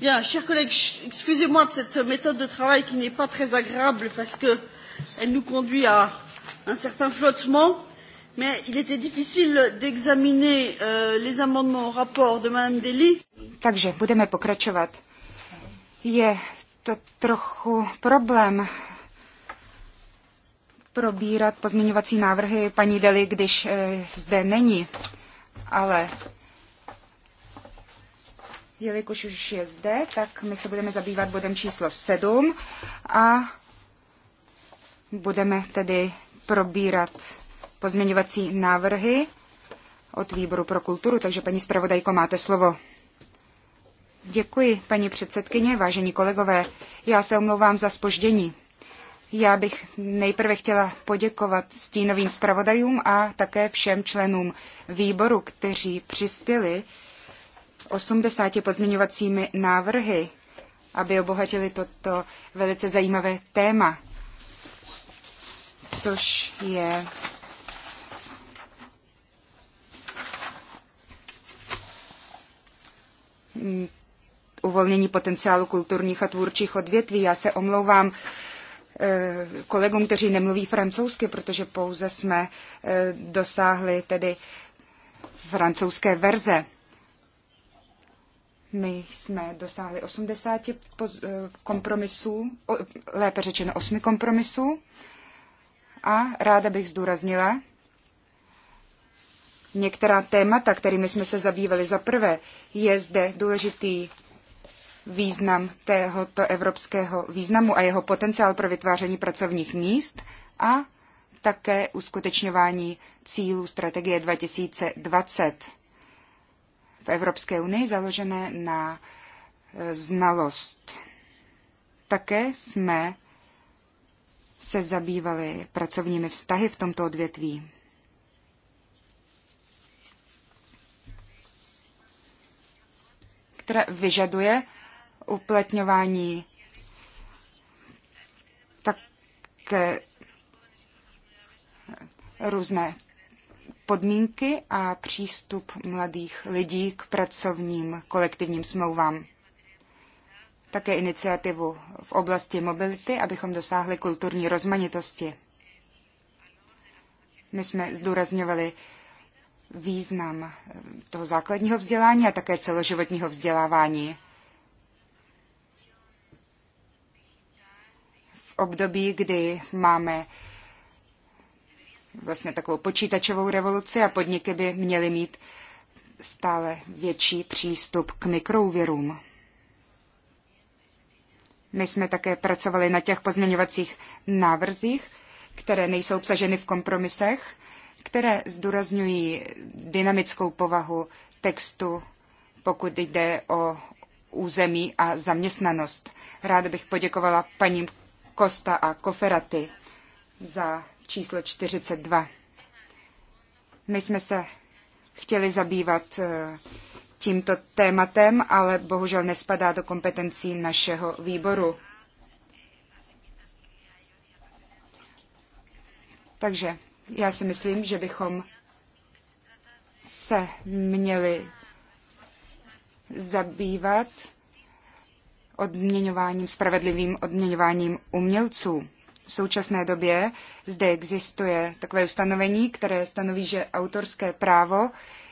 Bien, chers collègues, excusez-moi de cette méthode de travail qui n'est pas très agréable parce qu'elle nous conduit à un certain flottement, mais il était difficile d'examiner euh, les amendements au rapport de Mme Dely. Takže budeme pokračovat. Je to trochu problém probírat pozměňovací návrhy paní Deli, když e, zde není. Ale Jelikož už je zde, tak my se budeme zabývat bodem číslo 7 a budeme tedy probírat pozměňovací návrhy od výboru pro kulturu, takže paní zpravodajko, máte slovo. Děkuji, paní předsedkyně, vážení kolegové. Já se omlouvám za spoždění. Já bych nejprve chtěla poděkovat stínovým zpravodajům a také všem členům výboru, kteří přispěli 80 pozměňovacími návrhy, aby obohatili toto velice zajímavé téma, což je uvolnění potenciálu kulturních a tvůrčích odvětví. Já se omlouvám eh, kolegům, kteří nemluví francouzsky, protože pouze jsme eh, dosáhli tedy francouzské verze. My jsme dosáhli 80 eh, kompromisů, lépe řečeno 8 kompromisů. A ráda bych zdůraznila některá témata, kterými jsme se zabývali. Za prvé je zde důležitý význam tohoto evropského významu a jeho potenciál pro vytváření pracovních míst a také uskutečňování cílů strategie 2020 v Evropské unii založené na eh, znalost. Také jsme se zabývali pracovními vztahy v tomto odvětví. které vyžaduje uplatňování také různé podmínky a přístup mladých lidí k pracovním kolektivním smlouvám. Také iniciativu v oblasti mobility, abychom dosáhli kulturní rozmanitosti. My jsme zdůrazňovali význam toho základního vzdělání a také celoživotního vzdělávání. V období, kdy máme vlastně takovou počítačovou revoluci a podniky by měly mít stále větší přístup k mikrouvěrům. My jsme také pracovali na těch pozměňovacích návrzích, které nejsou obsaženy v kompromisech, které zdůrazňují dynamickou povahu textu, pokud jde o území a zaměstnanost. Ráda bych poděkovala paním Kosta a Koferaty za číslo 42. My jsme se chtěli zabývat eh, tímto tématem, ale bohužel nespadá do kompetencí našeho výboru. Takže já si myslím, že bychom se měli zabývat odměňováním, spravedlivým odměňováním umělců v současné době zde existuje takové ustanovení, které stanoví, že autorské právo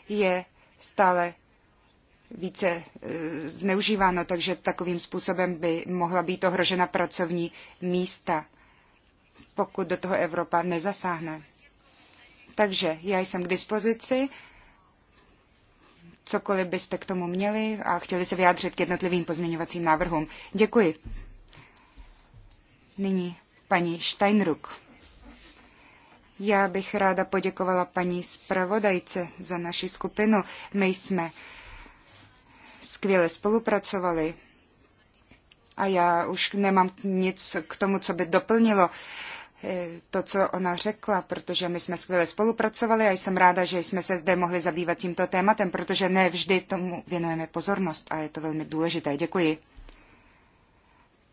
je stále více e, zneužíváno, takže takovým způsobem by mohla být ohrožena pracovní místa, pokud do toho Evropa nezasáhne. Takže já jsem k dispozici, cokoliv byste k tomu měli a chtěli se vyjádřit k jednotlivým pozměňovacím návrhům. Děkuji. Nyní paní Steinruck. Já bych ráda poděkovala paní zpravodajce za naši skupinu. My jsme skvěle spolupracovali a já už nemám nic k tomu, co by doplnilo eh, to, co ona řekla, protože my jsme skvěle spolupracovali a jsem ráda, že jsme se zde mohli zabývat tímto tématem, protože ne vždy tomu věnujeme pozornost a je to velmi důležité. Děkuji.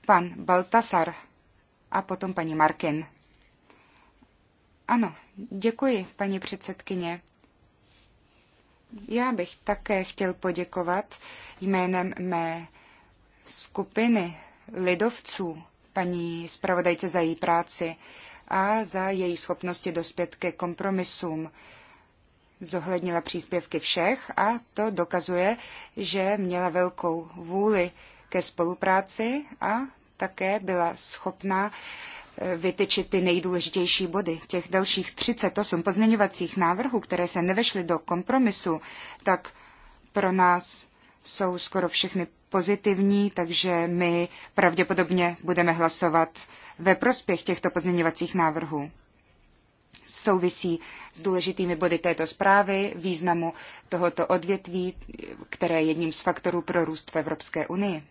Pan Baltasar a potom paní Markin. Ano, děkuji, paní předsedkyně. Já bych také chtěl poděkovat jménem mé skupiny lidovců paní zpravodajce za její práci a za její schopnosti dospět ke kompromisům. Zohlednila příspěvky všech a to dokazuje, že měla velkou vůli ke spolupráci a také byla schopna e, vytyčit ty nejdůležitější body. Těch dalších 38 pozměňovacích návrhů, které se nevešly do kompromisu, tak pro nás jsou skoro všechny pozitivní, takže my pravděpodobně budeme hlasovat ve prospěch těchto pozměňovacích návrhů. Souvisí s důležitými body této zprávy, významu tohoto odvětví, které je jedním z faktorů pro růst v Evropské unii.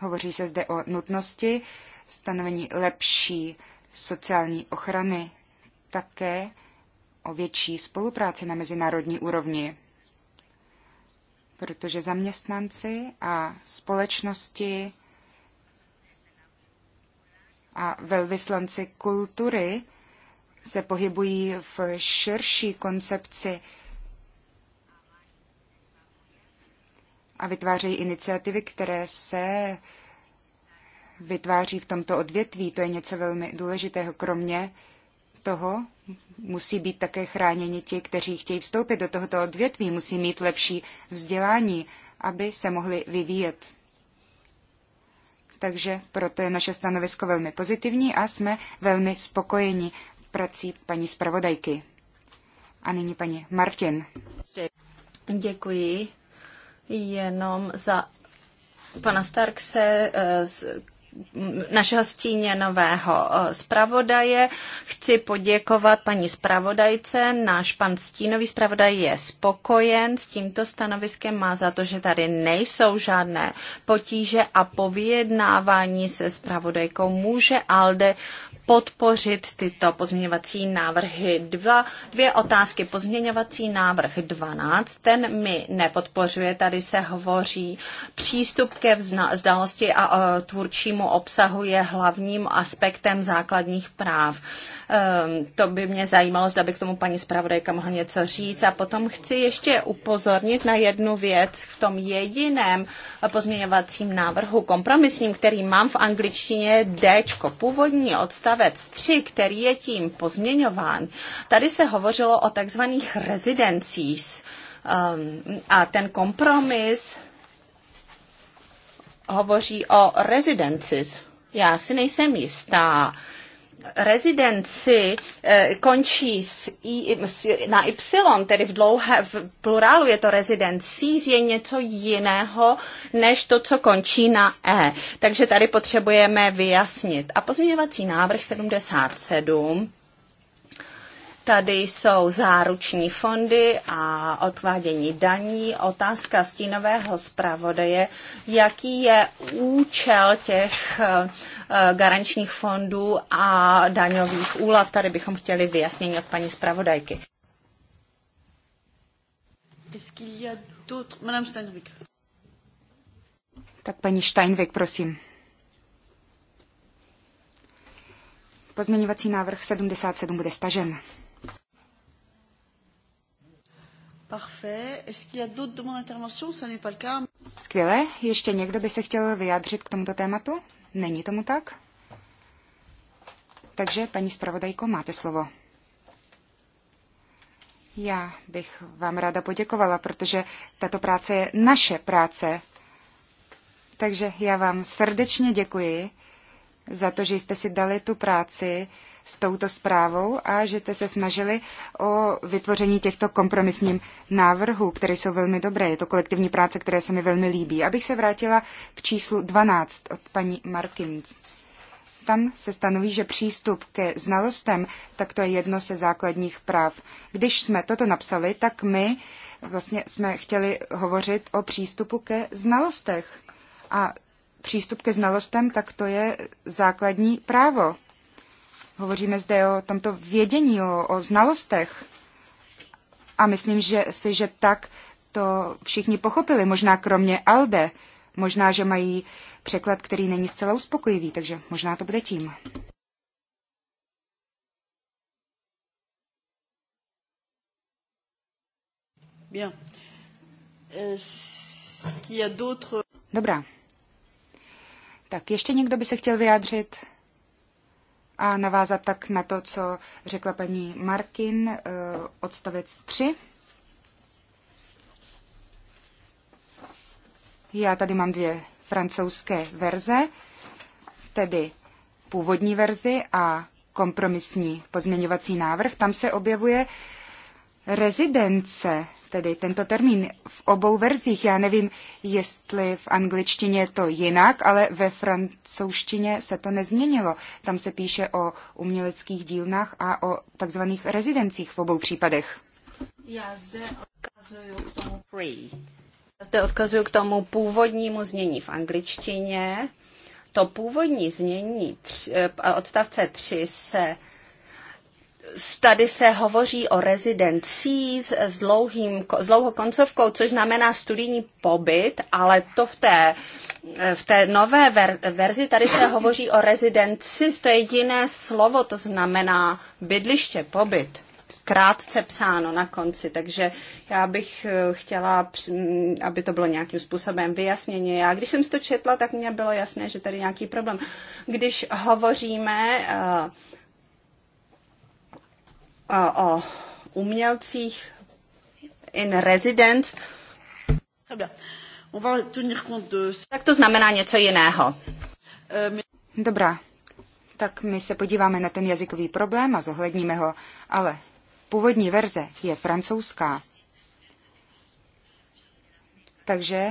Hovoří se zde o nutnosti stanovení lepší sociální ochrany, také o větší spolupráci na mezinárodní úrovni, protože zaměstnanci a společnosti a velvyslanci kultury se pohybují v širší koncepci a vytvářejí iniciativy, které se vytváří v tomto odvětví. To je něco velmi důležitého. Kromě toho musí být také chráněni ti, kteří chtějí vstoupit do tohoto odvětví, musí mít lepší vzdělání, aby se mohli vyvíjet. Takže proto je naše stanovisko velmi pozitivní a jsme velmi spokojeni prací paní zpravodajky. A nyní paní Martin. Děkuji jenom za pana Starkse eh, našeho nového eh, zpravodaje. Chci poděkovat paní zpravodajce. Náš pan stínový zpravodaj je spokojen s tímto stanoviskem. Má za to, že tady nejsou žádné potíže a po vyjednávání se zpravodajkou může ALDE podpořit tyto pozměňovací návrhy. Dva, dvě otázky. Pozměňovací návrh 12, ten mi nepodpořuje. Tady se hovoří přístup ke vzdálosti a e, tvůrčímu obsahu je hlavním aspektem základních práv. E, to by mě zajímalo, zda by k tomu paní zpravodajka mohla něco říct. A potom chci ještě upozornit na jednu věc v tom jediném pozměňovacím návrhu kompromisním, který mám v angličtině D. Původní odstav odstavec 3, který je tím pozměňován, tady se hovořilo o takzvaných rezidencích um, a ten kompromis hovoří o rezidencích. Já si nejsem jistá, rezidenci eh, končí s, i, na Y, tedy v dlouhé, v plurálu je to rezidencies, je něco jiného, než to, co končí na E. Takže tady potřebujeme vyjasnit. A pozměňovací návrh 77 Tady jsou záruční fondy a odvádění daní. Otázka stínového zpravodaje, jaký je účel těch eh, garančních fondů a daňových úlav. Tady bychom chtěli vyjasnění od paní zpravodajky. Tak paní Steinvik, prosím. Pozměňovací návrh 77 bude stažen. Parfait. Est-ce qu'il y a d'autres demandes d'intervention? n'est pas le cas. Skvěle. Ještě někdo by se chtěl vyjádřit k tomuto tématu? Není tomu tak? Takže, paní zpravodajko, máte slovo. Já bych vám ráda poděkovala, protože tato práce je naše práce. Takže já vám srdečně děkuji za to, že jste si dali tu práci s touto zprávou a že jste se snažili o vytvoření těchto kompromisních návrhů, které jsou velmi dobré. Je to kolektivní práce, které se mi velmi líbí. Abych se vrátila k číslu 12 od paní Markins. Tam se stanoví, že přístup ke znalostem, tak to je jedno ze základních práv. Když jsme toto napsali, tak my vlastně jsme chtěli hovořit o přístupu ke znalostech. A přístup ke znalostem, tak to je základní právo. Hovoříme zde o tomto vědění, o, o znalostech. A myslím že si, že tak to všichni pochopili, možná kromě Alde. Možná, že mají překlad, který není zcela uspokojivý, takže možná to bude tím. Bien. Dobrá. Tak ještě někdo by se chtěl vyjádřit a navázat tak na to, co řekla paní Markin, eh, odstavec 3. Já tady mám dvě francouzské verze, tedy původní verzi a kompromisní pozměňovací návrh. Tam se objevuje uh, rezidence, tedy tento termín v obou verzích, já nevím, jestli v angličtině je to jinak, ale ve francouzštině se to nezměnilo. Tam se píše o uměleckých dílnách a o takzvaných rezidencích v obou případech. Já zde odkazuju k tomu pre. Já zde odkazuju k tomu původnímu znění v angličtině. To původní znění tři, eh, odstavce 3 se Tady se hovoří o residencies s, dlouhým, s dlouhou koncovkou, což znamená studijní pobyt, ale to v té v té nové ver- verzi tady se hovoří o residenci, to je jiné slovo, to znamená bydliště, pobyt. Krátce psáno na konci, takže já bych eh, chtěla, mm, aby to bylo nějakým způsobem vyjasněně. Já když jsem to četla, tak mě bylo jasné, že tady nějaký problém. Když hovoříme eh, a o umělcích in residence. Tak to znamená něco jiného. Euh, Dobrá, tak my se podíváme na ten jazykový problém a zohledníme ho, ale původní verze je francouzská. Takže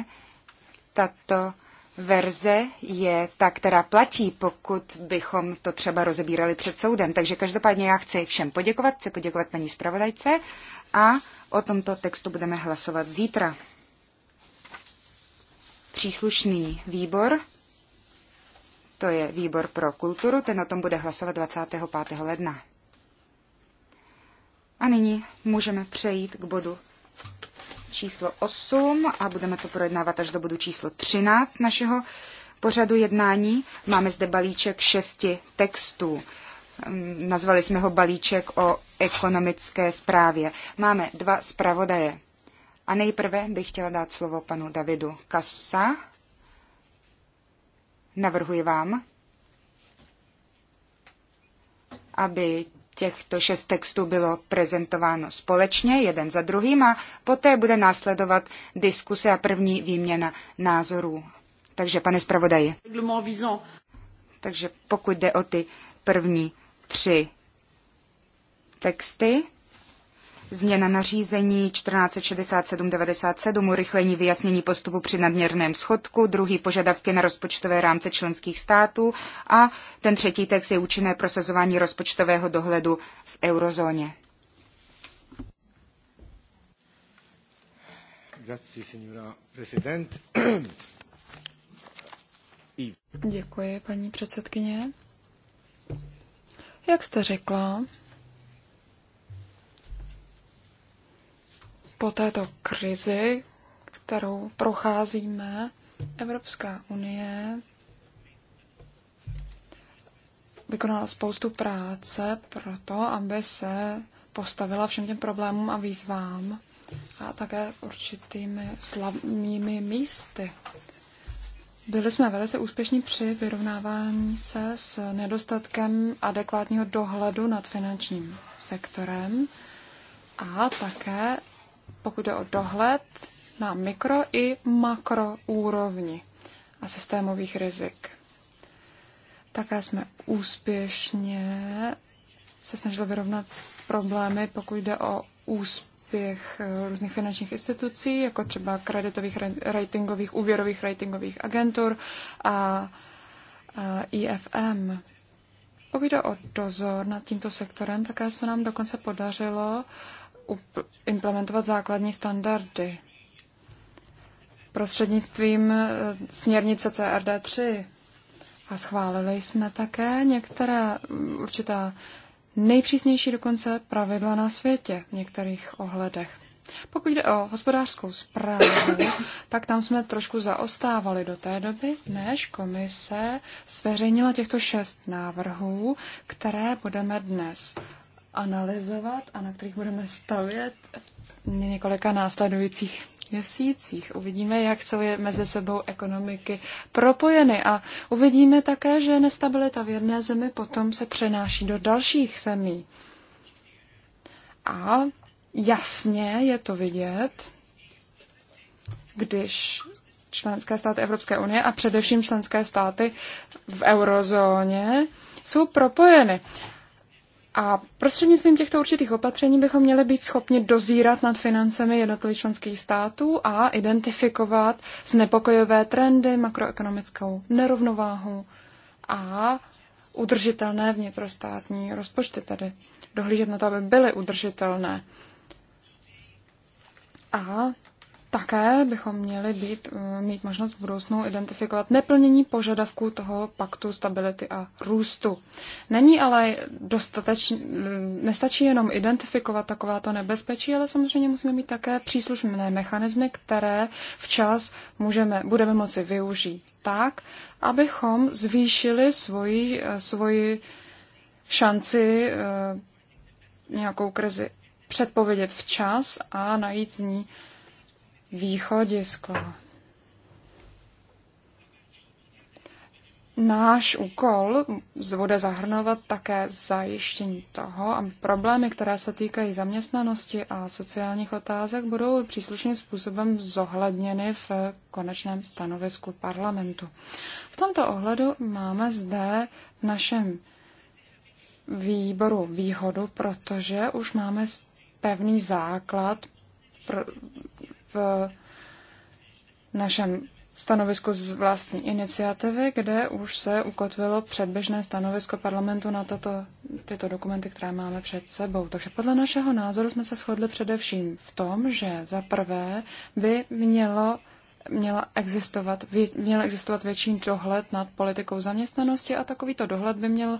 tato verze je ta, která platí, pokud bychom to třeba rozebírali před soudem. Takže každopádně já chci všem poděkovat, chci poděkovat paní zpravodajce a o tomto textu budeme hlasovat zítra. Příslušný výbor, to je výbor pro kulturu, ten o tom bude hlasovat 25. ledna. A nyní můžeme přejít k bodu číslo 8 a budeme to projednávat až do bodu číslo 13 našeho pořadu jednání. Máme zde balíček šesti textů. Mm, nazvali jsme ho balíček o ekonomické zprávě. Máme dva zpravodaje. A nejprve bych chtěla dát slovo panu Davidu Kasa. Navrhuji vám, aby těchto šest textů bylo prezentováno společně, jeden za druhým, a poté bude následovat diskuse a první výměna názorů. Takže, pane zpravodaji. Takže pokud jde o ty první tři texty, změna nařízení 1467-97, urychlení vyjasnění postupu při nadměrném schodku, druhý požadavky na rozpočtové rámce členských států a ten třetí text je účinné prosazování rozpočtového dohledu v eurozóně. Děkuji, paní předsedkyně. Jak jste řekla, po této krizi, kterou procházíme, Evropská unie vykonala spoustu práce pro to, aby se postavila všem těm problémům a výzvám a také určitými slavnými místy. Byli jsme velice úspěšní při vyrovnávání se s nedostatkem adekvátního dohledu nad finančním sektorem a také pokud jde o dohled na mikro i makro úrovni a systémových rizik. Také jsme úspěšně se snažili vyrovnat s problémy, pokud jde o úspěch eh, různých finančních institucí, jako třeba kreditových ratingových, úvěrových ratingových agentur a, IFM. Pokud jde o dozor nad tímto sektorem, také se nám dokonce podařilo uh, implementovat základní standardy prostřednictvím eh, směrnice CRD3. A schválili jsme také některé mm, určitá nejpřísnější dokonce pravidla na světě v některých ohledech. Pokud jde o hospodářskou zprávu, tak tam jsme trošku zaostávali do té doby, než komise zveřejnila těchto šest návrhů, které budeme dnes analyzovat a na kterých budeme stavět v několika následujících měsících. Uvidíme, jak jsou je mezi sebou ekonomiky propojeny a uvidíme také, že nestabilita v jedné zemi potom se přenáší do dalších zemí. A jasně je to vidět, když členské státy Evropské unie a především členské státy v eurozóně jsou propojeny. A prostřednictvím těchto určitých opatření bychom měli být schopni dozírat nad financemi jednotlivých členských států a identifikovat znepokojové trendy, makroekonomickou nerovnováhu a udržitelné vnitrostátní rozpočty, tedy dohlížet na to, aby byly udržitelné. A také bychom měli být, eh, mít možnost v budoucnu identifikovat neplnění požadavků toho paktu stability a růstu. Není ale dostatečně, eh, nestačí jenom identifikovat takováto nebezpečí, ale samozřejmě musíme mít také příslušné mechanismy, které včas můžeme, budeme moci využít tak, abychom zvýšili svoji, eh, svoji šanci nějakou krizi předpovědět včas a najít z ní východisko. Náš úkol bude zahrnovat také zajištění toho a problémy, které se týkají zaměstnanosti a sociálních otázek, budou příslušným způsobem zohledněny v konečném stanovisku parlamentu. V tomto ohledu máme zde v našem výboru výhodu, protože už máme pevný základ v našem stanovisku z vlastní iniciativy, kde už se ukotvilo předběžné stanovisko parlamentu na tato, tyto dokumenty, které máme před sebou. Takže podle našeho názoru jsme se shodli především v tom, že za prvé by mělo měla existovat, měl existovat větší dohled nad politikou zaměstnanosti a takovýto dohled by měl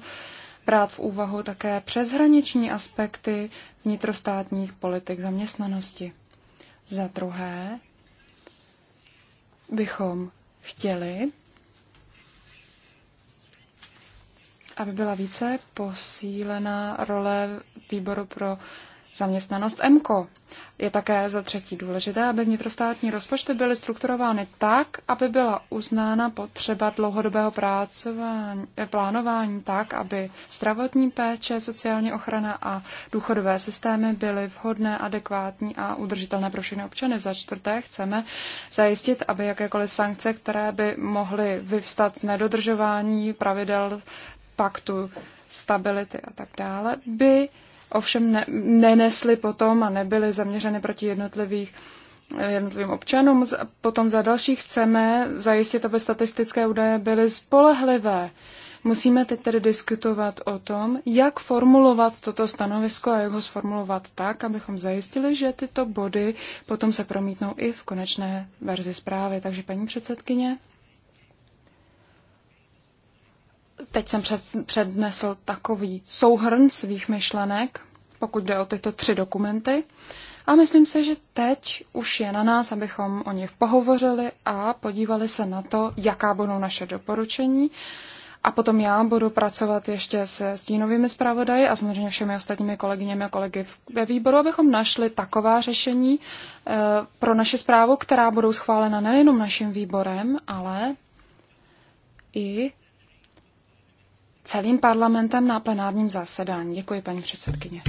brát v úvahu také přeshraniční aspekty vnitrostátních politik zaměstnanosti. Za druhé bychom chtěli, aby byla více posílena role výboru pro zaměstnanost MKO. Je také za třetí důležité, aby vnitrostátní rozpočty byly strukturovány tak, aby byla uznána potřeba dlouhodobého eh, plánování tak, aby zdravotní péče, sociální ochrana a důchodové systémy byly vhodné, adekvátní a udržitelné pro všechny občany. Za čtvrté chceme zajistit, aby jakékoliv sankce, které by mohly vyvstat z nedodržování pravidel paktu stability a tak dále, by ovšem ne, nenesly potom a nebyly zaměřeny proti jednotlivých eh, jednotlivým občanům. Potom za další chceme zajistit, aby statistické údaje byly spolehlivé. Musíme teď tedy diskutovat o tom, jak formulovat toto stanovisko a jak ho sformulovat tak, abychom zajistili, že tyto body potom se promítnou i v konečné verzi zprávy. Takže paní předsedkyně. Teď jsem přednesl takový souhrn svých myšlenek, pokud jde o tyto tři dokumenty. A myslím se, že teď už je na nás, abychom o nich pohovořili a podívali se na to, jaká budou naše doporučení. A potom já budu pracovat ještě se stínovými zpravodaji a samozřejmě všemi ostatními kolegyněmi a kolegy ve výboru, abychom našli taková řešení eh, pro naši zprávu, která budou schválena nejenom naším výborem, ale i celým parlamentem na plenárním zasedání. Děkuji, paní předsedkyně.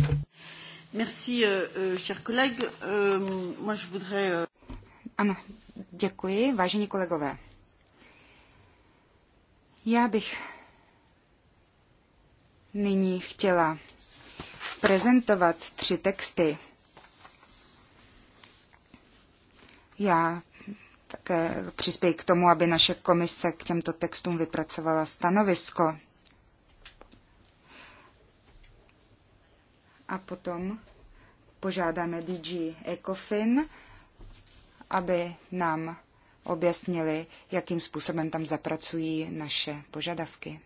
Merci, euh, euh, cher collègue. Euh, moi, je voudrais... Ano, děkuji, vážení kolegové. Já bych nyní chtěla prezentovat tři texty. Já také přispěji k tomu, aby naše komise k těmto textům vypracovala stanovisko. a potom požádáme DG Ecofin, aby nám objasnili, jakým způsobem tam zapracují naše požadavky.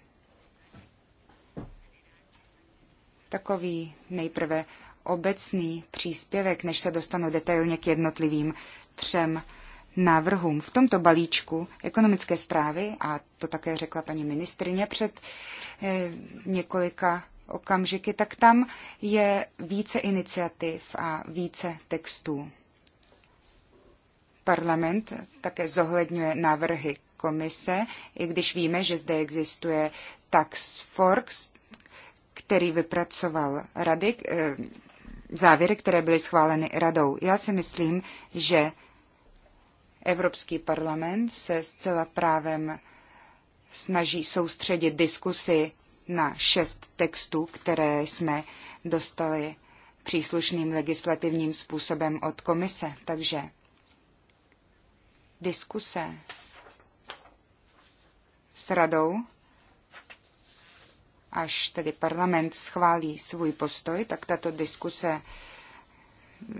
Takový nejprve obecný příspěvek, než se dostanu detailně k jednotlivým třem návrhům. V tomto balíčku ekonomické zprávy, a to také řekla paní ministrině před eh, několika okamžiky, tak tam je více iniciativ a více textů. Parlament také zohledňuje návrhy komise, i když víme, že zde existuje tax forks, který vypracoval rady, eh, závěry, které byly schváleny radou. Já si myslím, že Evropský parlament se zcela právem snaží soustředit diskusy na šest textů, které jsme dostali příslušným legislativním způsobem od komise. Takže diskuse s radou, až tedy parlament schválí svůj postoj, tak tato diskuse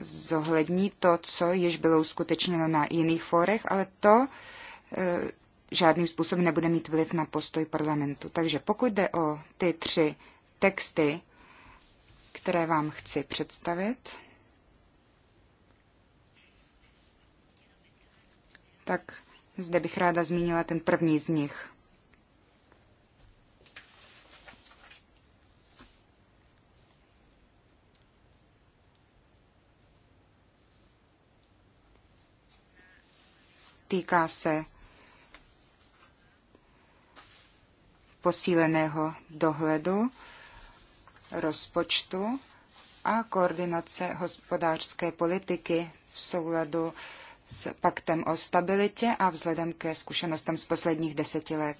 zohlední to, co již bylo uskutečněno na jiných fórech, ale to, eh, žádným způsobem nebude mít vliv na postoj parlamentu. Takže pokud jde o ty tři texty, které vám chci představit, tak zde bych ráda zmínila ten první z nich. Týká se posíleného dohledu rozpočtu a koordinace hospodářské politiky v souladu s paktem o stabilitě a vzhledem ke zkušenostem z posledních deseti let.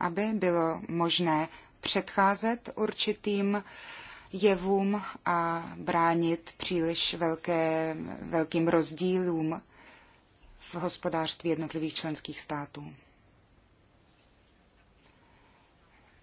Aby bylo možné předcházet určitým jevům a bránit příliš velké, velkým rozdílům v hospodářství jednotlivých členských států.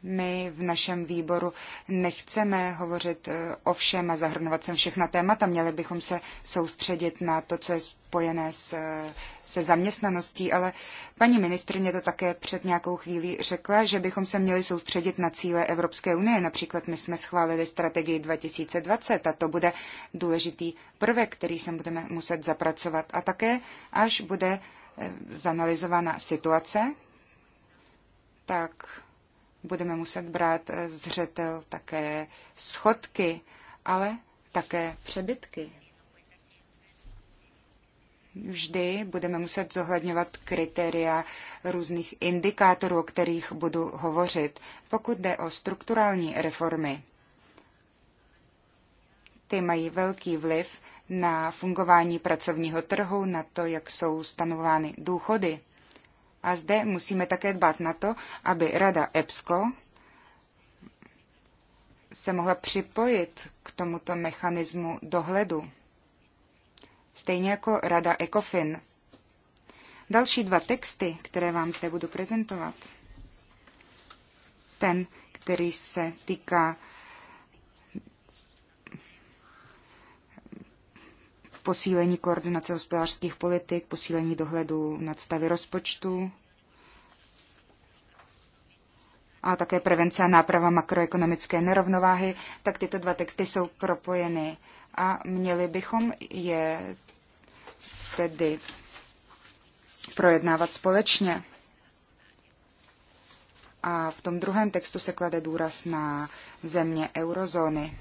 My v našem výboru nechceme hovořit eh, o všem a zahrnovat sem všechna témata. Měli bychom se soustředit na to, co je spojené s, eh, se zaměstnaností, ale paní ministrně to také před nějakou chvílí řekla, že bychom se měli soustředit na cíle Evropské unie. Například my jsme schválili strategii 2020 a to bude důležitý prvek, který se budeme muset zapracovat. A také, až bude eh, zanalizována situace, tak budeme muset brát eh, zřetel také schodky, ale také přebytky. Vždy budeme muset zohledňovat kritéria různých indikátorů, o kterých budu hovořit, pokud jde o strukturální reformy. Ty mají velký vliv na fungování pracovního trhu, na to, jak jsou stanovány důchody. A zde musíme také dbát na to, aby Rada EPSCO se mohla připojit k tomuto mechanismu dohledu. Stejně jako Rada ECOFIN. Další dva texty, které vám zde budu prezentovat. Ten, který se týká posílení koordinace hospodářských politik, posílení dohledu nad stavy rozpočtu a také prevence a náprava makroekonomické nerovnováhy, tak tyto dva texty jsou propojeny a měli bychom je tedy projednávat společně. A v tom druhém textu se klade důraz na země eurozóny.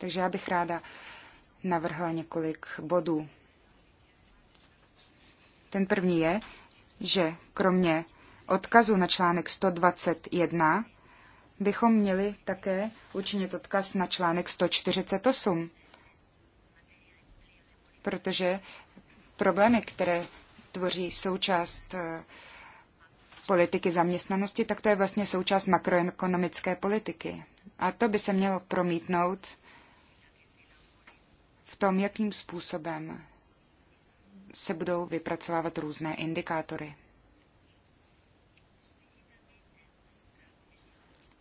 Takže já bych ráda navrhla několik bodů. Ten první je, že kromě odkazu na článek 121 bychom měli také učinit odkaz na článek 148, protože problémy, které tvoří součást eh, politiky zaměstnanosti, tak to je vlastně součást makroekonomické politiky. A to by se mělo promítnout v tom, jakým způsobem se budou vypracovávat různé indikátory.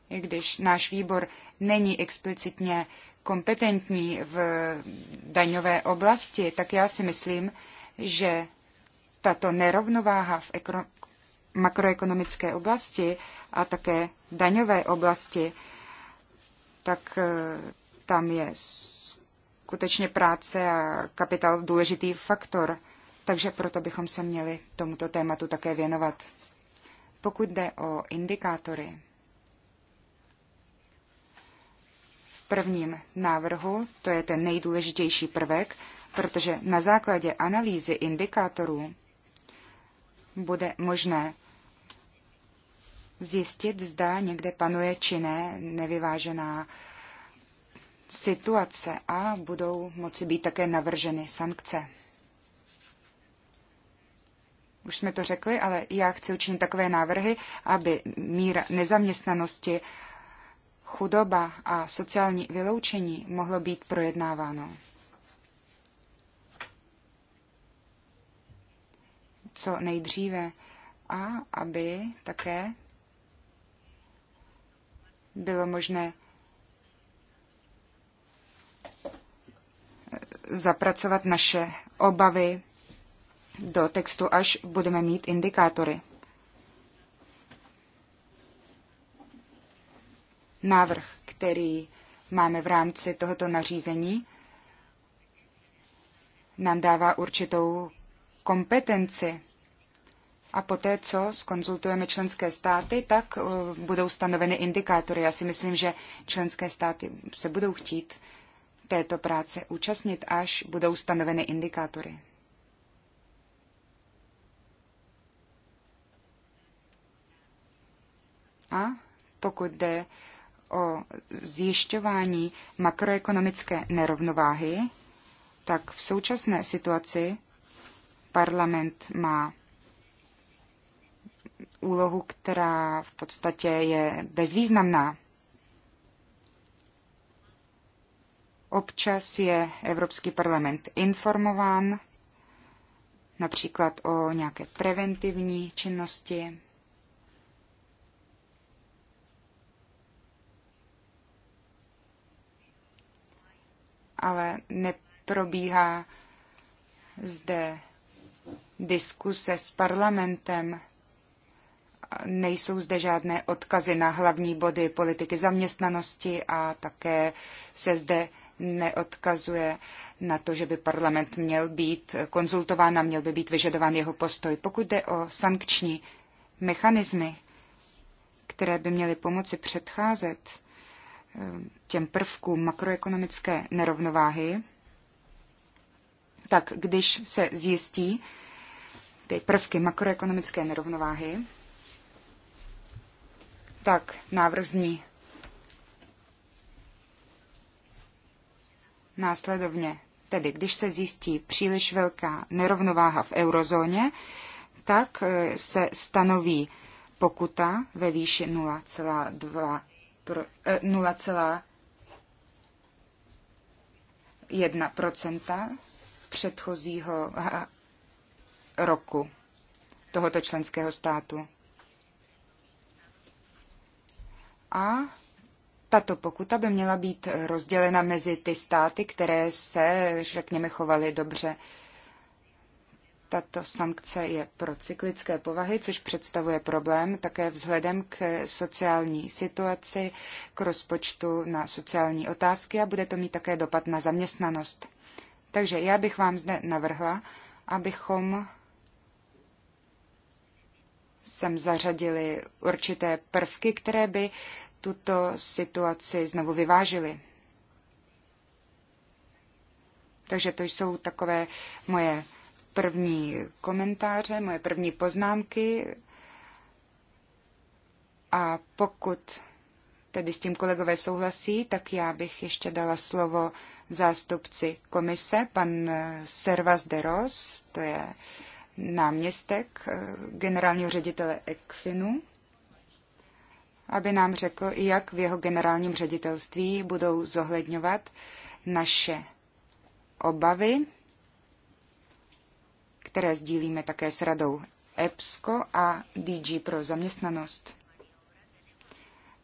I když náš výbor není explicitně kompetentní v daňové oblasti, tak já si myslím, že tato nerovnováha v makroekonomické oblasti a také daňové oblasti, tak eh, tam je skutečně práce a kapitál důležitý faktor, takže proto bychom se měli tomuto tématu také věnovat. Pokud jde o indikátory, v prvním návrhu, to je ten nejdůležitější prvek, protože na základě analýzy indikátorů bude možné zjistit, zda někde panuje či ne nevyvážená situace a budou moci být také navrženy sankce. Už jsme to řekli, ale já chci učinit takové návrhy, aby míra nezaměstnanosti, chudoba a sociální vyloučení mohlo být projednáváno. Co nejdříve a aby také bylo možné zapracovat naše obavy do textu, až budeme mít indikátory. Návrh, který máme v rámci tohoto nařízení, nám dává určitou kompetenci. A poté, co skonzultujeme členské státy, tak eh, budou stanoveny indikátory. Já si myslím, že členské státy se budou chtít této práce účastnit, až budou stanoveny indikátory. A pokud jde o zjišťování makroekonomické nerovnováhy, tak v současné situaci parlament má úlohu, která v podstatě je bezvýznamná. Občas je Evropský parlament informován například o nějaké preventivní činnosti. Ale neprobíhá zde diskuse s parlamentem. Nejsou zde žádné odkazy na hlavní body politiky zaměstnanosti a také se zde neodkazuje na to, že by parlament měl být konzultován a měl by být vyžadován jeho postoj. Pokud jde o sankční mechanismy, které by měly pomoci předcházet eh, těm prvkům makroekonomické nerovnováhy, tak když se zjistí ty prvky makroekonomické nerovnováhy, tak návrh zní následovně. Tedy, když se zjistí příliš velká nerovnováha v eurozóně, tak e, se stanoví pokuta ve výši 0,1 e, předchozího roku tohoto členského státu. A tato pokuta by měla být rozdělena mezi ty státy, které se, řekněme, chovaly dobře. Tato sankce je procyklické povahy, což představuje problém také vzhledem k sociální situaci, k rozpočtu na sociální otázky a bude to mít také dopad na zaměstnanost. Takže já bych vám zde navrhla, abychom sem zařadili určité prvky, které by tuto situaci znovu vyvážili. Takže to jsou takové moje první komentáře, moje první poznámky. A pokud tedy s tím kolegové souhlasí, tak já bych ještě dala slovo zástupci komise, pan Servas de Ros, to je náměstek eh, generálního ředitele ECFINu aby nám řekl, jak v jeho generálním ředitelství budou zohledňovat naše obavy, které sdílíme také s radou EPSCO a DG pro zaměstnanost.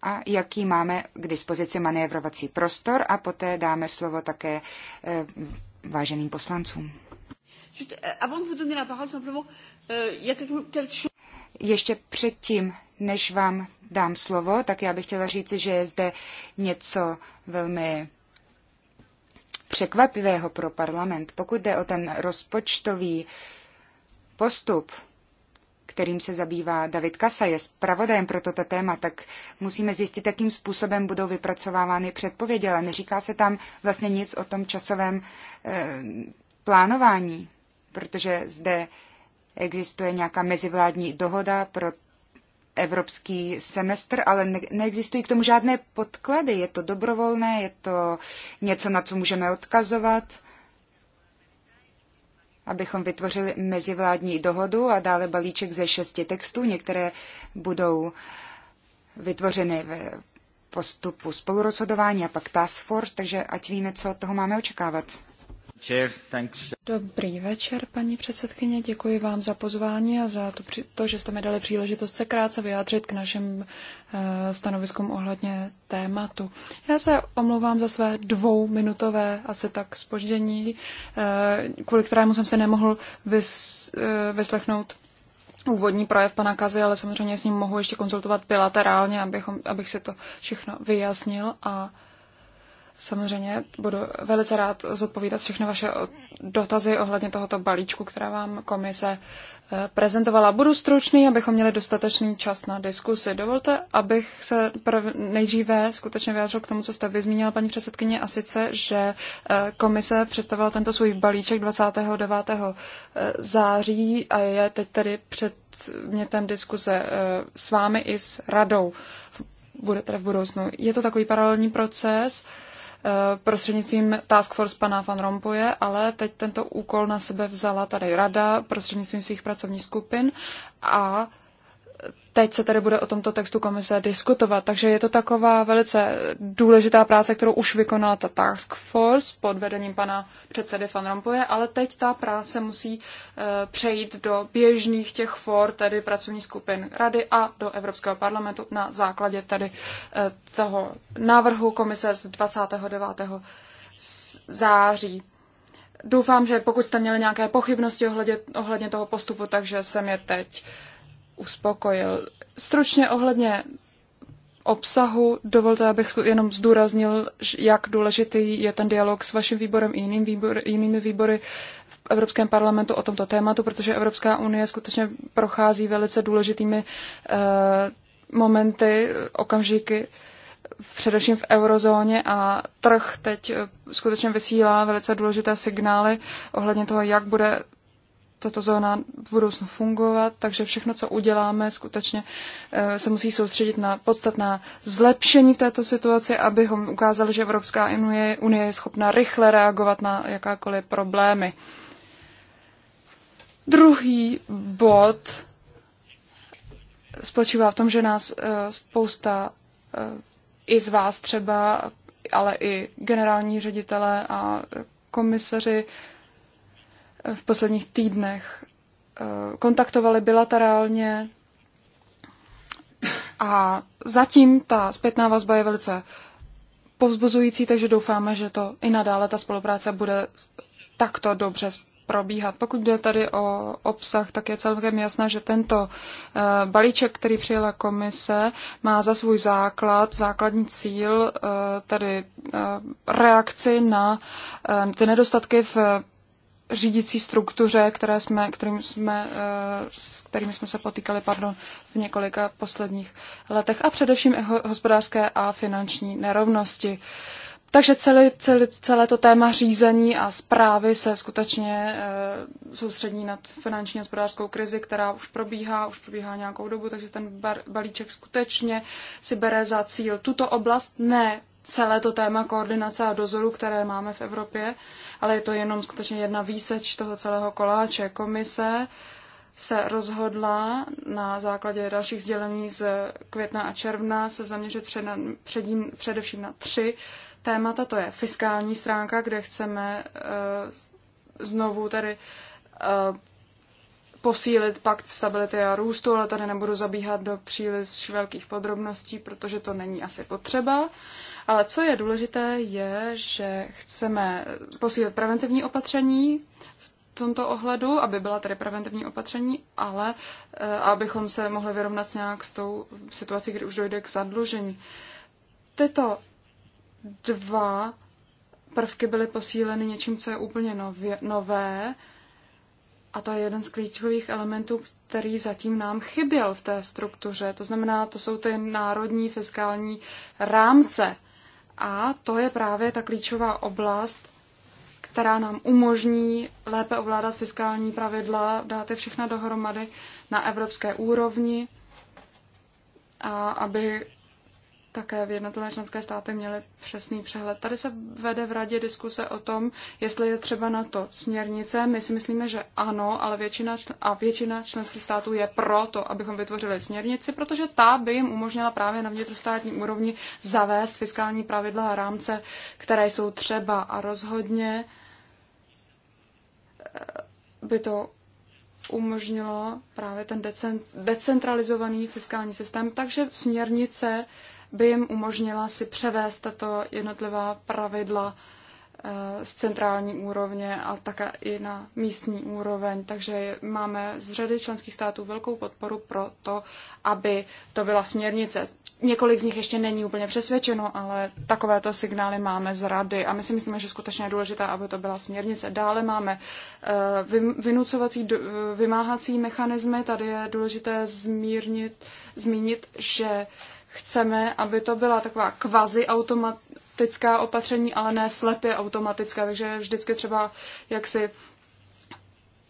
A jaký máme k dispozici manévrovací prostor a poté dáme slovo také e, váženým poslancům. Eh, euh, Ještě předtím, než vám dám slovo, tak já bych chtěla říci, že je zde něco velmi překvapivého pro parlament. Pokud jde o ten rozpočtový postup, kterým se zabývá David Kasa, je zpravodajem pro toto téma, tak musíme zjistit, jakým způsobem budou vypracovávány předpovědi, ale neříká se tam vlastně nic o tom časovém e, plánování, protože zde existuje nějaká mezivládní dohoda pro evropský semestr, ale ne- neexistují k tomu žádné podklady. Je to dobrovolné, je to něco, na co můžeme odkazovat, abychom vytvořili mezivládní dohodu a dále balíček ze šesti textů. Některé budou vytvořeny ve postupu spolurozhodování a pak task force, takže ať víme, co od toho máme očekávat thanks. Dobrý večer, paní předsedkyně. Děkuji vám za pozvání a za to, to že jste mi dali příležitost se krátce vyjádřit k našim eh, stanoviskům ohledně tématu. Já se omlouvám za své dvouminutové asi tak spoždění, eh, kvůli kterému jsem se nemohl vys, eh, vyslechnout úvodní projev pana Kazy, ale samozřejmě s ním mohu ještě konzultovat bilaterálně, abychom, abych si to všechno vyjasnil a Samozřejmě budu velice rád zodpovídat všechny vaše dotazy ohledně tohoto balíčku, která vám komise eh, prezentovala. Budu stručný, abychom měli dostatečný čas na diskusi. Dovolte, abych se nejdříve skutečně vyjádřil k tomu, co jste vyzmínila, paní předsedkyně, a sice, že eh, komise představila tento svůj balíček 29. Eh, září a je teď tedy předmětem diskuse s vámi i s radou. Bude tedy v budoucnu. Je to takový paralelní proces, Eh, prostřednictvím Task Force pana Van Rompuje, ale teď tento úkol na sebe vzala tady rada prostřednictvím svých pracovních skupin a Teď se tady bude o tomto textu komise diskutovat, takže je to taková velice důležitá práce, kterou už vykonala ta task force pod vedením pana předsedy Van Rompuje, ale teď ta práce musí eh, přejít do běžných těch for, tedy pracovní skupin rady a do Evropského parlamentu na základě tedy eh, toho návrhu komise z 29. září doufám, že pokud jste měli nějaké pochybnosti ohledně ohledně toho postupu, takže jsem je teď uspokojil. Stručně ohledně obsahu dovolte, abych jenom zdůraznil, jak důležitý je ten dialog s vaším výborem i jiným výbor, jinými výbory v Evropském parlamentu o tomto tématu, protože Evropská unie skutečně prochází velice důležitými uh, momenty, okamžiky, především v eurozóně a trh teď eh, skutečně vysílá velice důležité signály ohledně toho, jak bude tato zóna v budoucnu fungovat, takže všechno, co uděláme, skutečně eh, se musí soustředit na podstatná zlepšení v této situaci, abychom ukázali, že Evropská unie, unie je schopna rychle reagovat na jakákoliv problémy. Druhý bod spočívá v tom, že nás eh, spousta eh, i z vás třeba, ale i generální ředitele a komisaři v posledních týdnech. Eh, kontaktovali bilaterálně a zatím ta zpětná vazba je velice povzbuzující, takže doufáme, že to i nadále ta spolupráce bude takto dobře probíhat. Pokud jde tady o obsah, tak je celkem jasné, že tento eh, balíček, který přijela komise, má za svůj základ, základní cíl, eh, tedy reakci na ty nedostatky v řídící struktuře, které jsme, kterým jsme, eh, s kterými jsme se potýkali pardon, v několika posledních letech a především hospodářské a finanční nerovnosti. Takže celé, celé, celé to téma řízení a zprávy se skutečně e, soustředí nad finanční a hospodářskou krizi, která už probíhá, už probíhá nějakou dobu, takže ten bar, balíček skutečně si bere za cíl tuto oblast, ne celé to téma koordinace a dozoru, které máme v Evropě, ale je to jenom skutečně jedna výseč toho celého koláče. Komise se rozhodla na základě dalších sdělení z května a června se zaměřit před, před, především na tři témata. To je fiskální stránka, kde chceme uh, znovu tady uh, eh, posílit pakt stability a růstu, ale tady nebudu zabíhat do příliš velkých podrobností, protože to není asi potřeba. Ale co je důležité, je, že chceme posílit preventivní opatření v tomto ohledu, aby byla tady preventivní opatření, ale eh, abychom se mohli vyrovnat nějak s tou situací, kdy už dojde k zadlužení. Tyto dva prvky byly posíleny něčím, co je úplně nově, nové, a to je jeden z klíčových elementů, který zatím nám chyběl v té struktuře. To znamená, to jsou ty národní fiskální rámce. A to je právě ta klíčová oblast, která nám umožní lépe ovládat fiskální pravidla, dát je všechna dohromady na evropské úrovni a aby také v jednotlivé členské státy měly přesný přehled. Tady se vede v radě diskuse o tom, jestli je třeba na to směrnice. My si myslíme, že ano, ale většina, a většina členských států je proto, abychom vytvořili směrnici, protože ta by jim umožnila právě na vnitrostátní úrovni zavést fiskální pravidla a rámce, které jsou třeba a rozhodně eh, by to umožnilo právě ten decentralizovaný fiskální systém, takže směrnice by jim umožnila si převést tato jednotlivá pravidla eh, z centrální úrovně a také i na místní úroveň. Takže máme z řady členských států velkou podporu pro to, aby to byla směrnice. Několik z nich ještě není úplně přesvědčeno, ale takovéto signály máme z rady a my si myslíme, že skutečně je důležité, aby to byla směrnice. Dále máme eh, vynucovací, vymáhací mechanismy. Tady je důležité zmírnit, zmínit, že chceme, aby to byla taková kvazi automatická opatření, ale ne slepě automatická, takže vždycky třeba jak si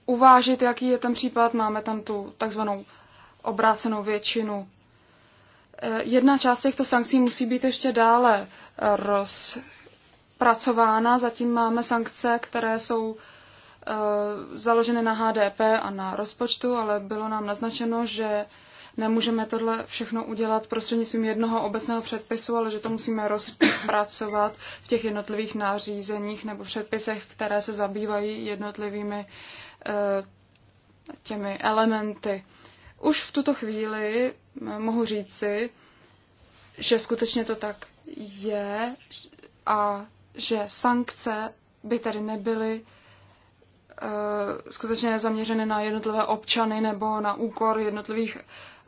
uvážit, jaký je ten případ. Máme tam tu takzvanou obrácenou většinu. Eh, jedna část těchto sankcí musí být ještě dále eh, rozpracována. Zatím máme sankce, které jsou eh, založeny na HDP a na rozpočtu, ale bylo nám naznačeno, že nemůžeme tohle všechno udělat prostřednictvím jednoho obecného předpisu, ale že to musíme rozpracovat v těch jednotlivých nářízeních nebo předpisech, které se zabývají jednotlivými eh, těmi elementy. Už v tuto chvíli eh, mohu říci, že skutečně to tak je a že sankce by tady nebyly eh, skutečně zaměřeny na jednotlivé občany nebo na úkor jednotlivých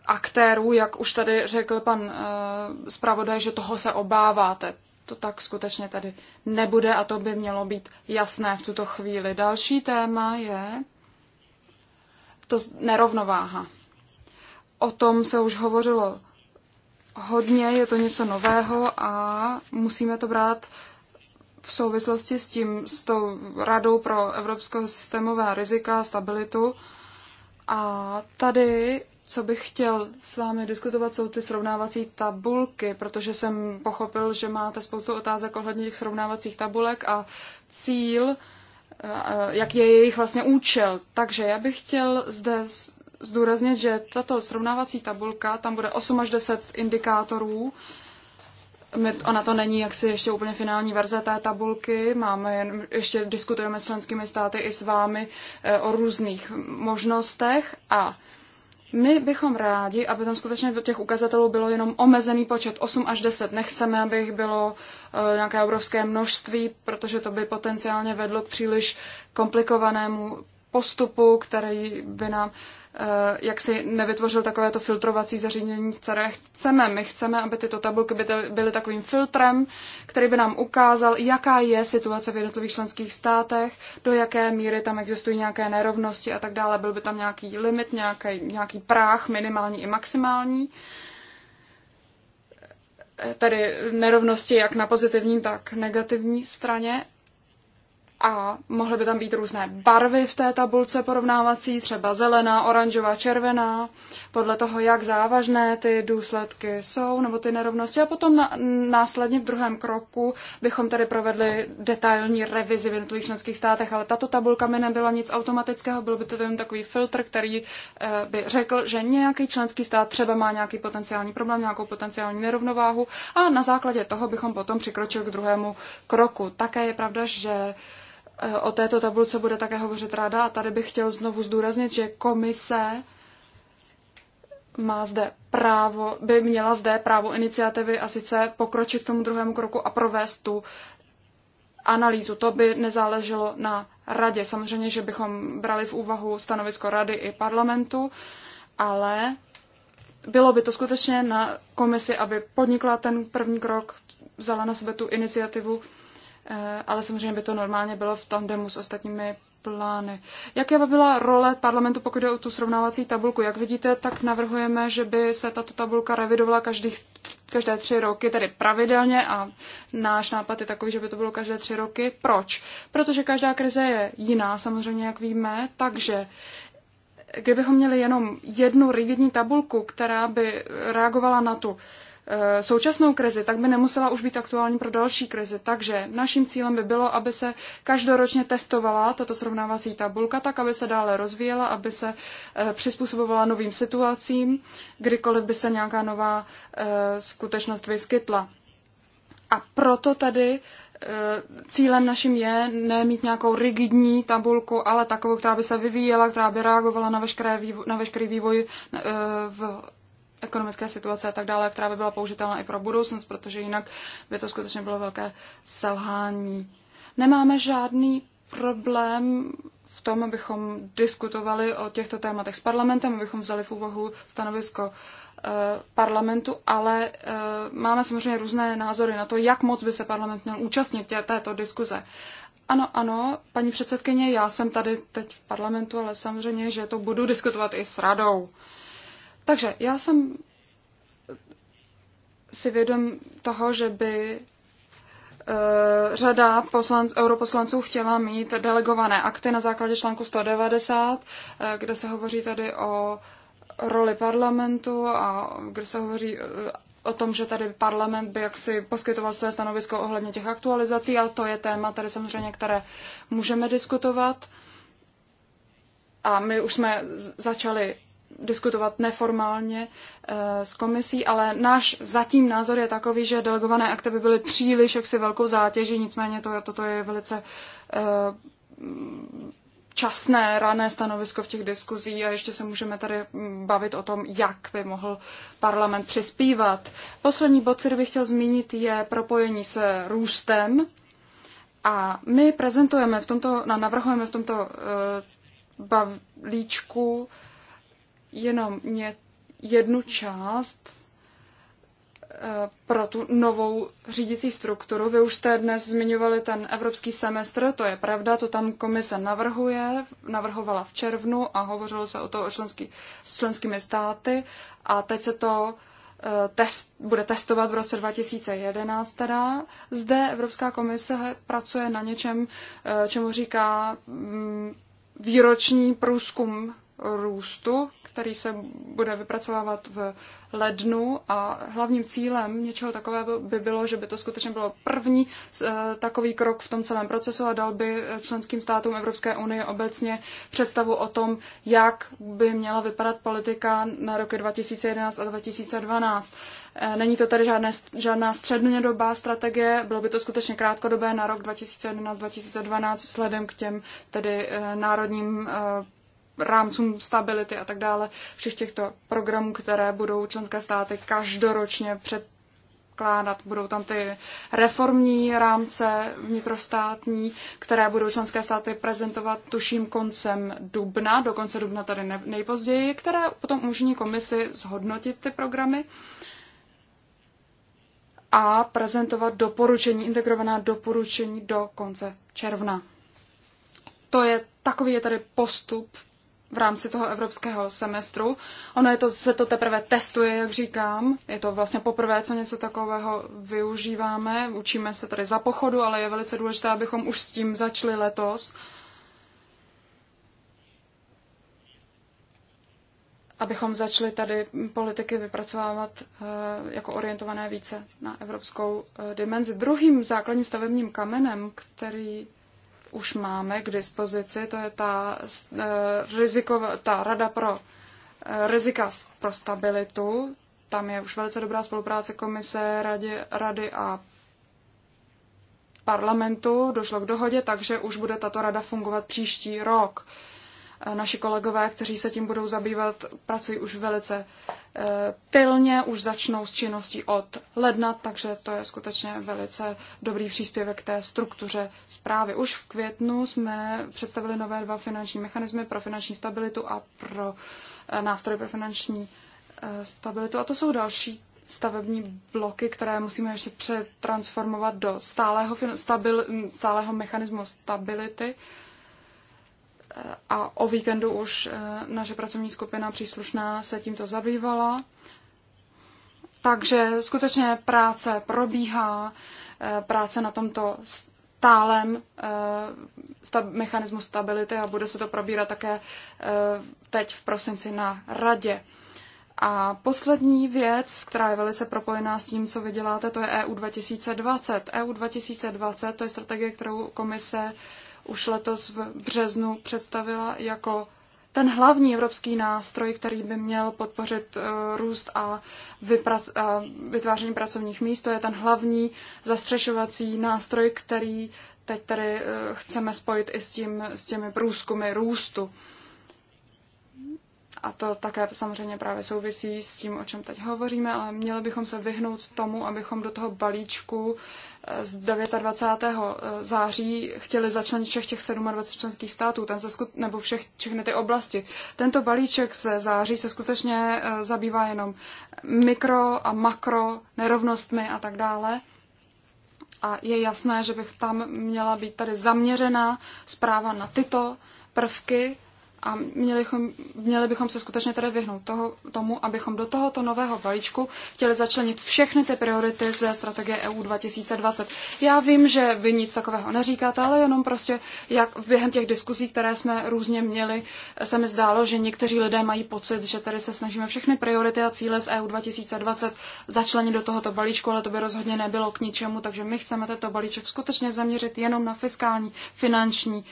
aktérů, jak už tady řekl pan eh, zpravodaj, že toho se obáváte. To tak skutečně tady nebude a to by mělo být jasné v tuto chvíli. Další téma je to nerovnováha. O tom se už hovořilo hodně, je to něco nového a musíme to brát v souvislosti s tím, s tou radou pro evropského systémové rizika a stabilitu. A tady co bych chtěl s vámi diskutovat, jsou ty srovnávací tabulky, protože jsem pochopil, že máte spoustu otázek ohledně těch srovnávacích tabulek a cíl, eh, jak je jejich vlastně účel. Takže já bych chtěl zde zdůraznit, že tato srovnávací tabulka, tam bude 8 až 10 indikátorů, Ona to není jaksi ještě úplně finální verze té tabulky, máme jen, ještě diskutujeme s členskými státy i s vámi eh, o různých možnostech a my bychom rádi, aby tam skutečně do těch ukazatelů bylo jenom omezený počet 8 až 10. Nechceme, aby jich bylo eh, nějaké obrovské množství, protože to by potenciálně vedlo k příliš komplikovanému postupu, který by nám Eh, jak si nevytvořil takovéto filtrovací zařízení, které chceme. My chceme, aby tyto tabulky byly takovým filtrem, který by nám ukázal, jaká je situace v jednotlivých členských státech, do jaké míry tam existují nějaké nerovnosti a tak dále. Byl by tam nějaký limit, nějaký, nějaký práh, minimální i maximální eh, tedy nerovnosti jak na pozitivní, tak negativní straně a mohly by tam být různé barvy v té tabulce porovnávací, třeba zelená, oranžová, červená, podle toho, jak závažné ty důsledky jsou nebo ty nerovnosti. A potom na, následně v druhém kroku bychom tady provedli detailní revizi v jednotlivých členských státech, ale tato tabulka by nebyla nic automatického, byl by to jen takový filtr, který eh, by řekl, že nějaký členský stát třeba má nějaký potenciální problém, nějakou potenciální nerovnováhu a na základě toho bychom potom přikročili k druhému kroku. Také je pravda, že O této tabulce bude také hovořit rada a tady bych chtěl znovu zdůraznit, že komise má zde právo, by měla zde právo iniciativy a sice pokročit k tomu druhému kroku a provést tu analýzu. To by nezáleželo na radě. Samozřejmě, že bychom brali v úvahu stanovisko rady i parlamentu, ale bylo by to skutečně na komisi, aby podnikla ten první krok, vzala na sebe tu iniciativu Eh, ale samozřejmě by to normálně bylo v tandemu s ostatními plány. Jaká by byla role parlamentu, pokud jde o tu srovnávací tabulku? Jak vidíte, tak navrhujeme, že by se tato tabulka revidovala každých, každé tři roky, tedy pravidelně a náš nápad je takový, že by to bylo každé tři roky. Proč? Protože každá krize je jiná, samozřejmě, jak víme, takže kdybychom měli jenom jednu rigidní tabulku, která by reagovala na tu Eh, současnou krizi, tak by nemusela už být aktuální pro další krizi. Takže naším cílem by bylo, aby se každoročně testovala tato srovnávací tabulka, tak aby se dále rozvíjela, aby se eh, přizpůsobovala novým situacím, kdykoliv by se nějaká nová eh, skutečnost vyskytla. A proto tady cílem naším je nemít nějakou rigidní tabulku, ale takovou, která by se vyvíjela, která by reagovala na, veškeré na veškerý vývoj v ekonomické situace a tak dále, která by byla použitelná i pro budoucnost, protože jinak by to skutečně bylo velké selhání. Nemáme žádný problém v tom, abychom diskutovali o těchto tématech s parlamentem, abychom vzali v úvahu stanovisko eh, parlamentu, ale eh, máme samozřejmě různé názory na to, jak moc by se parlament měl účastnit tě, této diskuze. Ano, ano, paní předsedkyně, já jsem tady teď v parlamentu, ale samozřejmě, že to budu diskutovat i s radou. Uh, takže já jsem si vědom toho, že by eh, řada poslanc, europoslanců chtěla mít delegované akty na základě článku 190, eh, kde se hovoří tady o roli parlamentu a kde se hovoří eh, o tom, že tady parlament by jaksi poskytoval své stanovisko ohledně těch aktualizací, ale to je téma tady samozřejmě, které můžeme diskutovat. A my už jsme začali diskutovat neformálně eh, s komisí, ale náš zatím názor je takový, že delegované akty by byly příliš jaksi velkou zátěží, nicméně to, toto je velice eh, časné rané stanovisko v těch diskuzí a ještě se můžeme tady mm, bavit o tom, jak by mohl parlament přispívat. Poslední bod, který bych chtěl zmínit, je propojení se růstem. A my prezentujeme v tomto, navrhujeme v tomto eh, balíčku jenom jednu část eh, pro tu novou řídící strukturu. Vy už jste dnes zmiňovali ten evropský semestr, to je pravda, to tam komise navrhuje, navrhovala v červnu a hovořilo se o to o členský, s členskými státy a teď se to eh, test, bude testovat v roce 2011 teda. Zde Evropská komise pracuje na něčem, eh, čemu říká mm, výroční průzkum růstu, který se bude vypracovávat v lednu a hlavním cílem něčeho takového by bylo, že by to skutečně bylo první eh, takový krok v tom celém procesu a dal by eh, členským státům Evropské unie obecně představu o tom, jak by měla vypadat politika na roky 2011 a 2012. Eh, není to tady žádné, žádná střednědobá strategie, bylo by to skutečně krátkodobé na rok 2011-2012 vzhledem k těm tedy národním rámcům stability a tak dále, všech těchto programů, které budou členské státy každoročně předkládat. Budou tam ty reformní rámce vnitrostátní, které budou členské státy prezentovat tuším koncem dubna, do konce dubna tady nejpozději, které potom umožní komisi zhodnotit ty programy a prezentovat doporučení, integrovaná doporučení do konce června. To je, takový je tady postup v rámci toho evropského semestru. Ono je to, se to teprve testuje, jak říkám. Je to vlastně poprvé, co něco takového využíváme. Učíme se tady za pochodu, ale je velice důležité, abychom už s tím začali letos. abychom začali tady politiky vypracovávat eh, jako orientované více na evropskou eh, dimenzi. Druhým základním stavebním kamenem, který už máme k dispozici, to je ta, eh, riziko, ta rada pro eh, rizika pro stabilitu. Tam je už velice dobrá spolupráce komise, radě, rady a parlamentu. Došlo k dohodě, takže už bude tato rada fungovat příští rok. Naši kolegové, kteří se tím budou zabývat, pracují už velice eh, pilně, už začnou s činností od ledna, takže to je skutečně velice dobrý příspěvek té struktuře zprávy. Už v květnu jsme představili nové dva finanční mechanismy pro finanční stabilitu a pro eh, nástroj pro finanční eh, stabilitu. A to jsou další stavební bloky, které musíme ještě přetransformovat do stálého, stabil, stálého mechanismu stability a o víkendu už eh, naše pracovní skupina příslušná se tímto zabývala. Takže skutečně práce probíhá, eh, práce na tomto stálem eh, mechanismu stability a bude se to probírat také teď v prosinci na radě. A poslední věc, která je velice propojená s tím, co vy děláte, to je EU 2020. EU 2020 to je strategie, kterou komise už letos v březnu představila jako ten hlavní evropský nástroj, který by měl podpořit eh, růst a, a vytváření pracovních míst. To je ten hlavní zastřešovací nástroj, který teď tady eh, chceme spojit i s, tím, s těmi průzkumy růstu. A to také samozřejmě právě souvisí s tím, o čem teď hovoříme, ale měli bychom se vyhnout tomu, abychom do toho balíčku z 29. Eh, září chtěli začlenit všech těch 27 členských států, ten se skut, nebo všech, všechny ty oblasti. Tento balíček ze září se skutečně eh, zabývá jenom mikro a makro nerovnostmi a tak dále. A je jasné, že bych tam měla být tady zaměřená zpráva na tyto prvky, a měli, bychom, měli bychom se skutečně tady vyhnout toho, tomu, abychom do tohoto nového balíčku chtěli začlenit všechny ty priority ze strategie EU 2020. Já vím, že vy nic takového neříkáte, ale jenom prostě, jak během těch diskuzí, které jsme různě měli, se mi zdálo, že někteří lidé mají pocit, že tady se snažíme všechny priority a cíle z EU 2020 začlenit do tohoto balíčku, ale to by rozhodně nebylo k ničemu, takže my chceme tento balíček skutečně zaměřit jenom na fiskální, finanční,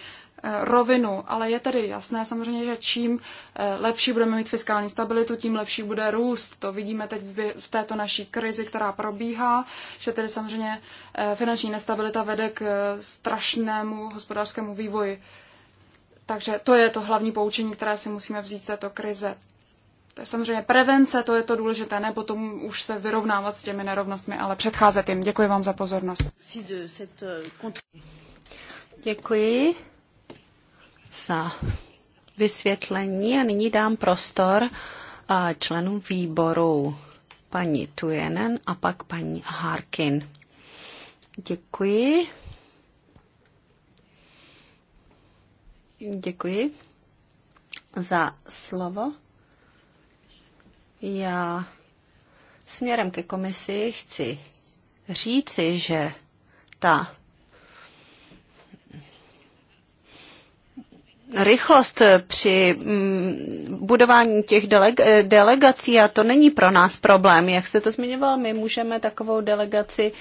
Eh, rovinu, ale je tedy jasné samozřejmě, že čím eh, lepší budeme mít fiskální stabilitu, tím lepší bude růst. To vidíme teď v této naší krizi, která probíhá, že tedy samozřejmě eh, finanční nestabilita vede k strašnému hospodářskému vývoji. Takže to je to hlavní poučení, které si musíme vzít z této krize. To je samozřejmě prevence, to je to důležité, ne potom už se vyrovnávat s těmi nerovnostmi, ale předcházet jim. Děkuji vám za pozornost. Děkuji za vysvětlení a nyní dám prostor členům výboru paní Tujenen a pak paní Harkin. Děkuji. Děkuji za slovo. Já směrem ke komisi chci říci, že ta rychlost při mm, budování těch eh, delegací a to není pro nás problém. Jak jste to zmiňoval, my můžeme takovou delegaci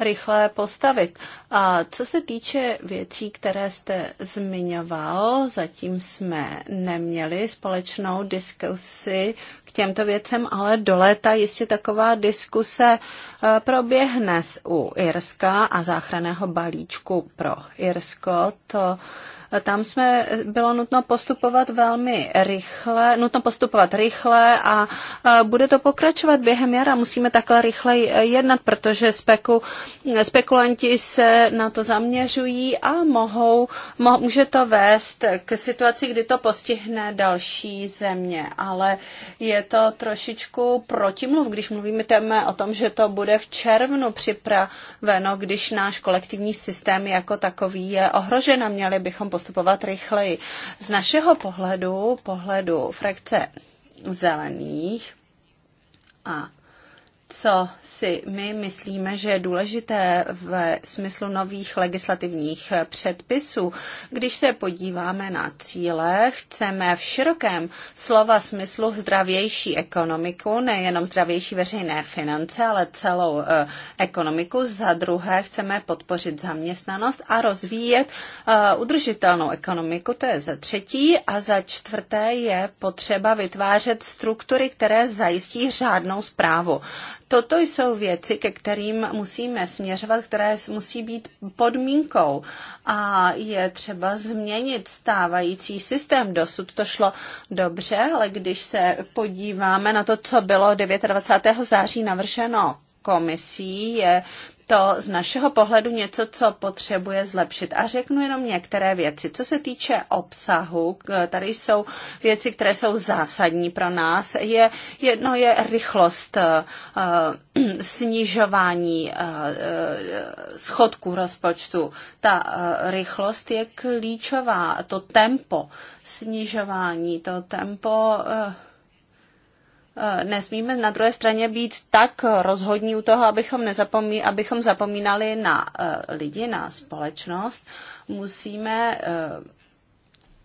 rychle postavit. A co se týče věcí, které jste zmiňoval, zatím jsme neměli společnou diskusi k těmto věcem, ale do léta jistě taková diskuse eh, proběhne u Irska a záchranného balíčku pro Irsko. To tam jsme, bylo nutno postupovat velmi rychle, nutno postupovat rychle a bude to pokračovat během jara. Musíme takhle rychle jednat, protože speku, spekulanti se na to zaměřují a mohou, mo, může to vést k situaci, kdy to postihne další země. Ale je to trošičku protimluv, když mluvíme o tom, že to bude v červnu připraveno, když náš kolektivní systém jako takový je ohrožen a měli bychom postupovat rychleji. Z našeho pohledu, pohledu frakce zelených a co si my myslíme, že je důležité ve smyslu nových legislativních předpisů. Když se podíváme na cíle, chceme v širokém slova smyslu zdravější ekonomiku, nejenom zdravější veřejné finance, ale celou uh, ekonomiku. Za druhé chceme podpořit zaměstnanost a rozvíjet uh, udržitelnou ekonomiku, to je za třetí. A za čtvrté je potřeba vytvářet struktury, které zajistí řádnou zprávu. Toto jsou věci, ke kterým musíme směřovat, které musí být podmínkou a je třeba změnit stávající systém. Dosud to šlo dobře, ale když se podíváme na to, co bylo 29. září navrženo komisí, je to z našeho pohledu něco, co potřebuje zlepšit. A řeknu jenom některé věci. Co se týče obsahu, tady jsou věci, které jsou zásadní pro nás. Je, jedno je rychlost eh, eh, snižování eh, schodku rozpočtu. Ta rychlost je klíčová, to tempo snižování, to tempo Eh, nesmíme na druhé straně být tak rozhodní u toho, abychom, nezapomí, abychom zapomínali na eh, lidi, na společnost. Musíme eh,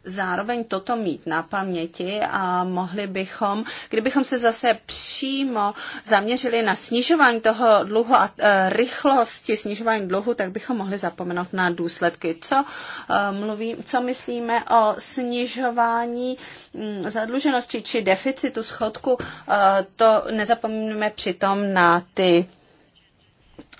zároveň toto mít na paměti a mohli bychom, kdybychom se zase přímo zaměřili na snižování toho dluhu a e, rychlosti snižování dluhu, tak bychom mohli zapomenout na důsledky. Co, e, mluvím, co myslíme o snižování mm, zadluženosti či deficitu schodku, e, to nezapomínáme přitom na ty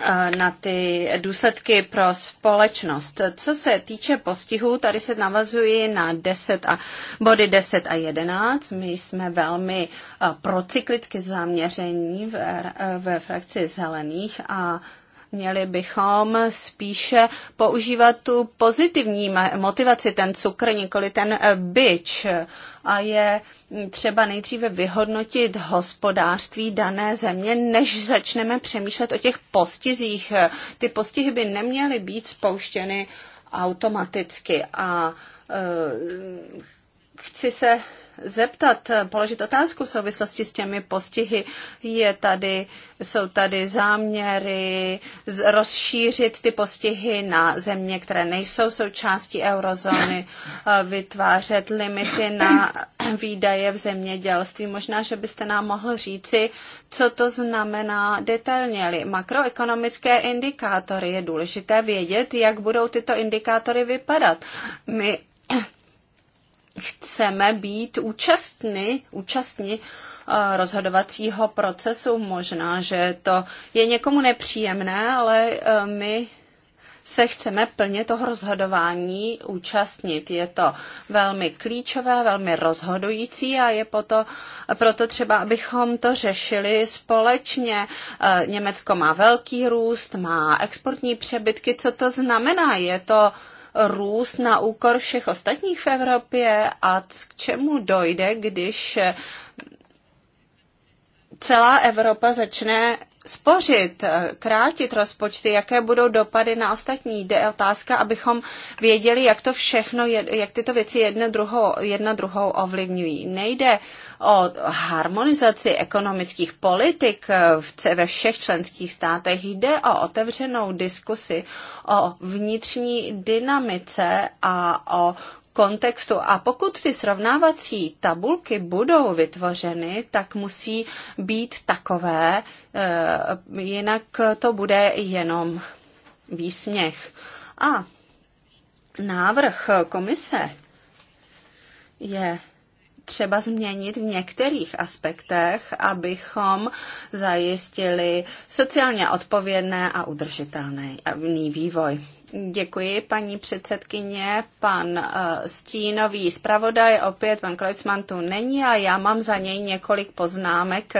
Eh, na ty důsledky pro společnost. Co se týče postihů, tady se navazuji na 10 a, body 10 a 11. My jsme velmi eh, procyklicky zaměření ve, eh, ve frakci zelených a Měli bychom spíše používat tu pozitivní motivaci, ten cukr, nikoli ten eh, byč. A je třeba nejdříve vyhodnotit hospodářství dané země, než začneme přemýšlet o těch postizích. Ty postihy by neměly být spouštěny automaticky. A eh, chci se zeptat, položit otázku v souvislosti s těmi postihy. Je tady, jsou tady záměry rozšířit ty postihy na země, které nejsou součástí eurozóny, vytvářet limity na výdaje v zemědělství. Možná, že byste nám mohl říci, co to znamená detailně. Makroekonomické indikátory je důležité vědět, jak budou tyto indikátory vypadat. My chceme být účastní, účastní eh, rozhodovacího procesu. Možná, že to je někomu nepříjemné, ale eh, my se chceme plně toho rozhodování účastnit. Je to velmi klíčové, velmi rozhodující a je poto, proto třeba, abychom to řešili společně. Eh, Německo má velký růst, má exportní přebytky. Co to znamená? Je to růst na úkor všech ostatních v Evropě a k čemu dojde, když celá Evropa začne spořit, eh, krátit rozpočty, jaké budou dopady na ostatní. Jde otázka, abychom věděli, jak to všechno, jak tyto věci jedna druhou, jedna druhou ovlivňují. Nejde o harmonizaci ekonomických politik eh, ve všech členských státech. Jde o otevřenou diskusi o vnitřní dynamice a o kontextu. A pokud ty srovnávací tabulky budou vytvořeny, tak musí být takové, eh, jinak to bude jenom výsměch. A návrh komise je třeba změnit v některých aspektech, abychom zajistili sociálně odpovědné a udržitelný vývoj. Děkuji, paní předsedkyně. Pan eh, stínový zpravodaj, opět pan Kreutzmann tu není a já mám za něj několik poznámek,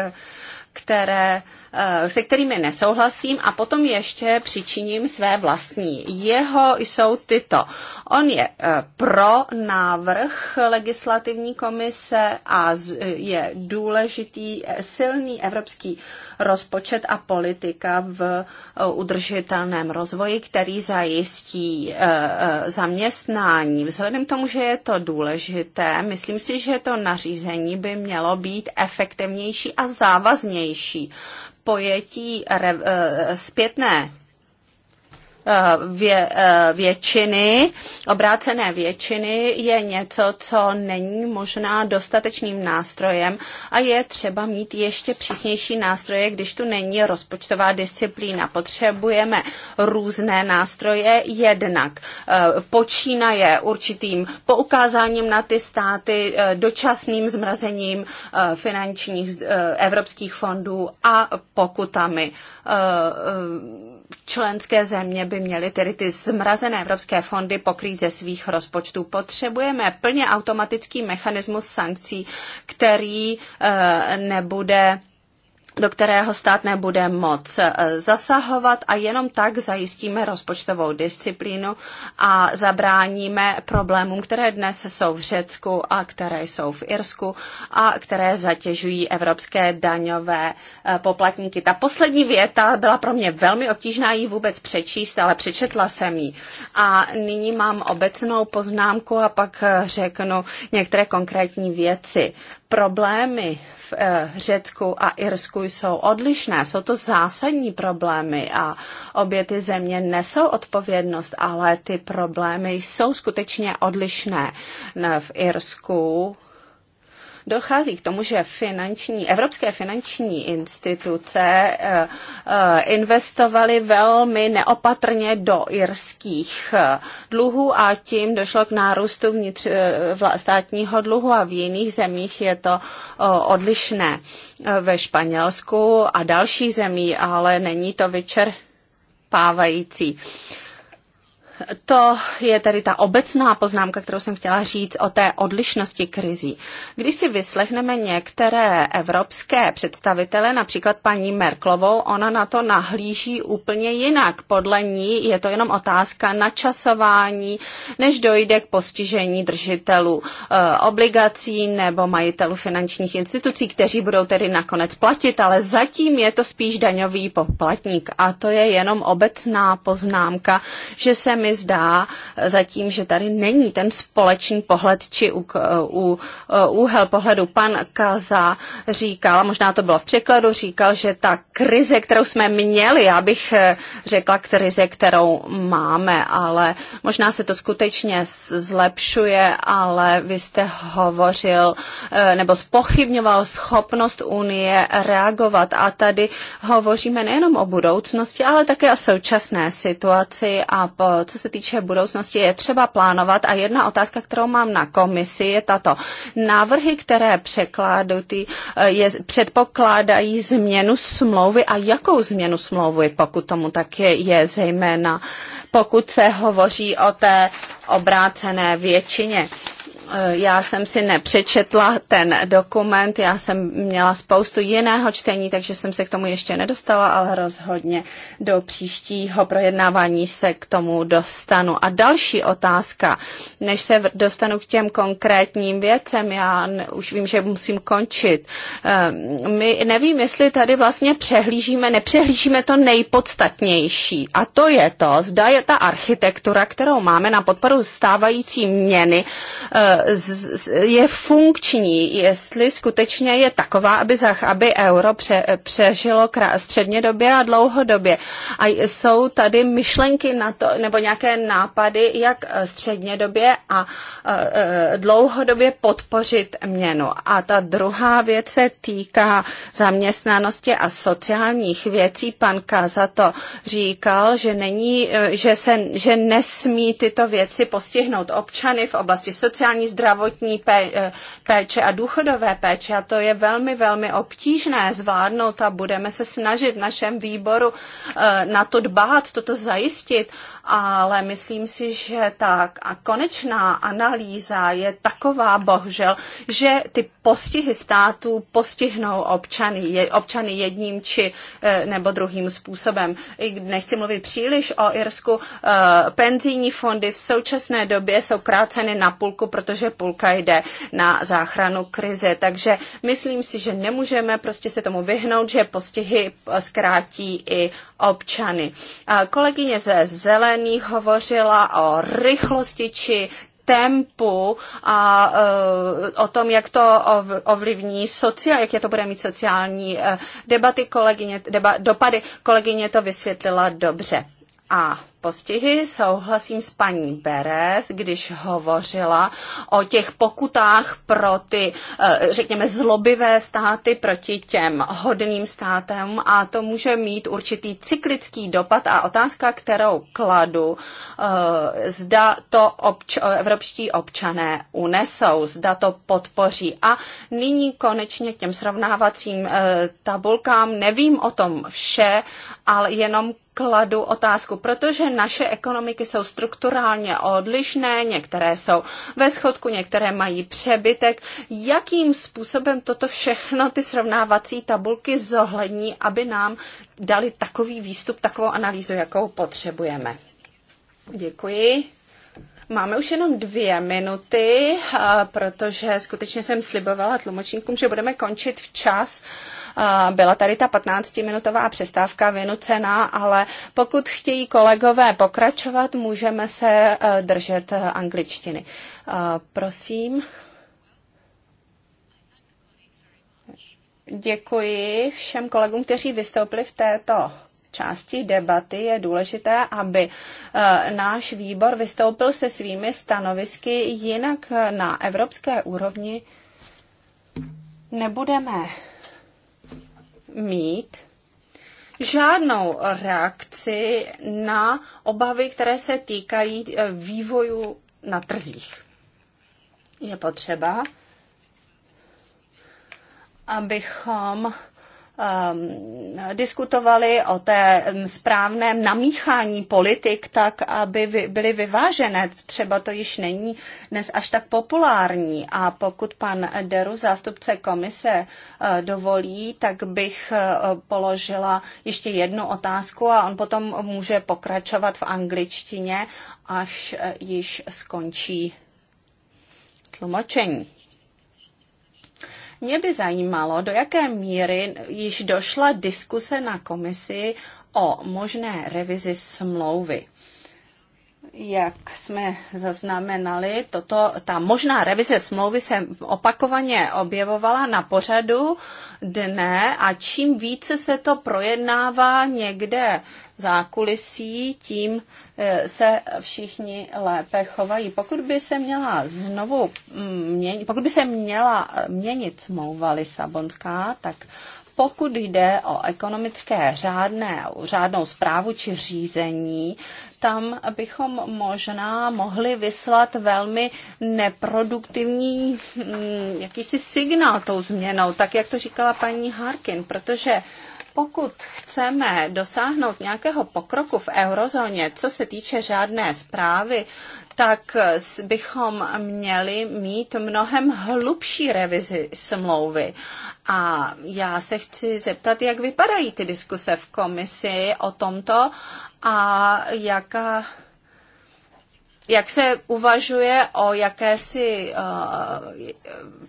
které Eh, se kterými nesouhlasím a potom ještě přičiním své vlastní. Jeho jsou tyto. On je eh, pro návrh legislativní komise a eh, je důležitý silný evropský rozpočet a politika v udržitelném rozvoji, který zajistí zaměstnání. Vzhledem k tomu, že je to důležité, myslím si, že to nařízení by mělo být efektivnější a závaznější pojetí re, eh, zpětné Eh, vě, eh, většiny, obrácené většiny, je něco, co není možná dostatečným nástrojem a je třeba mít ještě přísnější nástroje, když tu není rozpočtová disciplína. Potřebujeme různé nástroje, jednak eh, počínaje určitým poukázáním na ty státy, dočasným zmrazením finančních evropských fondů a pokutami členské země by měly tedy ty zmrazené evropské fondy pokrýt ze svých rozpočtů. Potřebujeme plně automatický mechanismus sankcí, který eh, nebude do kterého stát nebude moc eh, zasahovat a jenom tak zajistíme rozpočtovou disciplínu a zabráníme problémům, které dnes jsou v Řecku a které jsou v Irsku a které zatěžují evropské daňové eh, poplatníky. Ta poslední věta byla pro mě velmi obtížná ji vůbec přečíst, ale přečetla jsem ji. A nyní mám obecnou poznámku a pak eh, řeknu některé konkrétní věci problémy v eh, Řecku a Irsku jsou odlišné. Jsou to zásadní problémy a obě ty země nesou odpovědnost, ale ty problémy jsou skutečně odlišné. V Irsku dochází k tomu, že finanční, evropské finanční instituce eh, eh, investovaly velmi neopatrně do irských eh, dluhů a tím došlo k nárůstu vnitř státního dluhu a v jiných zemích je to odlišné. Ve Španělsku a další zemí, ale není to vyčerpávající. To je tedy ta obecná poznámka, kterou jsem chtěla říct o té odlišnosti krizí. Když si vyslechneme některé evropské představitele, například paní Merklovou, ona na to nahlíží úplně jinak. Podle ní je to jenom otázka načasování, než dojde k postižení držitelů e, obligací nebo majitelů finančních institucí, kteří budou tedy nakonec platit, ale zatím je to spíš daňový poplatník. A to je jenom obecná poznámka, že se mi zdá zatím, že tady není ten společný pohled či u, u, úhel pohledu. Pan Kaza říkal, možná to bylo v překladu, říkal, že ta krize, kterou jsme měli, já bych eh, řekla krize, kterou máme, ale možná se to skutečně zlepšuje, ale vy jste hovořil eh, nebo spochybňoval schopnost Unie reagovat a tady hovoříme nejenom o budoucnosti, ale také o současné situaci a po co se týče budoucnosti, je třeba plánovat. A jedna otázka, kterou mám na komisi, je tato. Návrhy, které překládají, eh, je, předpokládají změnu smlouvy a jakou změnu smlouvy, pokud tomu tak je, je zejména, pokud se hovoří o té obrácené většině. Eh, já jsem si nepřečetla ten dokument, já jsem měla spoustu jiného čtení, takže jsem se k tomu ještě nedostala, ale rozhodně do příštího projednávání se k tomu dostanu. A další otázka, než se dostanu k těm konkrétním věcem, já už vím, že musím končit. Eh, my nevím, jestli tady vlastně přehlížíme, nepřehlížíme to nejpodstatnější. A to je to, zda je ta architektura, kterou máme na podporu stávající měny, eh, je funkční, jestli skutečně je taková, aby, zach, aby euro pře, přežilo krá, době a dlouhodobě. A jsou tady myšlenky na to, nebo nějaké nápady, jak eh, době a eh, eh, dlouhodobě podpořit měnu. A ta druhá věc se týká zaměstnanosti a sociálních věcí. Pan Kaza to říkal, že není, že, se, že nesmí tyto věci postihnout občany v oblasti sociální zdravotní eh, péče a důchodové péče a to je velmi, velmi obtížné zvládnout a budeme se snažit v našem výboru eh, na to dbát, toto zajistit, ale myslím si, že tak a konečná analýza je taková, bohužel, že ty postihy států postihnou občany, občany jedním či eh, nebo druhým způsobem. I Nechci mluvit příliš o Irsku. Penzijní fondy v současné době jsou kráceny na půlku, protože protože půlka jde na záchranu krize. Takže myslím si, že nemůžeme prostě se tomu vyhnout, že postihy zkrátí i občany. Kolegyně ze Zelených hovořila o rychlosti či tempu a e, o tom, jak to ovlivní sociál, jak je to bude mít sociální e, debaty, kolegyně, deba, dopady, kolegyně to vysvětlila dobře. A postihy. Souhlasím s paní Beres, když hovořila o těch pokutách pro ty, eh, řekněme, zlobivé státy proti těm hodným státem, a to může mít určitý cyklický dopad a otázka, kterou kladu, eh, zda to obč- evropští občané unesou, zda to podpoří. A nyní konečně k těm srovnávacím eh, tabulkám nevím o tom vše, ale jenom kladu otázku, protože naše ekonomiky jsou strukturálně odlišné, některé jsou ve schodku, některé mají přebytek. Jakým způsobem toto všechno, ty srovnávací tabulky zohlední, aby nám dali takový výstup, takovou analýzu, jakou potřebujeme? Děkuji. Máme už jenom dvě minuty, eh, protože skutečně jsem slibovala tlumočníkům, že budeme končit včas. Eh, byla tady ta 15-minutová přestávka vynucená, ale pokud chtějí kolegové pokračovat, můžeme se eh, držet angličtiny. Prosím. Děkuji všem kolegům, kteří vystoupili v této části debaty je důležité, aby eh, náš výbor vystoupil se svými stanovisky, jinak eh, na evropské úrovni nebudeme mít žádnou reakci na obavy, které se týkají eh, vývoju na trzích. Je potřeba, abychom Um, diskutovali o té um, správném namíchání politik tak, aby byly vyvážené. Třeba to již není dnes až tak populární a pokud pan Deru, zástupce komise, uh, dovolí, tak bych uh, položila ještě jednu otázku a on potom může pokračovat v angličtině, až uh, již skončí tlumočení. Mě by zajímalo, do jaké míry již došla diskuse na komisi o možné revizi smlouvy jak jsme zaznamenali, toto, ta možná revize smlouvy se opakovaně objevovala na pořadu dne a čím více se to projednává někde za kulisí, tím eh, se všichni lépe chovají. Pokud by se měla znovu mm, měnit, pokud by se měla měnit smlouva Lisabonská, tak pokud jde o ekonomické řádné, řádnou zprávu či řízení, tam bychom možná mohli vyslat velmi neproduktivní mm, jakýsi signál tou změnou, tak jak to říkala paní Harkin, protože pokud chceme dosáhnout nějakého pokroku v eurozóně, co se týče řádné zprávy, tak bychom měli mít mnohem hlubší revizi smlouvy. A já se chci zeptat, jak vypadají ty diskuse v komisi o tomto a jaká jak se uvažuje o jakési eh,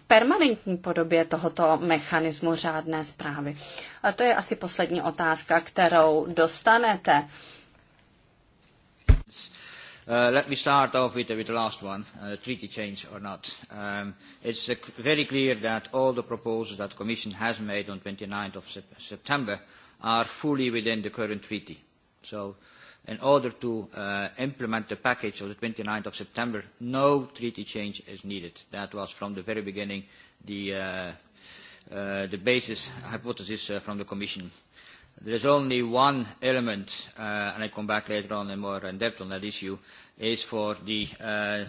permanentní podobě tohoto mechanismu řádné zprávy. A to je asi poslední otázka, kterou dostanete. Uh, let me start off with, with the last one, uh, treaty change or not. Um, it's uh, very clear that all the proposals that the Commission has made on 29th of sep September are fully within the current treaty. So in order to uh, implement the package of the 29th of September, no treaty change is needed. That was from the very beginning the, uh, uh, the basis hypothesis uh, from the Commission. There is only one element, uh, and I come back later on and more in depth on that issue, is for the, uh,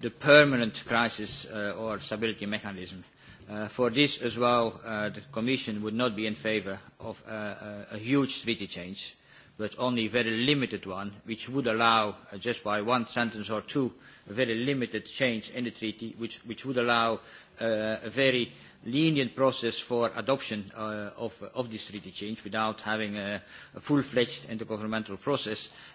the permanent crisis uh, or stability mechanism. Uh, for this as well, uh, the Commission would not be in favour of uh, a, a huge treaty change but only a very limited one, which would allow, uh, just by one sentence or two, a very limited change in the treaty, which, which would allow uh, a very lenient process for adoption uh, of, of this treaty change without having a, a full-fledged intergovernmental process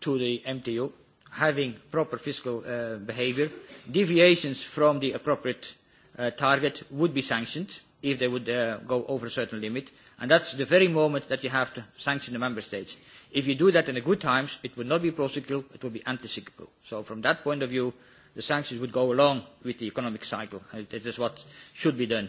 to the MTO, having proper fiscal uh, behavior. Deviations from the appropriate uh, target would be sanctioned if they would uh, go over a certain limit. And that's the very moment that you have to sanction the member states. If you do that in the good times, it would not be cyclical, it would be cyclical. So from that point of view, the sanctions would go along with the economic cycle. It is what should be done.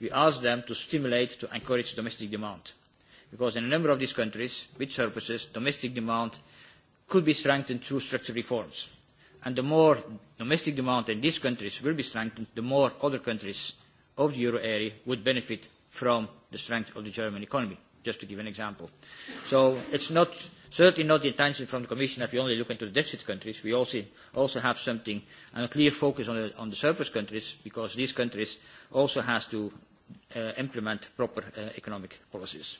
we ask them to stimulate to encourage domestic demand. Because in a number of these countries, with surpluses, domestic demand could be strengthened through structural reforms. And the more domestic demand in these countries will be strengthened, the more other countries of the euro area would benefit from the strength of the German economy, just to give an example. So it's not Certainly not the intention from the Commission that we only look into the deficit countries. We also, also have something and a clear focus on the, on the surplus countries because these countries also have to uh, implement proper uh, economic policies.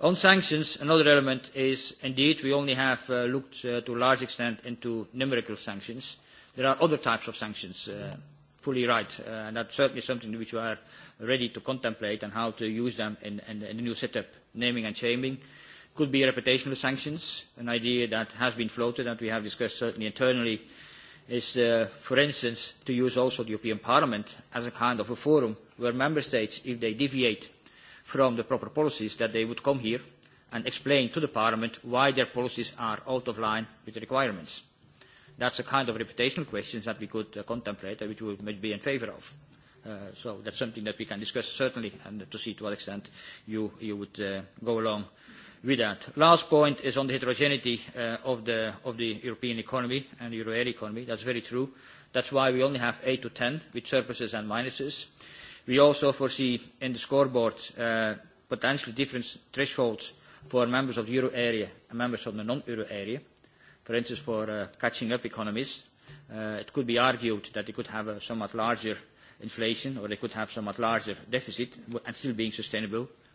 On sanctions, another element is indeed we only have uh, looked uh, to a large extent into numerical sanctions. There are other types of sanctions, uh, fully right, uh, and that's certainly something which we are ready to contemplate and how to use them in, in, in the new setup, naming and shaming could be reputational sanctions, an idea that has been floated and we have discussed certainly internally, is, uh, for instance, to use also the European Parliament as a kind of a forum where member states, if they deviate from the proper policies, that they would come here and explain to the Parliament why their policies are out of line with the requirements. That's a kind of reputational question that we could uh, contemplate and which we might be in favour of. Uh, so that's something that we can discuss certainly and to see to what extent you, you would uh, go along with that. Last point is on the heterogeneity uh, of, the, of the European economy and the euro area economy. That's very true. That's why we only have 8 to 10 with surpluses and minuses. We also foresee in the scoreboard uh, potentially different thresholds for members of the euro area and members of the non-euro area. For instance, for uh, catching up economies, uh, it could be argued that they could have a somewhat larger inflation or they could have somewhat larger deficit and still being sustainable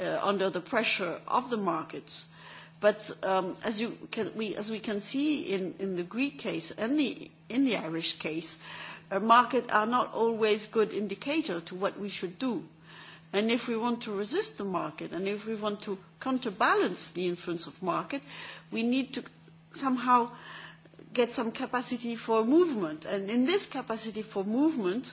Uh, under the pressure of the markets. But um, as, you can, we, as we can see in, in the Greek case and the, in the Irish case, a uh, market are not always good indicator to what we should do. And if we want to resist the market and if we want to counterbalance the influence of market, we need to somehow get some capacity for movement. And in this capacity for movement,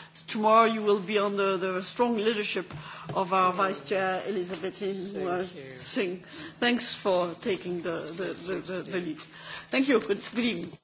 Tomorrow you will be under the strong leadership of our Vice Chair, Elizabeth uh, Singh. Thanks for taking the, the, the, the, the lead. Thank you. Good, good evening.